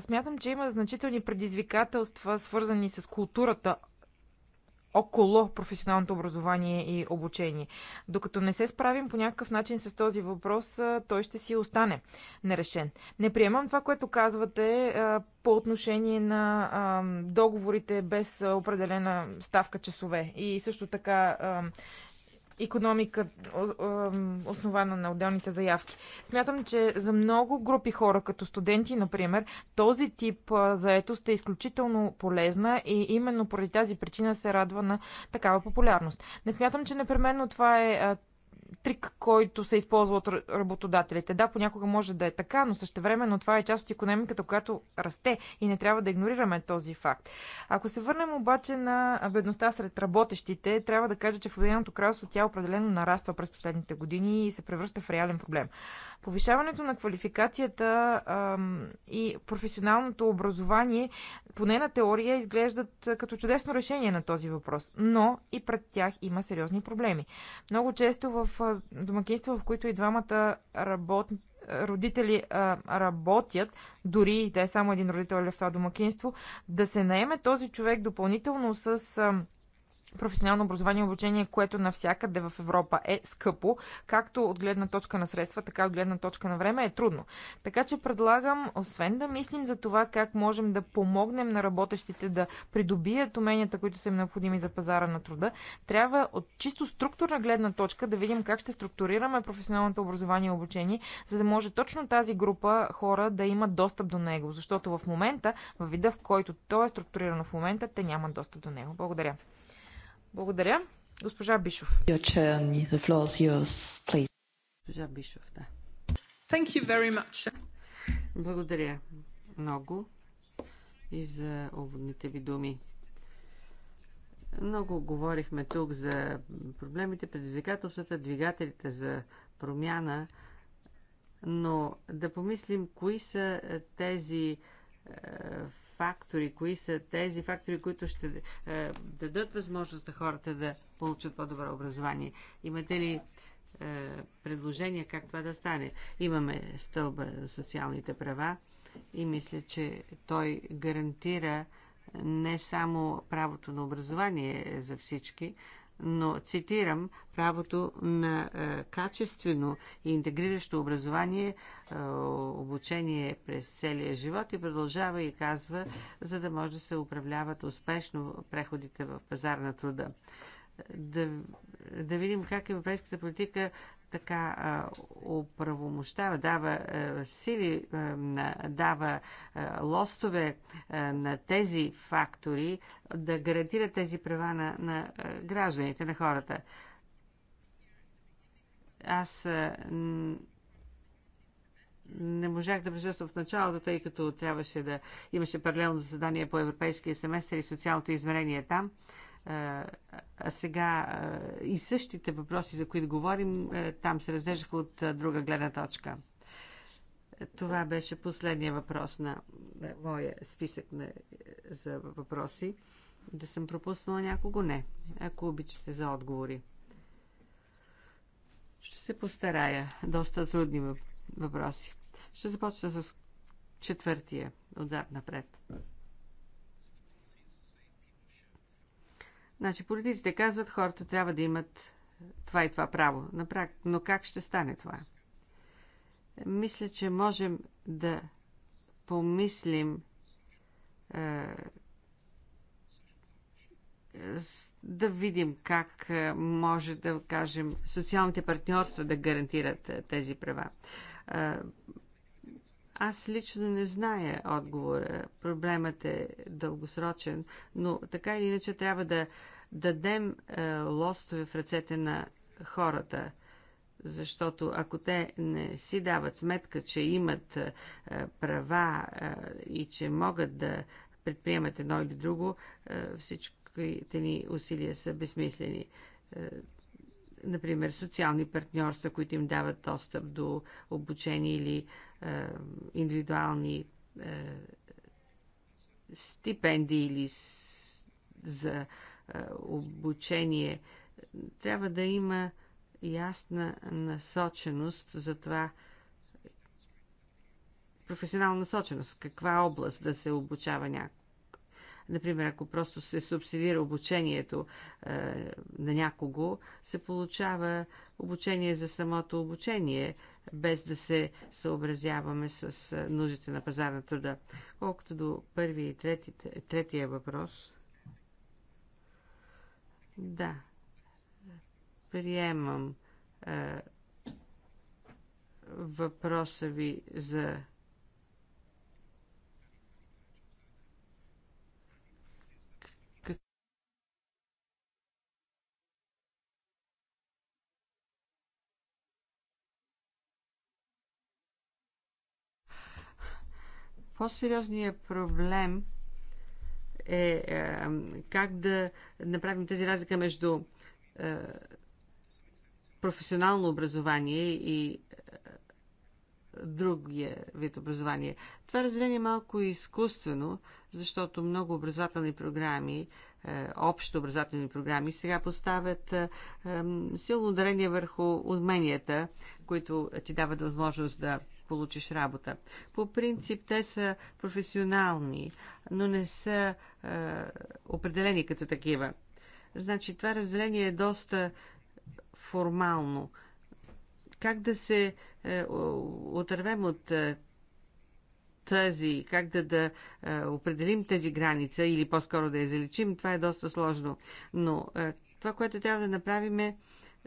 Смятам, че има значителни предизвикателства, свързани с културата около професионалното образование и обучение. Докато не се справим по някакъв начин с този въпрос, той ще си остане нерешен. Не приемам това, което казвате по отношение на договорите без определена ставка часове и също така економика, основана на отделните заявки. Смятам, че за много групи хора, като студенти, например, този тип заетост е изключително полезна и именно поради тази причина се радва на такава популярност. Не смятам, че непременно това е трик, който се използва от работодателите. Да, понякога може да е така, но същевременно това е част от економиката, която расте и не трябва да игнорираме този факт. Ако се върнем обаче на бедността сред работещите, трябва да кажа, че в Обединеното кралство тя определено нараства през последните години и се превръща в реален проблем. Повишаването на квалификацията ам, и професионалното образование поне на теория изглеждат като чудесно решение на този въпрос, но и пред тях има сериозни проблеми. Много често в домакинства, в които и двамата работ... родители а, работят, дори и да е само един родител в това домакинство, да се наеме този човек допълнително с а, професионално образование и обучение, което навсякъде в Европа е скъпо, както от гледна точка на средства, така от гледна точка на време е трудно. Така че предлагам, освен да мислим за това как можем да помогнем на работещите да придобият уменията, които са им необходими за пазара на труда, трябва от чисто структурна гледна точка да видим как ще структурираме професионалното образование и обучение, за да може точно тази група хора да имат достъп до него. Защото в момента, във вида в който то е структурирано в момента, те нямат достъп до него. Благодаря. Благодаря. Госпожа Бишов. Госпожа Бишов, да. Thank you very much. Благодаря много и за уводните ви думи. Много говорихме тук за проблемите, предизвикателствата, двигателите за промяна, но да помислим кои са тези е, фактори, кои са тези фактори, които ще е, дадат възможност на хората да получат по-добро образование. Имате ли е, предложения как това да стане? Имаме стълба за социалните права и мисля, че той гарантира не само правото на образование за всички, но цитирам правото на е, качествено и интегриращо образование, е, обучение през целия живот и продължава и казва, за да може да се управляват успешно преходите в пазар на труда е, да, да видим как европейската политика така оправомощава, дава сили, дава лостове на тези фактори да гарантира тези права на, на гражданите, на хората. Аз не можах да присъствам в началото, тъй като трябваше да имаше паралелно заседание по европейския семестър и социалното измерение там. А сега и същите въпроси, за които говорим, е, там се разглеждаха от друга гледна точка. Това беше последния въпрос на моя списък на, е, за въпроси. Да съм пропуснала някого? Не. Ако обичате за отговори. Ще се постарая. Доста трудни въпроси. Ще започна с четвъртия, отзад напред. Значи политиците казват, хората трябва да имат това и това право. Но как ще стане това? Мисля, че можем да помислим е, да видим как е, може да кажем социалните партньорства да гарантират е, тези права. Е, аз лично не зная отговора. Проблемът е дългосрочен, но така или иначе трябва да дадем е, лостове в ръцете на хората. Защото ако те не си дават сметка, че имат е, права е, и че могат да предприемат едно или друго, е, всичките ни усилия са безсмислени. Е, например, социални партньорства, които им дават достъп до обучение или е, индивидуални е, стипендии или за е, обучение. Трябва да има ясна насоченост за това, професионална насоченост, каква област да се обучава някой. Например, ако просто се субсидира обучението е, на някого, се получава обучение за самото обучение, без да се съобразяваме с нуждите на пазарна на труда. Колкото до първи и трети, третия въпрос, да, приемам е, въпроса ви за По-сериозният проблем е, е, как да направим тази разлика между е, професионално образование и е, другия вид образование. Това разделение е малко изкуствено, защото много образователни програми, общо образователни програми, сега поставят силно ударение върху уменията, които ти дават възможност да получиш работа. По принцип те са професионални, но не са е, определени като такива. Значи това разделение е доста формално. Как да се е, отървем от е, тази, как да, да е, определим тези граница или по-скоро да я заличим, това е доста сложно. Но е, това, което трябва да направим е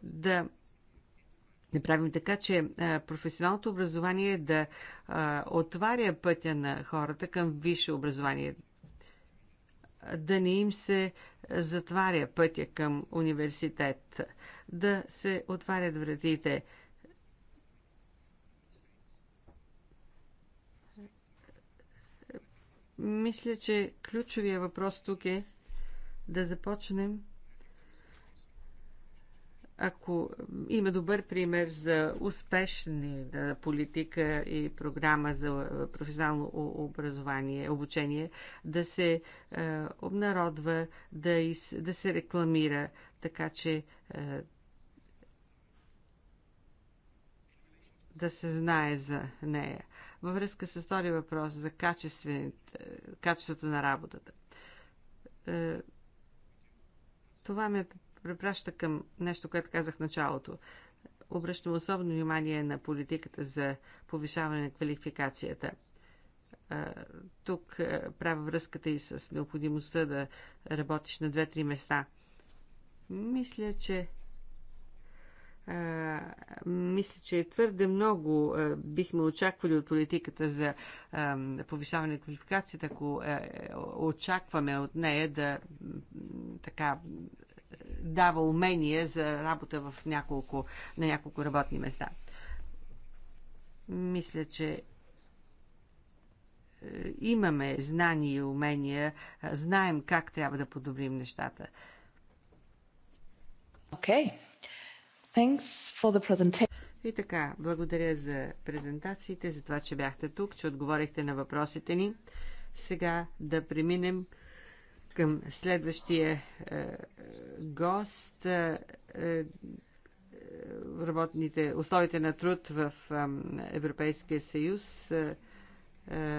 да не правим така, че професионалното образование да отваря пътя на хората към висше образование, да не им се затваря пътя към университет, да се отварят вратите. Мисля, че ключовия въпрос тук е да започнем ако има добър пример за успешна политика и програма за професионално образование, обучение, да се е, обнародва, да, из, да се рекламира, така че е, да се знае за нея. Във връзка с втори въпрос за качеството на работата. Това ме препраща към нещо, което казах в началото. Обръщам особено внимание на политиката за повишаване на квалификацията. Тук правя връзката и с необходимостта да работиш на две-три места. Мисля, че а, мисля, че е твърде много а, бихме очаквали от политиката за а, повишаване на квалификацията, ако очакваме от нея да така дава умения за работа в няколко, на няколко работни места. Мисля, че е, имаме знания и умения, знаем как трябва да подобрим нещата. Okay. Thanks for the presentation. И така, благодаря за презентациите, за това, че бяхте тук, че отговорихте на въпросите ни. Сега да преминем към следващия е, гост е, е работните условите на труд в е, Европейския съюз.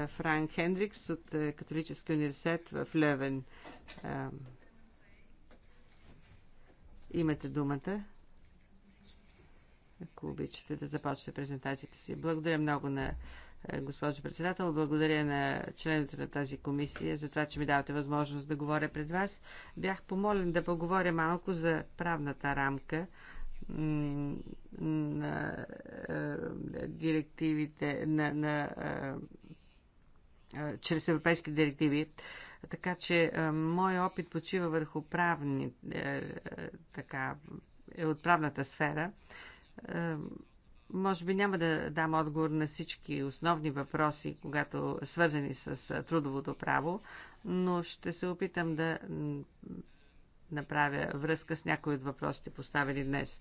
Франк Хендрикс от Католическия университет в Левен. Имате думата. Ако обичате да започнете презентацията си. Благодаря много на е, госпожо председател. Благодаря на членовете на тази комисия за това, че ми давате възможност да говоря пред вас. Бях помолен да поговоря малко за правната рамка на е, директивите, на, на, е, чрез европейски директиви. Така че мой опит почива върху правни, така, е от правната сфера може би няма да дам отговор на всички основни въпроси, когато свързани с трудовото право, но ще се опитам да направя връзка с някои от въпросите поставени днес.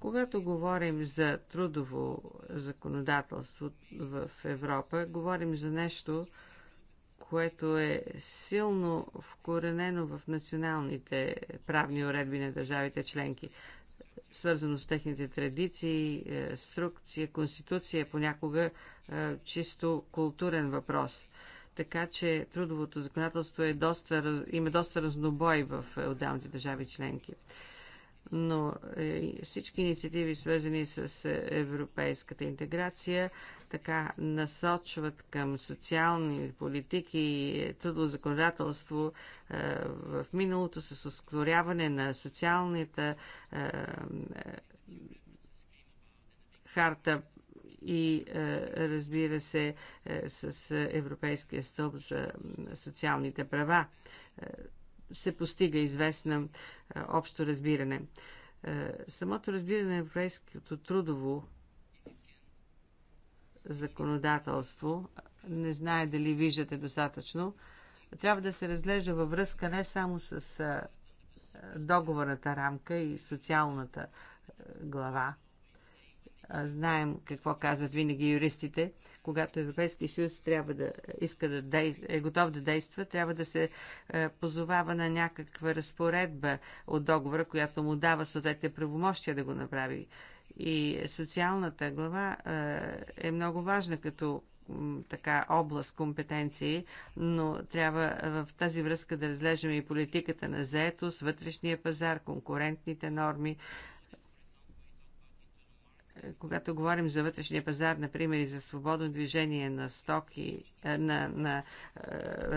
Когато говорим за трудово законодателство в Европа, говорим за нещо, което е силно вкоренено в националните правни уредби на държавите членки свързано с техните традиции, е, струкция, конституция, понякога е, чисто културен въпрос. Така че трудовото законодателство е доста, има доста разнобой в е, отделните държави членки но е, всички инициативи, свързани с е, европейската интеграция, така насочват към социални политики и е, трудово законодателство в миналото с ускоряване на социалната харта и разбира се с Европейския стълб за социалните права се постига известна е, общо разбиране. Е, самото разбиране на европейското трудово законодателство, не знае дали виждате достатъчно, трябва да се разглежда във връзка не само с е, договорната рамка и социалната глава, знаем какво казват винаги юристите, когато Европейския съюз трябва да иска да действа, е готов да действа, трябва да се е, позовава на някаква разпоредба от договора, която му дава съответните правомощия да го направи. И социалната глава е, е много важна като така област компетенции, но трябва в тази връзка да разглеждаме и политиката на заетост, вътрешния пазар, конкурентните норми, когато говорим за вътрешния пазар, например, и за свободно движение на стоки, е, на, на е,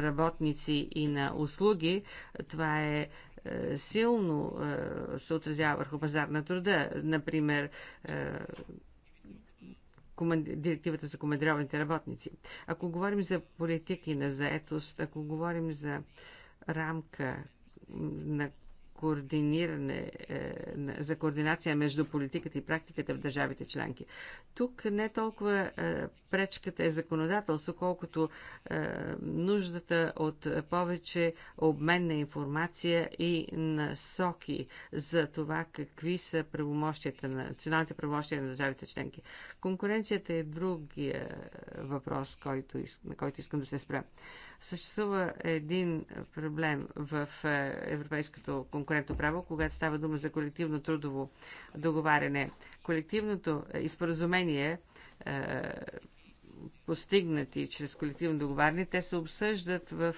работници и на услуги, това е, е силно се отразява върху пазар на труда. Например, директивата за командированите работници. Ако говорим за политики на заетост, ако говорим за рамка, на координиране, е, за координация между политиката и практиката в държавите членки. Тук не толкова е, пречката е законодателство, колкото е, нуждата от повече обмен на информация и насоки за това какви са правомощията на националните правомощия на държавите членки. Конкуренцията е другия въпрос, който, на който искам да се спра. Съществува един проблем в е, европейското конкурентно право, когато става дума за колективно трудово договаряне. Колективното е, изпоразумение е, постигнати чрез колективно договаряне, те се обсъждат в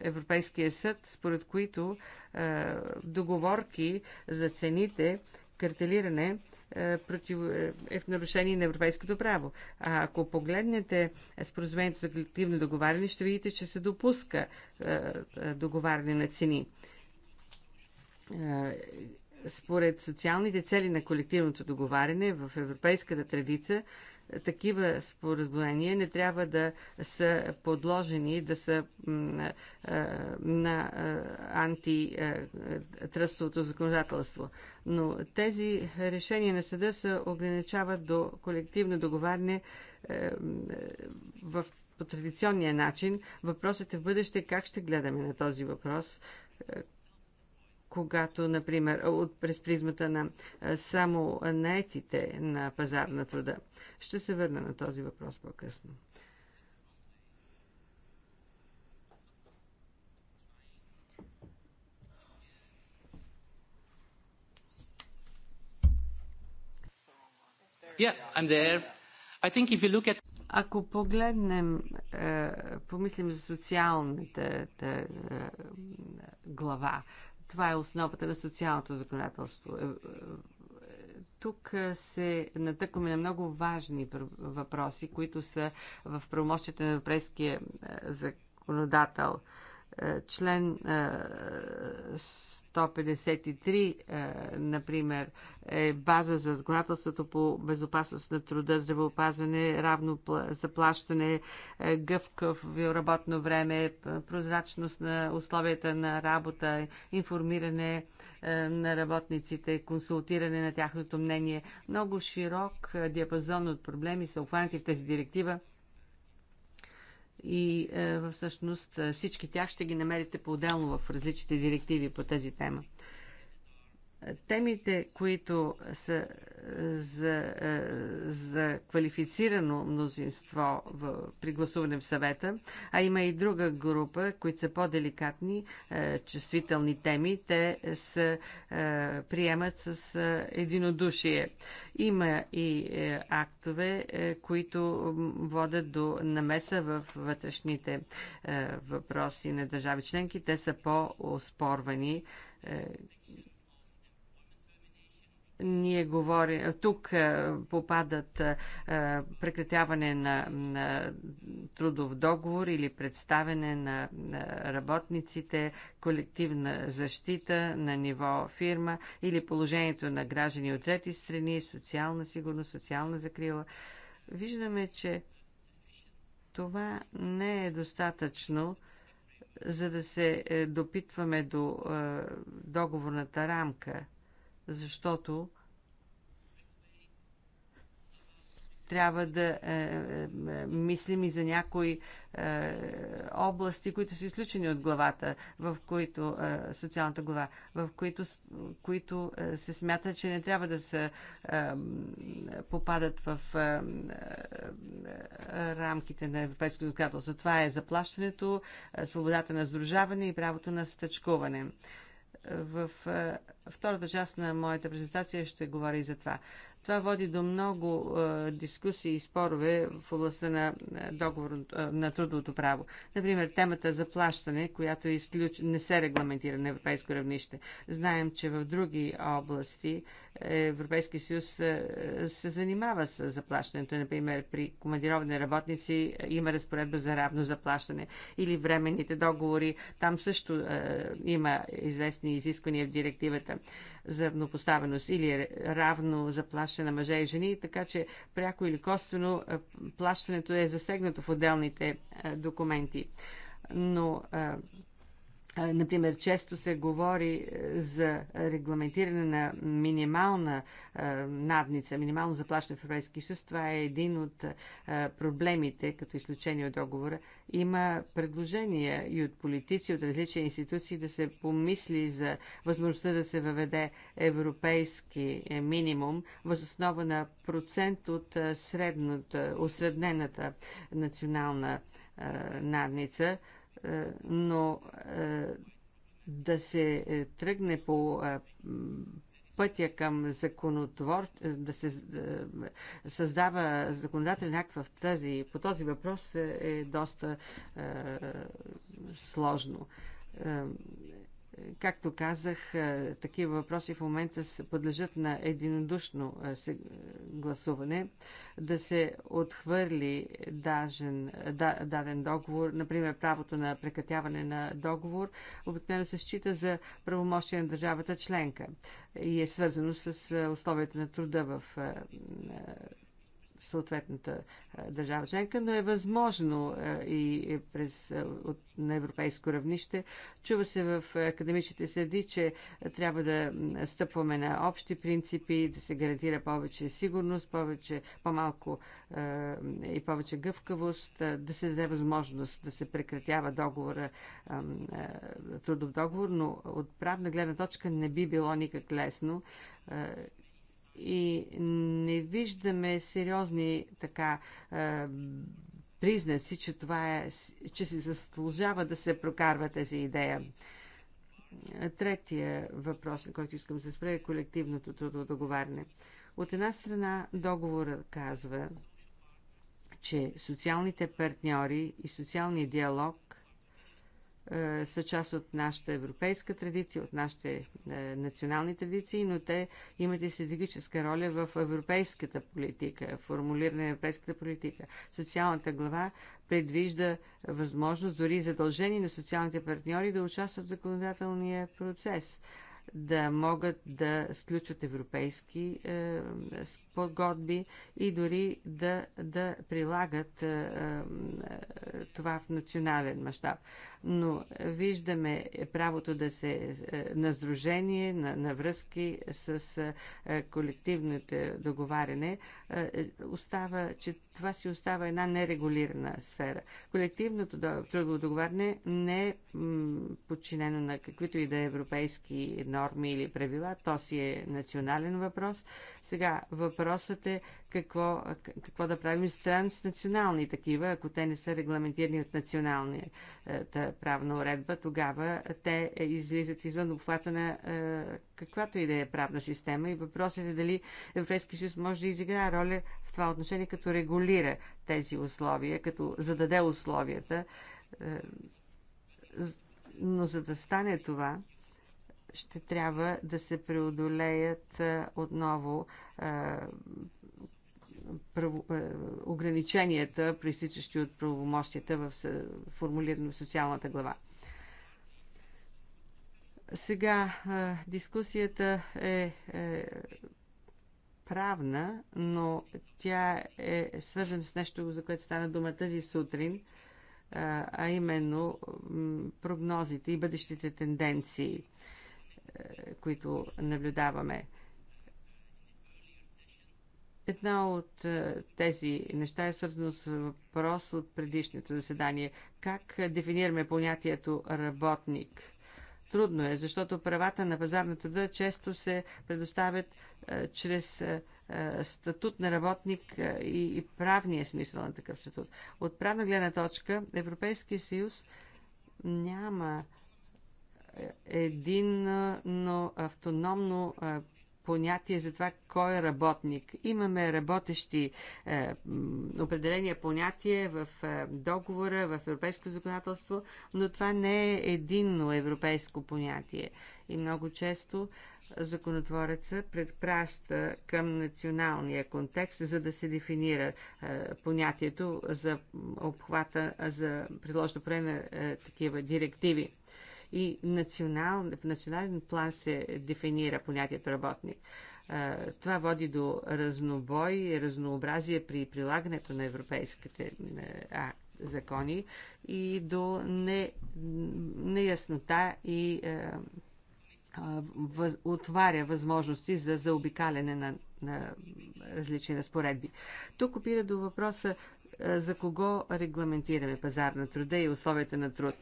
Европейския съд, според които договорки за цените, картелиране е, против, е, е в нарушение на европейското право. А ако погледнете споразумението за колективно договаряне, ще видите, че се допуска е, договаряне на цени. Според социалните цели на колективното договаряне в европейската традиция, такива споразумения не трябва да са подложени, да са на антитръстовото законодателство. Но тези решения на съда се ограничават до колективно договаряне е, в по традиционния начин. Въпросът е в бъдеще как ще гледаме на този въпрос, е, когато, например, от, през призмата на само наетите на пазар на труда. Ще се върна на този въпрос по-късно. Yeah, I'm there. I think if you look at ако погледнем, е, помислим за социалната е, глава, това е основата на социалното законодателство. Е, е, тук е, се натъкваме на много важни въпроси, които са в промощите на европейския законодател. Член 153, е, например, е база за законодателството по безопасност на труда, здравеопазване, равно заплащане, е, гъвкав работно време, е, прозрачност на условията на работа, информиране на работниците, консултиране на тяхното мнение. Много широк диапазон от проблеми са обхванати в тази директива и е, всъщност е, всички тях ще ги намерите по-отделно в различните директиви по тази тема. Темите, които са е, за, е, за квалифицирано мнозинство в, при гласуване в съвета, а има и друга група, които са по-деликатни, е, чувствителни теми, те се приемат с единодушие. Има и актове, които водят до намеса в вътрешните въпроси на държави членки. Те са по-оспорвани ние говорим, тук е, попадат е, прекратяване на, трудов договор или представене на работниците, колективна защита на ниво фирма или положението на граждани от трети страни, социална сигурност, социална закрила. Виждаме, че това не е достатъчно за да се е, допитваме до договорната рамка – защото трябва да е, е, е, мислим и за някои е, области, които са изключени от главата, в които е, социалната глава, в които, които е, се смята, че не трябва да се е, попадат в е, е, е, рамките на европейското законодателство. Това е заплащането, е, свободата на сдружаване и правото на стъчкуване. Е, в втората част на моята презентация ще говоря и за това. Това води до много дискусии и спорове в областта на, договор, на трудовото право. Например, темата за плащане, която е изключ... не се регламентира на европейско равнище. Знаем, че в други области Европейския съюз е, се занимава с заплащането. Например, при командировни работници има разпоредба за равно заплащане или временните договори. Там също е, има известни изисквания в директивата за равнопоставеност или равно заплащане на мъже и жени, така че пряко или косвено е, плащането е засегнато в отделните документи. Но Например, често се говори е, за регламентиране на минимална е, надница, минимално заплащане в Европейския съюз. Това е един от е, проблемите, като изключение от договора. Има предложения и от политици, от различни институции да се помисли за възможността да се въведе европейски минимум основа на процент от средната, осреднената национална надница – е, но е, да се е, тръгне по пътя към законотвор, да се създава законодателен акт в тази, по този въпрос е доста сложно. Както казах, такива въпроси в момента подлежат на единодушно гласуване. Да се отхвърли дажен, даден договор, например правото на прекратяване на договор, обикновено се счита за правомощие на държавата членка и е свързано с условията на труда в съответната държава членка, но е възможно и през, от, на европейско равнище. Чува се в академичните среди, че трябва да стъпваме на общи принципи, да се гарантира повече сигурност, повече, по-малко и повече гъвкавост, да се даде възможност да се прекратява договора, трудов договор, но от правна гледна точка не би било никак лесно и не виждаме сериозни така е, признаци, че това е, че се заслужава да се прокарва тази идея. Третия въпрос, на който искам да се спре, е колективното трудово договаряне. От една страна договора казва, че социалните партньори и социалния диалог е, са част от нашата европейска традиция, от нашите е, национални традиции, но те имат и стратегическа роля в европейската политика, формулиране на европейската политика. Социалната глава предвижда възможност, дори задължение на социалните партньори да участват в законодателния процес да могат да сключват европейски е, подгодби и дори да, да прилагат е, е, това в национален мащаб. Но виждаме правото да се е, на сдружение, на, на връзки с е, колективното договаряне е, е остава, че това си остава една нерегулирана сфера. Колективното трудово договаряне не е подчинено на каквито и да е европейски норми норми или правила. То си е национален въпрос. Сега въпросът е какво, какво да правим с транснационални такива, ако те не са регламентирани от националната е, правна уредба, тогава те излизат извън обхвата на е, каквато и да е правна система. И въпросът е дали Европейския съюз може да изиграе роля в това отношение, като регулира тези условия, като зададе условията. Е, но за да стане това, ще трябва да се преодолеят отново ограниченията, проистичащи от правомощията в формулирано в социалната глава. Сега дискусията е, е правна, но тя е свързана с нещо, за което стана дума тази сутрин, а именно прогнозите и бъдещите тенденции които наблюдаваме. Една от е, тези неща е свързано с въпрос от предишното заседание. Как дефинираме понятието работник? Трудно е, защото правата на пазарна труда често се предоставят е, чрез е, статут на работник и, и правния смисъл на такъв статут. От правна гледна точка Европейския съюз няма но автономно понятие за това кой е работник. Имаме работещи е, определения понятие в е, договора, в европейско законодателство, но това не е единно европейско понятие. И много често законотвореца предпраща към националния контекст, за да се дефинира е, понятието за обхвата, за предложено време е, такива директиви и национал, в национален план се дефинира понятието работник. Това води до разнобой и разнообразие при прилагането на европейските закони и до не, неяснота и е, въз, отваря възможности за заобикаляне на, на различни разпоредби. Тук опира до въпроса за кого регламентираме пазар на труда и условията на труд.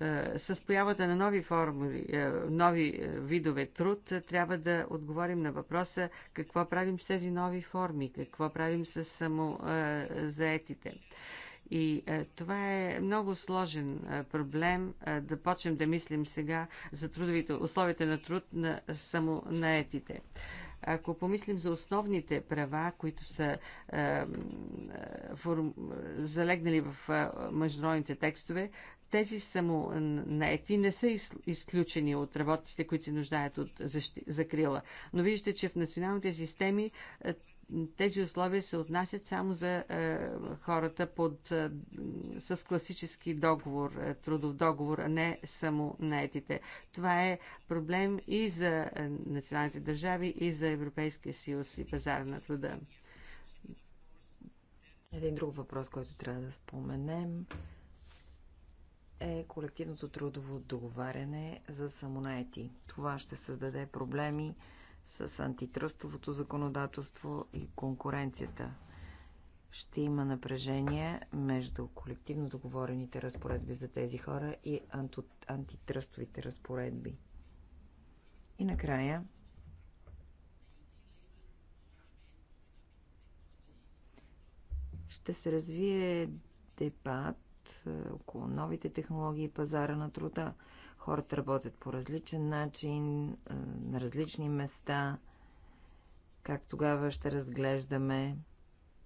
Е, с появата на нови формули, е, нови е, видове труд, трябва да отговорим на въпроса какво правим с тези нови форми, какво правим с самозаетите. И е, това е много сложен е, проблем е, да почнем да мислим сега за трудовите условията на труд на самонаетите. Ако помислим за основните права, които са е, форм, залегнали в е, международните текстове, тези самонаети не са изключени от работите, които се нуждаят от закрила. Но виждате, че в националните системи е, тези условия се отнасят само за е, хората под, е, с класически договор, е, трудов договор, а не само наетите. Това е проблем и за е, националните държави, и за Европейския съюз и пазара на труда. Един друг въпрос, който трябва да споменем е колективното трудово договаряне за самонаети. Това ще създаде проблеми с антитръстовото законодателство и конкуренцията. Ще има напрежение между колективно договорените разпоредби за тези хора и антитръстовите разпоредби. И накрая ще се развие дебат е, около новите технологии и пазара на труда. Хората работят по различен начин, е, на различни места. Как тогава ще разглеждаме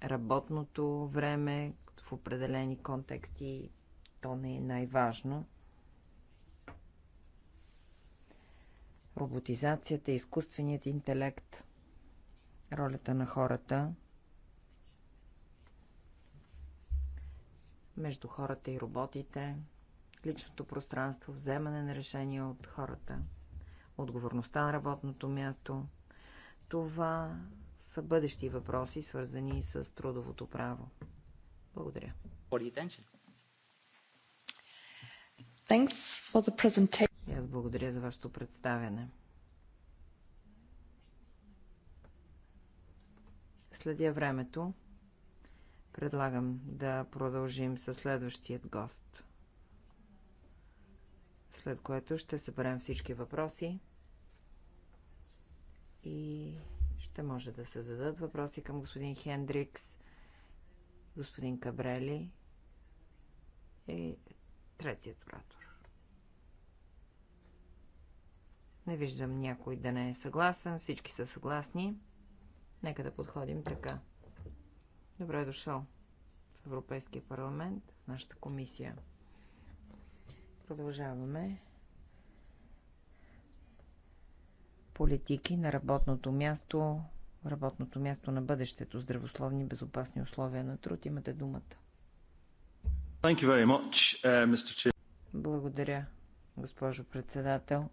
работното време в определени контексти, то не е най-важно. Роботизацията, изкуственият интелект, ролята на хората – между хората и роботите, личното пространство, вземане на решения от хората, отговорността на работното място. Това са бъдещи въпроси, свързани с трудовото право. Благодаря. Аз благодаря за вашето представяне. Следя времето. Предлагам да продължим със следващият гост. След което ще съберем всички въпроси и ще може да се зададат въпроси към господин Хендрикс, господин Кабрели и третият оратор. Не виждам някой да не е съгласен, всички са съгласни. Нека да подходим така. Добре е дошъл в Европейския парламент, в нашата комисия. Продължаваме. Политики на работното място, работното място на бъдещето, здравословни безопасни условия на труд. Имате думата. Much, uh, Благодаря, госпожо председател.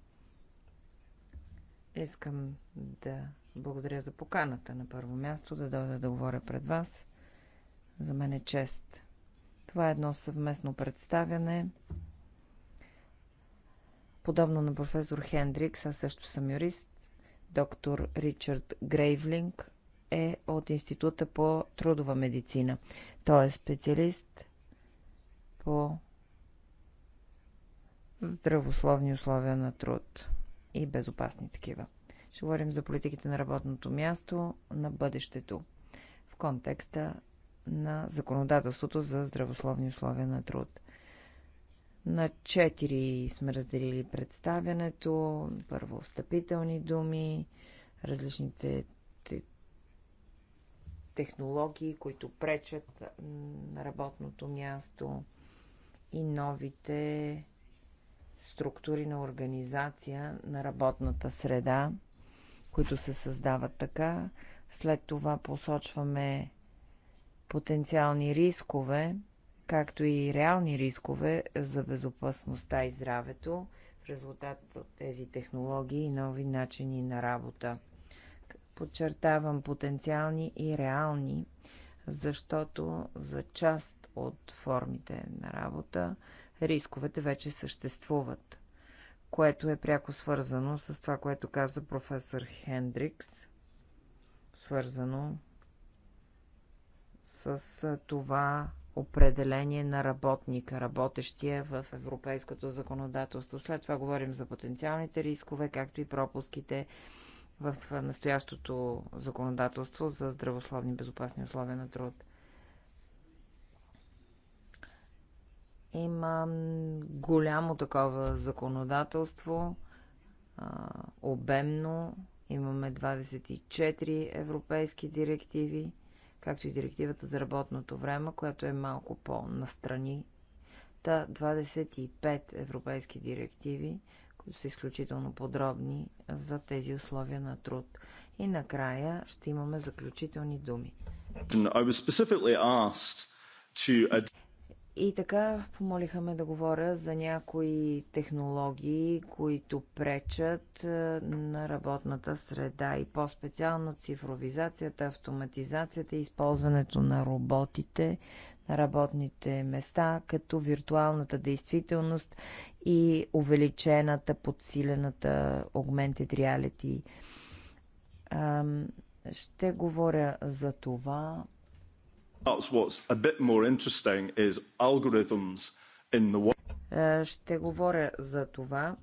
Искам да благодаря за поканата на първо място, да дойда да говоря пред вас. За мен е чест. Това е едно съвместно представяне. Подобно на професор Хендрикс, аз също съм юрист, доктор Ричард Грейвлинг е от Института по трудова медицина. Той е специалист по здравословни условия на труд и безопасни такива. Ще говорим за политиките на работното място, на бъдещето в контекста на законодателството за здравословни условия на труд. На четири сме разделили представянето. Първо встъпителни думи, различните технологии, които пречат на работното място и новите структури на организация на работната среда, които се създават така. След това посочваме потенциални рискове, както и реални рискове за безопасността и здравето в резултат от тези технологии и нови начини на работа. Подчертавам потенциални и реални, защото за част от формите на работа рисковете вече съществуват, което е пряко свързано с това, което каза професор Хендрикс, свързано с това определение на работника, работещия в европейското законодателство. След това говорим за потенциалните рискове, както и пропуските в настоящото законодателство за здравословни и безопасни условия на труд. Има голямо такова законодателство, обемно. Имаме 24 европейски директиви както и директивата за работното време, която е малко по-настрани. Та 25 европейски директиви, които са изключително подробни за тези условия на труд. И накрая ще имаме заключителни думи. To... И така помолиха ме да говоря за някои технологии, които пречат е, на работната среда и по-специално цифровизацията, автоматизацията и използването на роботите на работните места, като виртуалната действителност и увеличената, подсилената augmented reality. Ще говоря за това е, ще говоря за това.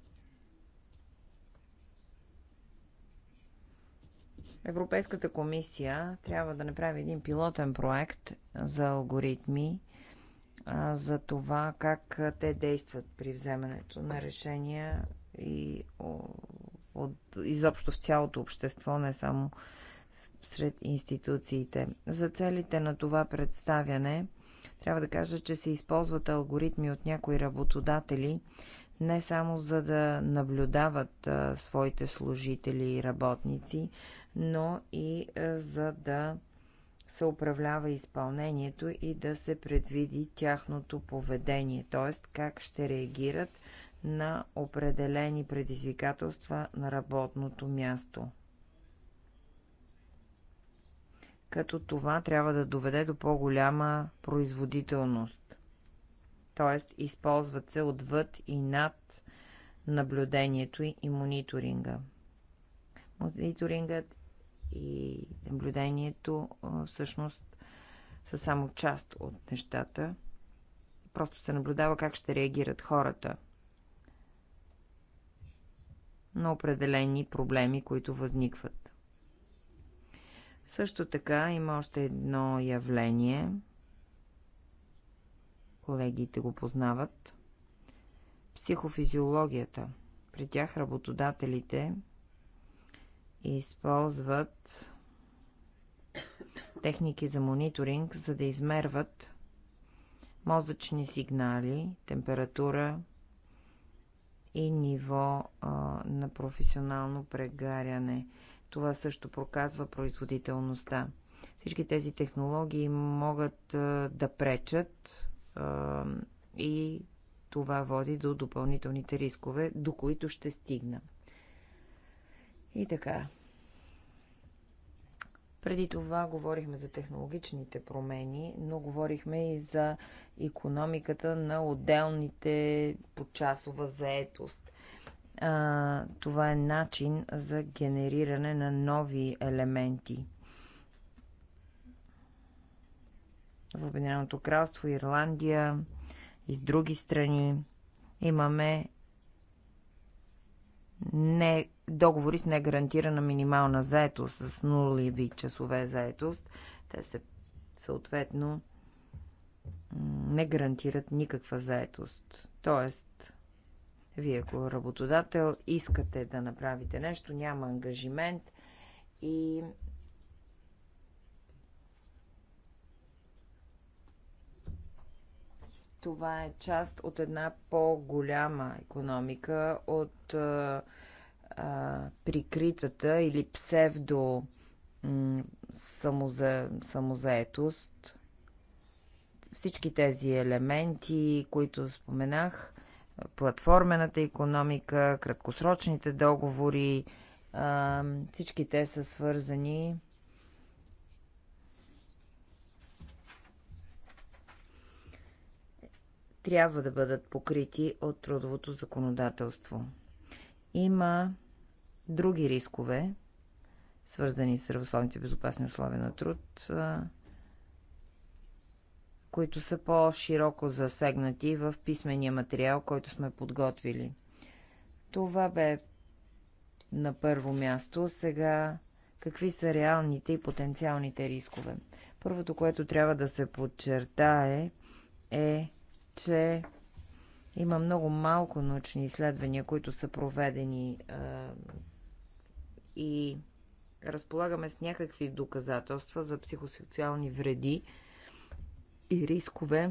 Европейската комисия трябва да направи един пилотен проект за алгоритми, за това как те действат при вземането на решения и от, изобщо в цялото общество, не само сред институциите. За целите на това представяне трябва да кажа, че се използват алгоритми от някои работодатели, не само за да наблюдават а, своите служители и работници, но и а, за да се управлява изпълнението и да се предвиди тяхното поведение, т.е. как ще реагират на определени предизвикателства на работното място като това трябва да доведе до по-голяма производителност. Тоест, използват се отвъд и над наблюдението и мониторинга. Мониторингът и наблюдението всъщност са само част от нещата. Просто се наблюдава как ще реагират хората на определени проблеми, които възникват. Също така има още едно явление. Колегите го познават. Психофизиологията. При тях работодателите използват техники за мониторинг, за да измерват мозъчни сигнали, температура и ниво а, на професионално прегаряне. Това също проказва производителността. Всички тези технологии могат да пречат и това води до допълнителните рискове, до които ще стигна. И така. Преди това говорихме за технологичните промени, но говорихме и за економиката на отделните часова заетост а, това е начин за генериране на нови елементи. В Обединеното кралство, Ирландия и в други страни имаме не, договори с негарантирана минимална заетост, с нулеви часове заетост. Те се съответно не гарантират никаква заетост. Тоест, вие, ако работодател, искате да направите нещо, няма ангажимент и това е част от една по-голяма економика от а, а, прикритата или псевдо самоза, самозаетост. Всички тези елементи, които споменах, платформената економика, краткосрочните договори, всички те са свързани трябва да бъдат покрити от трудовото законодателство. Има други рискове, свързани с равословните безопасни условия на труд които са по-широко засегнати в писмения материал, който сме подготвили. Това бе на първо място. Сега какви са реалните и потенциалните рискове? Първото, което трябва да се подчертае е, че има много малко научни изследвания, които са проведени е, и разполагаме с някакви доказателства за психосоциални вреди, и рискове,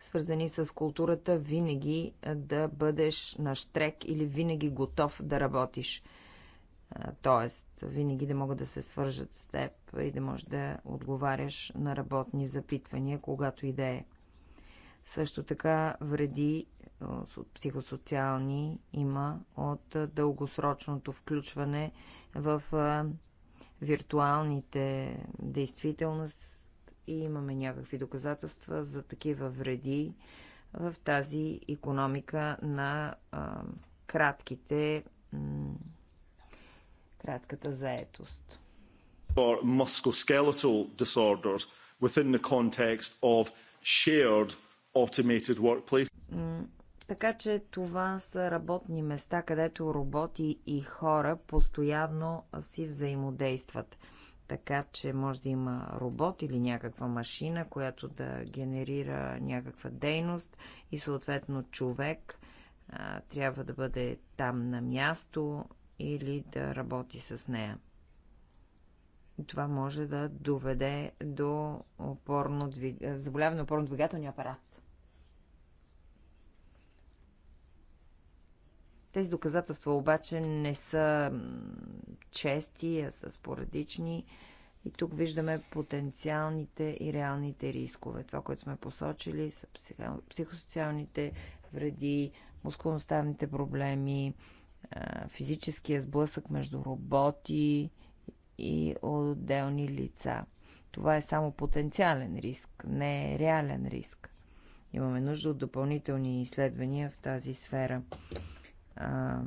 свързани с културата, винаги да бъдеш на штрек или винаги готов да работиш. Тоест, винаги да могат да се свържат с теб и да можеш да отговаряш на работни запитвания, когато и да е. Също така вреди психосоциални има от дългосрочното включване в виртуалните действителност и имаме някакви доказателства за такива вреди в тази економика на а, кратките, кратката заетост. musculoskeletal disorders within the context of shared automated workplace. Така че това са работни места, където роботи и хора постоянно си взаимодействат така че може да има робот или някаква машина, която да генерира някаква дейност и съответно човек а, трябва да бъде там на място или да работи с нея. Това може да доведе до опорно двиг... заболяване на опорно-двигателния апарат. Тези доказателства обаче не са чести, а са спорадични. И тук виждаме потенциалните и реалните рискове. Това, което сме посочили, са психосоциалните вреди, мускулноставните проблеми, физическия сблъсък между роботи и отделни лица. Това е само потенциален риск, не е реален риск. Имаме нужда от допълнителни изследвания в тази сфера а,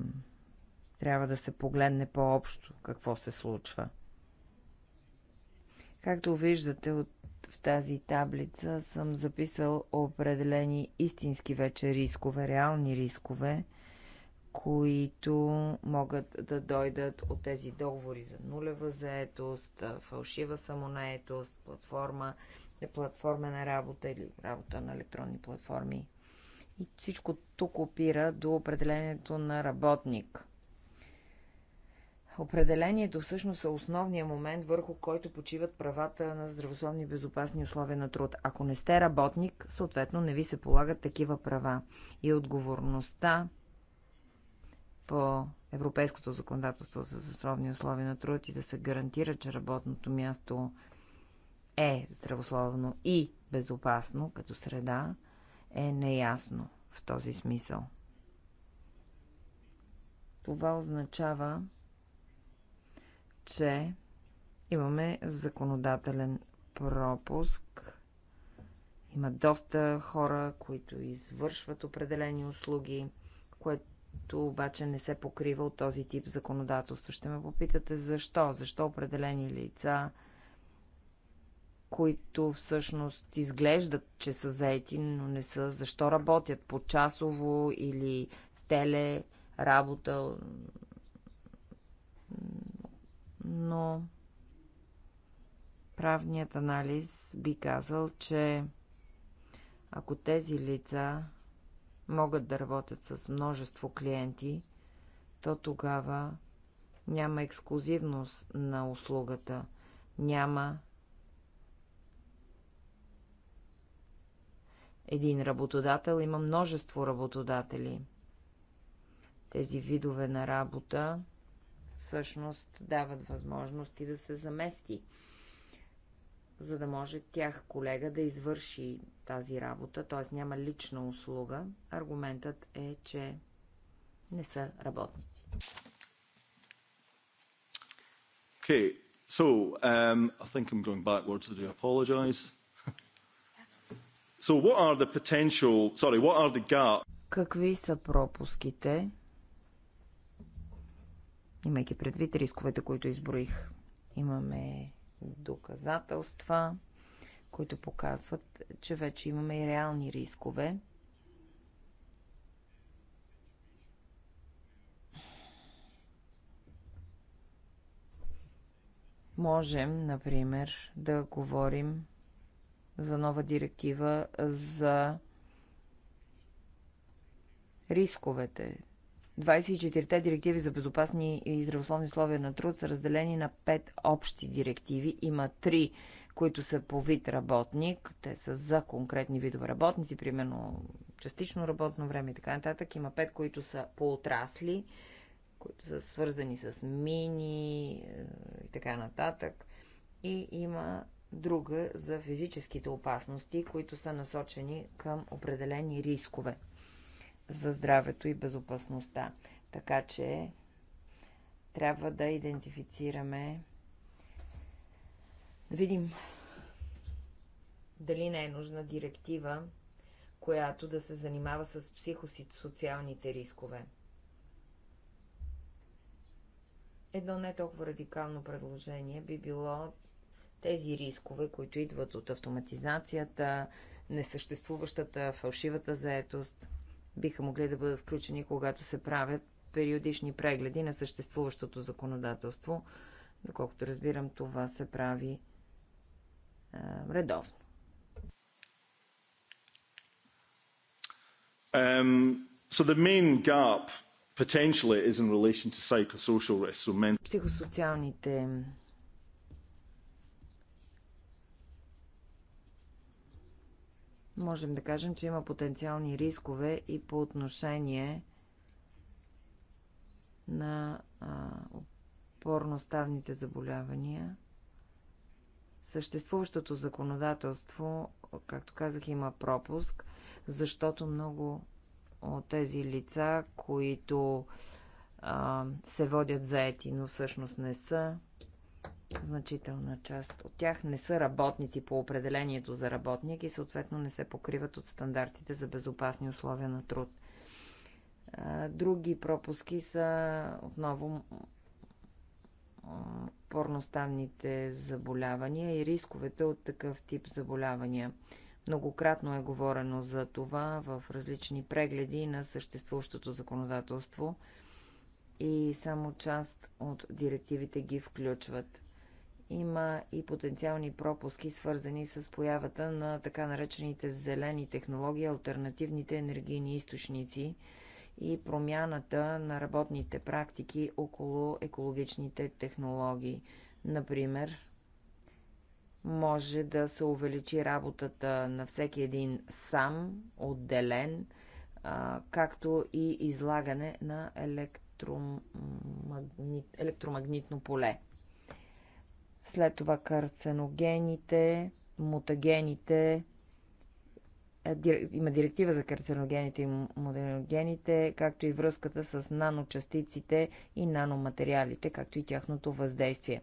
трябва да се погледне по-общо какво се случва. Както виждате от, в тази таблица, съм записал определени истински вече рискове, реални рискове, които могат да дойдат от тези договори за нулева заетост, фалшива самонаетост, платформа, платформена работа или работа на електронни платформи. И всичко тук опира до определението на работник. Определението всъщност е основният момент, върху който почиват правата на здравословни и безопасни условия на труд. Ако не сте работник, съответно не ви се полагат такива права. И отговорността по европейското законодателство за здравословни условия на труд и да се гарантира, че работното място е здравословно и безопасно като среда, е неясно в този смисъл. Това означава, че имаме законодателен пропуск. Има доста хора, които извършват определени услуги, което обаче не се покрива от този тип законодателство. Ще ме попитате защо? Защо определени лица които всъщност изглеждат, че са заети, но не са. Защо работят по часово или теле работа? Но правният анализ би казал, че ако тези лица могат да работят с множество клиенти, то тогава няма ексклюзивност на услугата, няма един работодател, има множество работодатели. Тези видове на работа всъщност дават възможности да се замести, за да може тях колега да извърши тази работа, т.е. няма лична услуга. Аргументът е, че не са работници. Okay, so um, I think I'm going backwards, I do apologize. So what are the potential, sorry, what are the gaps? Какви са пропуските, имайки предвид рисковете, които изброих? Имаме доказателства, които показват, че вече имаме и реални рискове. Можем, например, да говорим за нова директива за рисковете. 24-те директиви за безопасни и здравословни условия на труд са разделени на 5 общи директиви. Има 3, които са по вид работник. Те са за конкретни видове работници, примерно частично работно време и така нататък. Има 5, които са по отрасли, които са свързани с мини е, и така нататък. И има друга за физическите опасности, които са насочени към определени рискове за здравето и безопасността. Така че трябва да идентифицираме, да видим дали не е нужна директива, която да се занимава с психосоциалните рискове. Едно не толкова радикално предложение би било тези рискове, които идват от автоматизацията, несъществуващата фалшивата заетост, биха могли да бъдат включени, когато се правят периодични прегледи на съществуващото законодателство. Доколкото разбирам, това се прави е, редовно. Um, so the main gap potentially is in relation to psychosocial risks. So mental... Психосоциалните можем да кажем, че има потенциални рискове и по отношение на опорно-ставните заболявания. Съществуващото законодателство, както казах, има пропуск, защото много от тези лица, които а, се водят заети, но всъщност не са, Значителна част от тях не са работници по определението за работник и съответно не се покриват от стандартите за безопасни условия на труд. Други пропуски са отново порноставните заболявания и рисковете от такъв тип заболявания. Многократно е говорено за това в различни прегледи на съществуващото законодателство – и само част от директивите ги включват. Има и потенциални пропуски, свързани с появата на така наречените зелени технологии, альтернативните енергийни източници и промяната на работните практики около екологичните технологии. Например, може да се увеличи работата на всеки един сам, отделен, както и излагане на електро електромагнит, електромагнитно поле. След това карценогените, мутагените, е, има директива за карценогените и мутагените, както и връзката с наночастиците и наноматериалите, както и тяхното въздействие.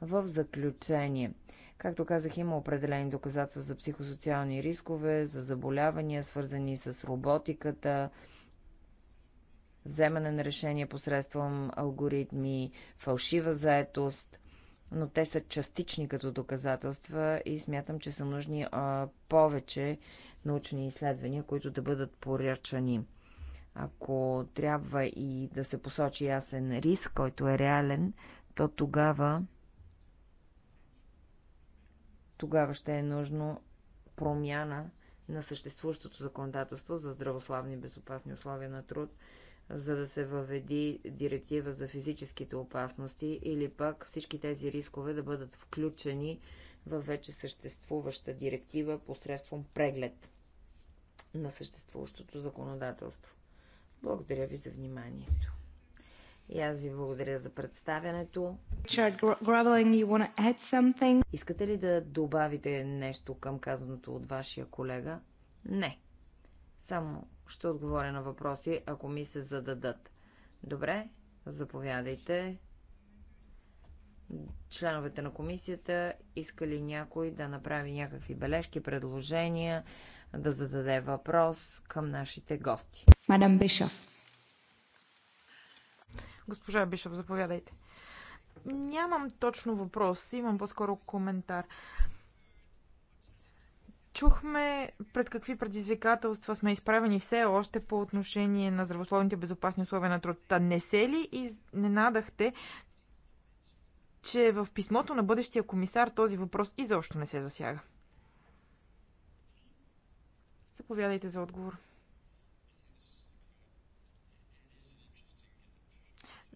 В заключение, Както казах, има определени доказателства за психосоциални рискове, за заболявания, свързани с роботиката, вземане на решения посредством алгоритми, фалшива заетост, но те са частични като доказателства и смятам, че са нужни а, повече научни изследвания, които да бъдат поръчани. Ако трябва и да се посочи ясен риск, който е реален, то тогава тогава ще е нужно промяна на съществуващото законодателство за здравославни и безопасни условия на труд – за да се въведи директива за физическите опасности или пък всички тези рискове да бъдат включени във вече съществуваща директива посредством преглед на съществуващото законодателство. Благодаря ви за вниманието. И аз ви благодаря за представянето. Искате ли да добавите нещо към казаното от вашия колега? Не. Само ще отговоря на въпроси, ако ми се зададат. Добре, заповядайте. Членовете на комисията иска ли някой да направи някакви бележки, предложения, да зададе въпрос към нашите гости? Мадам Бишов. Госпожа Бишов, заповядайте. Нямам точно въпрос, имам по-скоро коментар. Чухме пред какви предизвикателства сме изправени все още по отношение на здравословните безопасни условия на труд. Та не се ли изненадахте, че в писмото на бъдещия комисар този въпрос изобщо не се засяга? Заповядайте за отговор.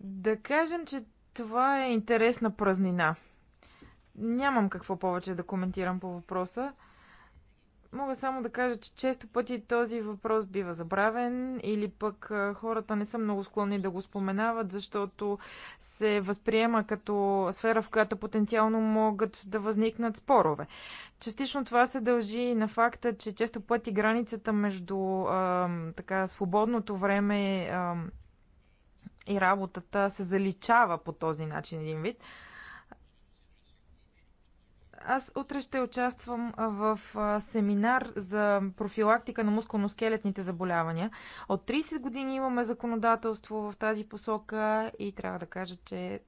Да кажем, че това е интересна празнина. Нямам какво повече да коментирам по въпроса. Мога само да кажа, че често пъти този въпрос бива забравен или пък хората не са много склонни да го споменават, защото се възприема като сфера, в която потенциално могат да възникнат спорове. Частично това се дължи и на факта, че често пъти границата между а, така, свободното време а, и работата се заличава по този начин един вид. А, аз утре ще участвам в семинар за профилактика на мускулно-скелетните заболявания. От 30 години имаме законодателство в тази посока и трябва да кажа, че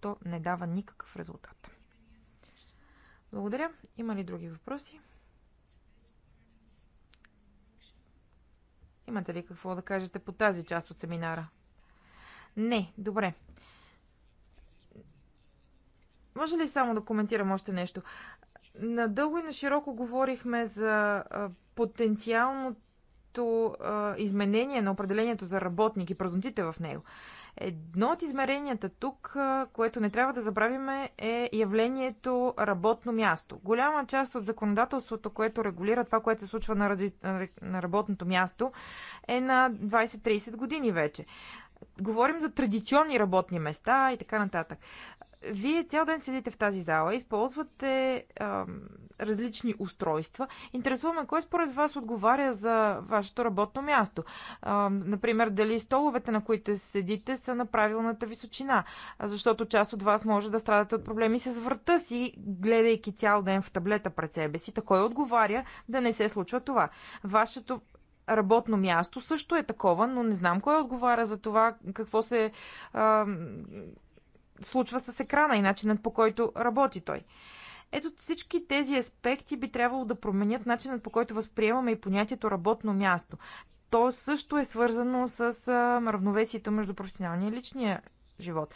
то не дава никакъв резултат. Благодаря. Има ли други въпроси? Имате ли какво да кажете по тази част от семинара? Не, добре. Може ли само да коментирам още нещо? Надълго и на широко говорихме за потенциалното изменение на определението за работник и празнотите в него. Едно от измеренията тук, което не трябва да забравиме, е явлението работно място. Голяма част от законодателството, което регулира това, което се случва на, ради... на работното място, е на 20-30 години вече. Говорим за традиционни работни места и така нататък. Вие цял ден седите в тази зала, използвате а, различни устройства. Интересуваме кой според вас отговаря за вашето работно място. А, например, дали столовете, на които седите, са на правилната височина. Защото част от вас може да страдате от проблеми с врата си, гледайки цял ден в таблета пред себе си. Та кой отговаря да не се случва това? Вашето работно място също е такова, но не знам кой отговаря за това, какво се. А, случва с екрана и начинът по който работи той. Ето всички тези аспекти би трябвало да променят начинът по който възприемаме и понятието работно място. То също е свързано с равновесието между професионалния и личния живот.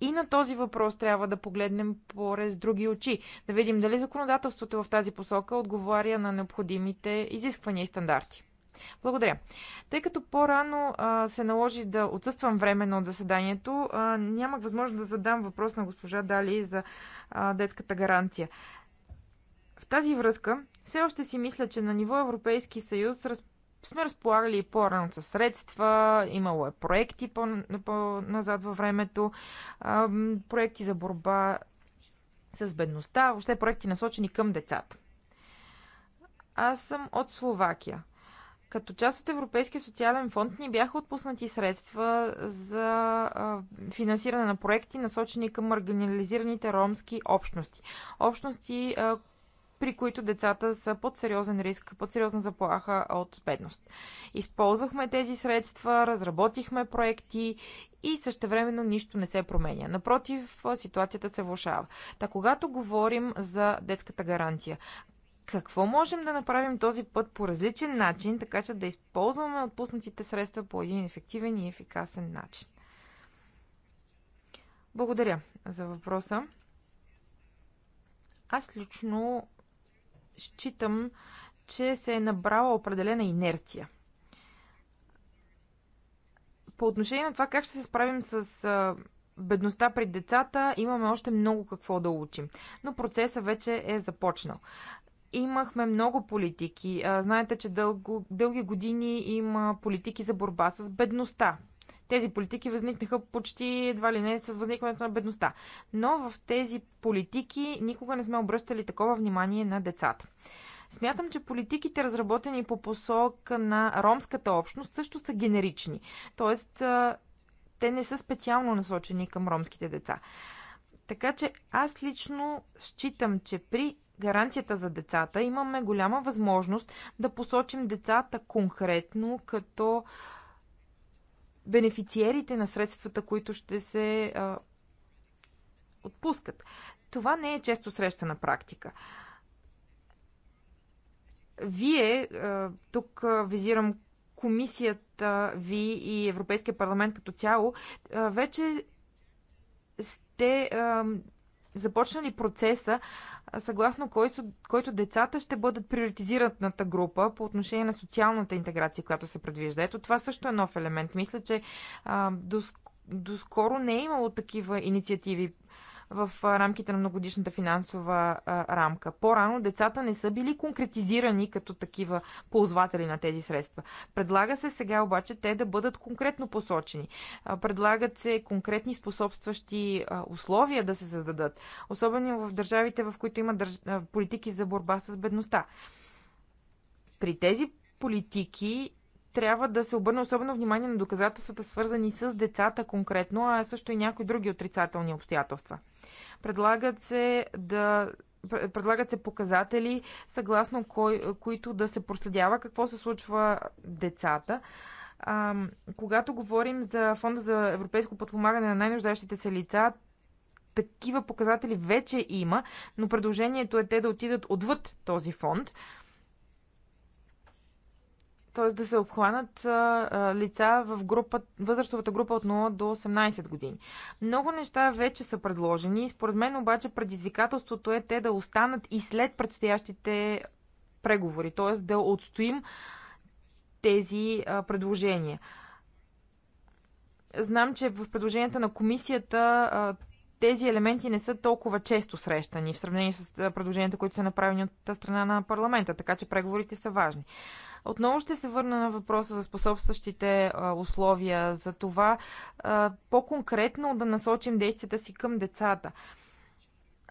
И на този въпрос трябва да погледнем порез други очи, да видим дали законодателството в тази посока отговаря на необходимите изисквания и стандарти. Благодаря. Тъй като по-рано се наложи да отсъствам временно от заседанието, а, нямах възможност да задам въпрос на госпожа Дали за а, детската гаранция. В тази връзка все още си мисля, че на ниво Европейски съюз раз... сме разполагали по-рано със средства, имало е проекти по-назад във времето, проекти за борба с бедността, въобще проекти насочени към децата. Аз съм от Словакия. Като част от Европейския социален фонд ни бяха отпуснати средства за финансиране на проекти, насочени към маргинализираните ромски общности. Общности, при които децата са под сериозен риск, под сериозна заплаха от бедност. Използвахме тези средства, разработихме проекти и същевременно нищо не се променя. Напротив, ситуацията се влушава. Та когато говорим за детската гаранция, какво можем да направим този път по различен начин, така че да използваме отпуснатите средства по един ефективен и ефикасен начин? Благодаря за въпроса. Аз лично считам, че се е набрала определена инерция. По отношение на това как ще се справим с бедността при децата, имаме още много какво да учим. Но процесът вече е започнал имахме много политики. Знаете, че дълго, дълги години има политики за борба с бедността. Тези политики възникнаха почти едва ли не с възникването на бедността. Но в тези политики никога не сме обръщали такова внимание на децата. Смятам, че политиките, разработени по посока на ромската общност, също са генерични. Тоест, те не са специално насочени към ромските деца. Така че аз лично считам, че при гаранцията за децата имаме голяма възможност да посочим децата конкретно като бенефициерите на средствата, които ще се а, отпускат. Това не е често срещана практика. Вие, тук визирам комисията ви и Европейския парламент като цяло, вече сте започнали процеса, съгласно който, който децата ще бъдат приоритизираната група по отношение на социалната интеграция, която се предвижда. Ето това също е нов елемент. Мисля, че а, доскоро не е имало такива инициативи в рамките на многодишната финансова рамка. По-рано децата не са били конкретизирани като такива ползватели на тези средства. Предлага се сега обаче те да бъдат конкретно посочени. Предлагат се конкретни способстващи условия да се зададат, особено в държавите, в които има държ... политики за борба с бедността. При тези политики трябва да се обърне особено внимание на доказателствата, свързани с децата конкретно, а също и някои други отрицателни обстоятелства. Предлагат се да предлагат се показатели, съгласно кой, които да се проследява какво се случва децата. А, когато говорим за Фонда за европейско подпомагане на най-нуждащите се лица, такива показатели вече има, но предложението е те да отидат отвъд този фонд, т.е. да се обхванат лица в група, възрастовата група от 0 до 18 години. Много неща вече са предложени. Според мен обаче предизвикателството е те да останат и след предстоящите преговори, т.е. да отстоим тези предложения. Знам, че в предложенията на комисията тези елементи не са толкова често срещани в сравнение с предложенията, които са направени от страна на парламента, така че преговорите са важни. Отново ще се върна на въпроса за способстващите условия, за това по-конкретно да насочим действията си към децата.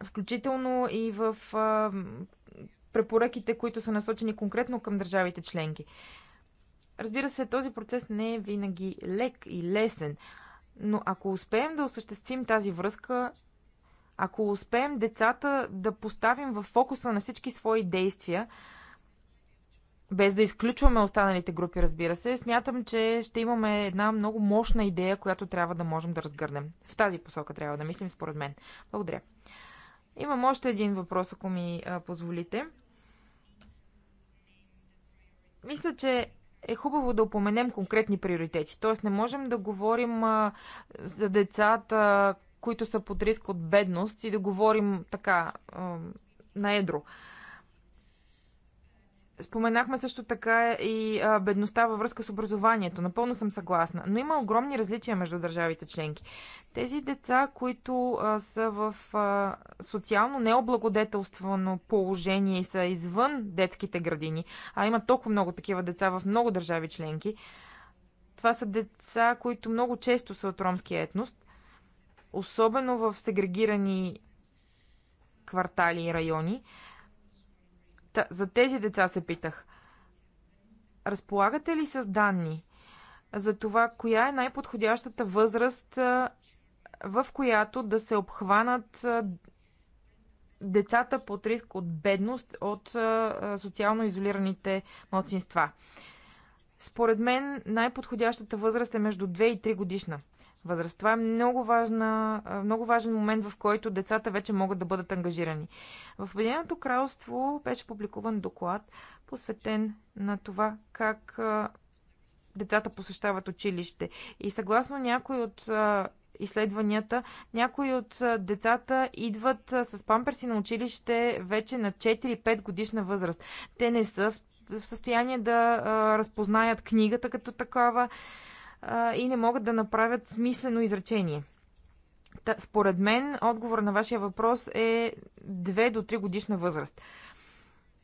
Включително и в препоръките, които са насочени конкретно към държавите членки. Разбира се, този процес не е винаги лек и лесен. Но ако успеем да осъществим тази връзка, ако успеем децата да поставим в фокуса на всички свои действия, без да изключваме останалите групи, разбира се, смятам, че ще имаме една много мощна идея, която трябва да можем да разгърнем. В тази посока трябва да мислим, според мен. Благодаря. Имам още един въпрос, ако ми позволите. Мисля, че е хубаво да упоменем конкретни приоритети. Тоест не можем да говорим за децата, които са под риск от бедност и да говорим така на едро. Споменахме също така и а, бедността във връзка с образованието. Напълно съм съгласна. Но има огромни различия между държавите членки. Тези деца, които а, са в а, социално необлагодетелствано положение и са извън детските градини, а има толкова много такива деца в много държави членки, това са деца, които много често са от ромски етност, особено в сегрегирани квартали и райони. Та, за тези деца се питах. Разполагате ли с данни за това, коя е най-подходящата възраст, в която да се обхванат децата под риск от бедност от социално изолираните младсинства? Според мен най-подходящата възраст е между 2 и 3 годишна възраст. Това е много, важна, много важен момент, в който децата вече могат да бъдат ангажирани. В Обединеното кралство беше публикуван доклад, посветен на това как децата посещават училище. И съгласно някои от изследванията, някои от децата идват с памперси на училище вече на 4-5 годишна възраст. Те не са в състояние да разпознаят книгата като такава и не могат да направят смислено изречение. Та, според мен, отговор на вашия въпрос е 2 до 3 годишна възраст.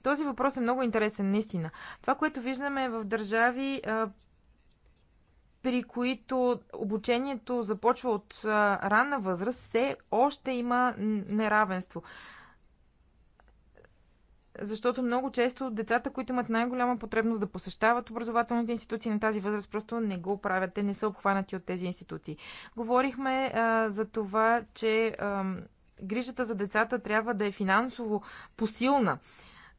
Този въпрос е много интересен, наистина. Това, което виждаме е в държави, при които обучението започва от ранна възраст, все още има неравенство защото много често децата, които имат най-голяма потребност да посещават образователните институции на тази възраст, просто не го правят. Те не са обхванати от тези институции. Говорихме а, за това, че а, грижата за децата трябва да е финансово посилна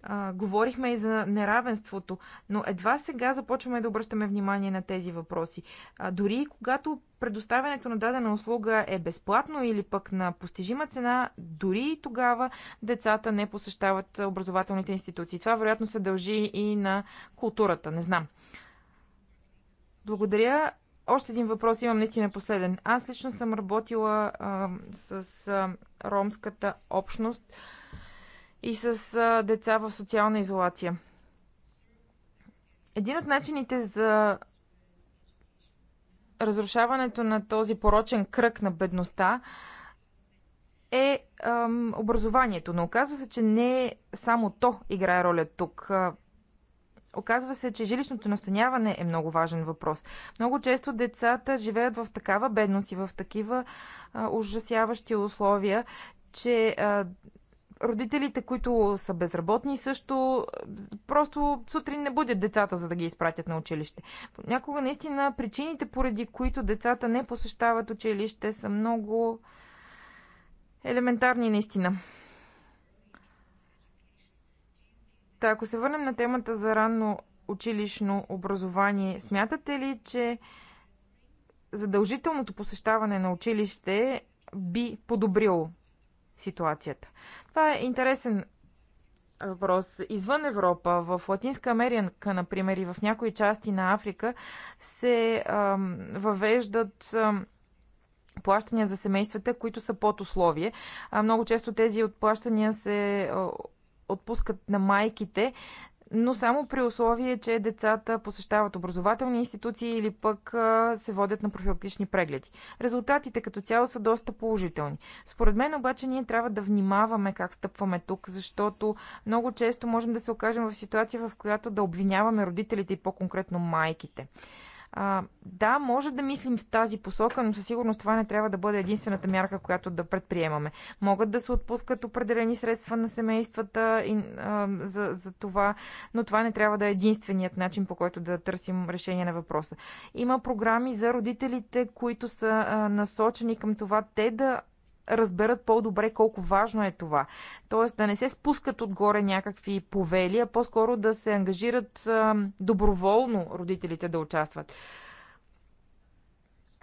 а, говорихме и за неравенството, но едва сега започваме да обръщаме внимание на тези въпроси. А, дори и когато предоставянето на дадена услуга е безплатно или пък на постижима цена, дори и тогава децата не посещават образователните институции. Това вероятно се дължи и на културата, не знам. Благодаря. Още един въпрос имам наистина последен. Аз лично съм работила а, с а, ромската общност и с деца в социална изолация. Един от начините за разрушаването на този порочен кръг на бедността е ам, образованието. Но оказва се, че не само то играе роля тук. Оказва се, че жилищното настаняване е много важен въпрос. Много често децата живеят в такава бедност и в такива а, ужасяващи условия, че а, родителите, които са безработни, също просто сутрин не будят децата, за да ги изпратят на училище. Понякога наистина причините, поради които децата не посещават училище, са много елементарни наистина. Та, ако се върнем на темата за ранно училищно образование, смятате ли, че задължителното посещаване на училище би подобрило ситуацията. Това е интересен въпрос. Извън Европа, в Латинска Америка, например, и в някои части на Африка, се а, въвеждат. А, плащания за семействата, които са под условие. А, много често тези отплащания се отпускат на майките, но само при условие, че децата посещават образователни институции или пък се водят на профилактични прегледи. Резултатите като цяло са доста положителни. Според мен обаче ние трябва да внимаваме как стъпваме тук, защото много често можем да се окажем в ситуация, в която да обвиняваме родителите и по-конкретно майките. А, да, може да мислим в тази посока, но със сигурност това не трябва да бъде единствената мярка, която да предприемаме. Могат да се отпускат определени средства на семействата и, а, за, за това, но това не трябва да е единственият начин, по който да търсим решение на въпроса. Има програми за родителите, които са а, насочени към това те да разберат по-добре колко важно е това. Тоест да не се спускат отгоре някакви повели, а по-скоро да се ангажират доброволно родителите да участват.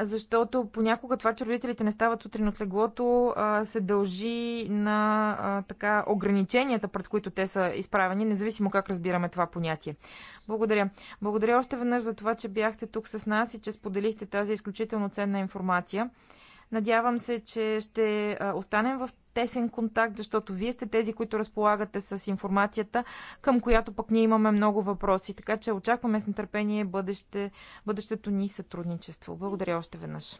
Защото понякога това, че родителите не стават сутрин от леглото, се дължи на така ограниченията, пред които те са изправени, независимо как разбираме това понятие. Благодаря. Благодаря още веднъж за това, че бяхте тук с нас и че споделихте тази изключително ценна информация. Надявам се, че ще останем в тесен контакт, защото вие сте тези, които разполагате с информацията, към която пък ние имаме много въпроси. Така че очакваме с нетърпение бъдеще, бъдещето ни сътрудничество. Благодаря още веднъж.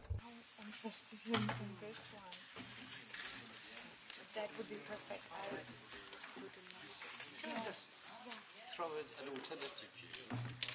Throw it an alternative view.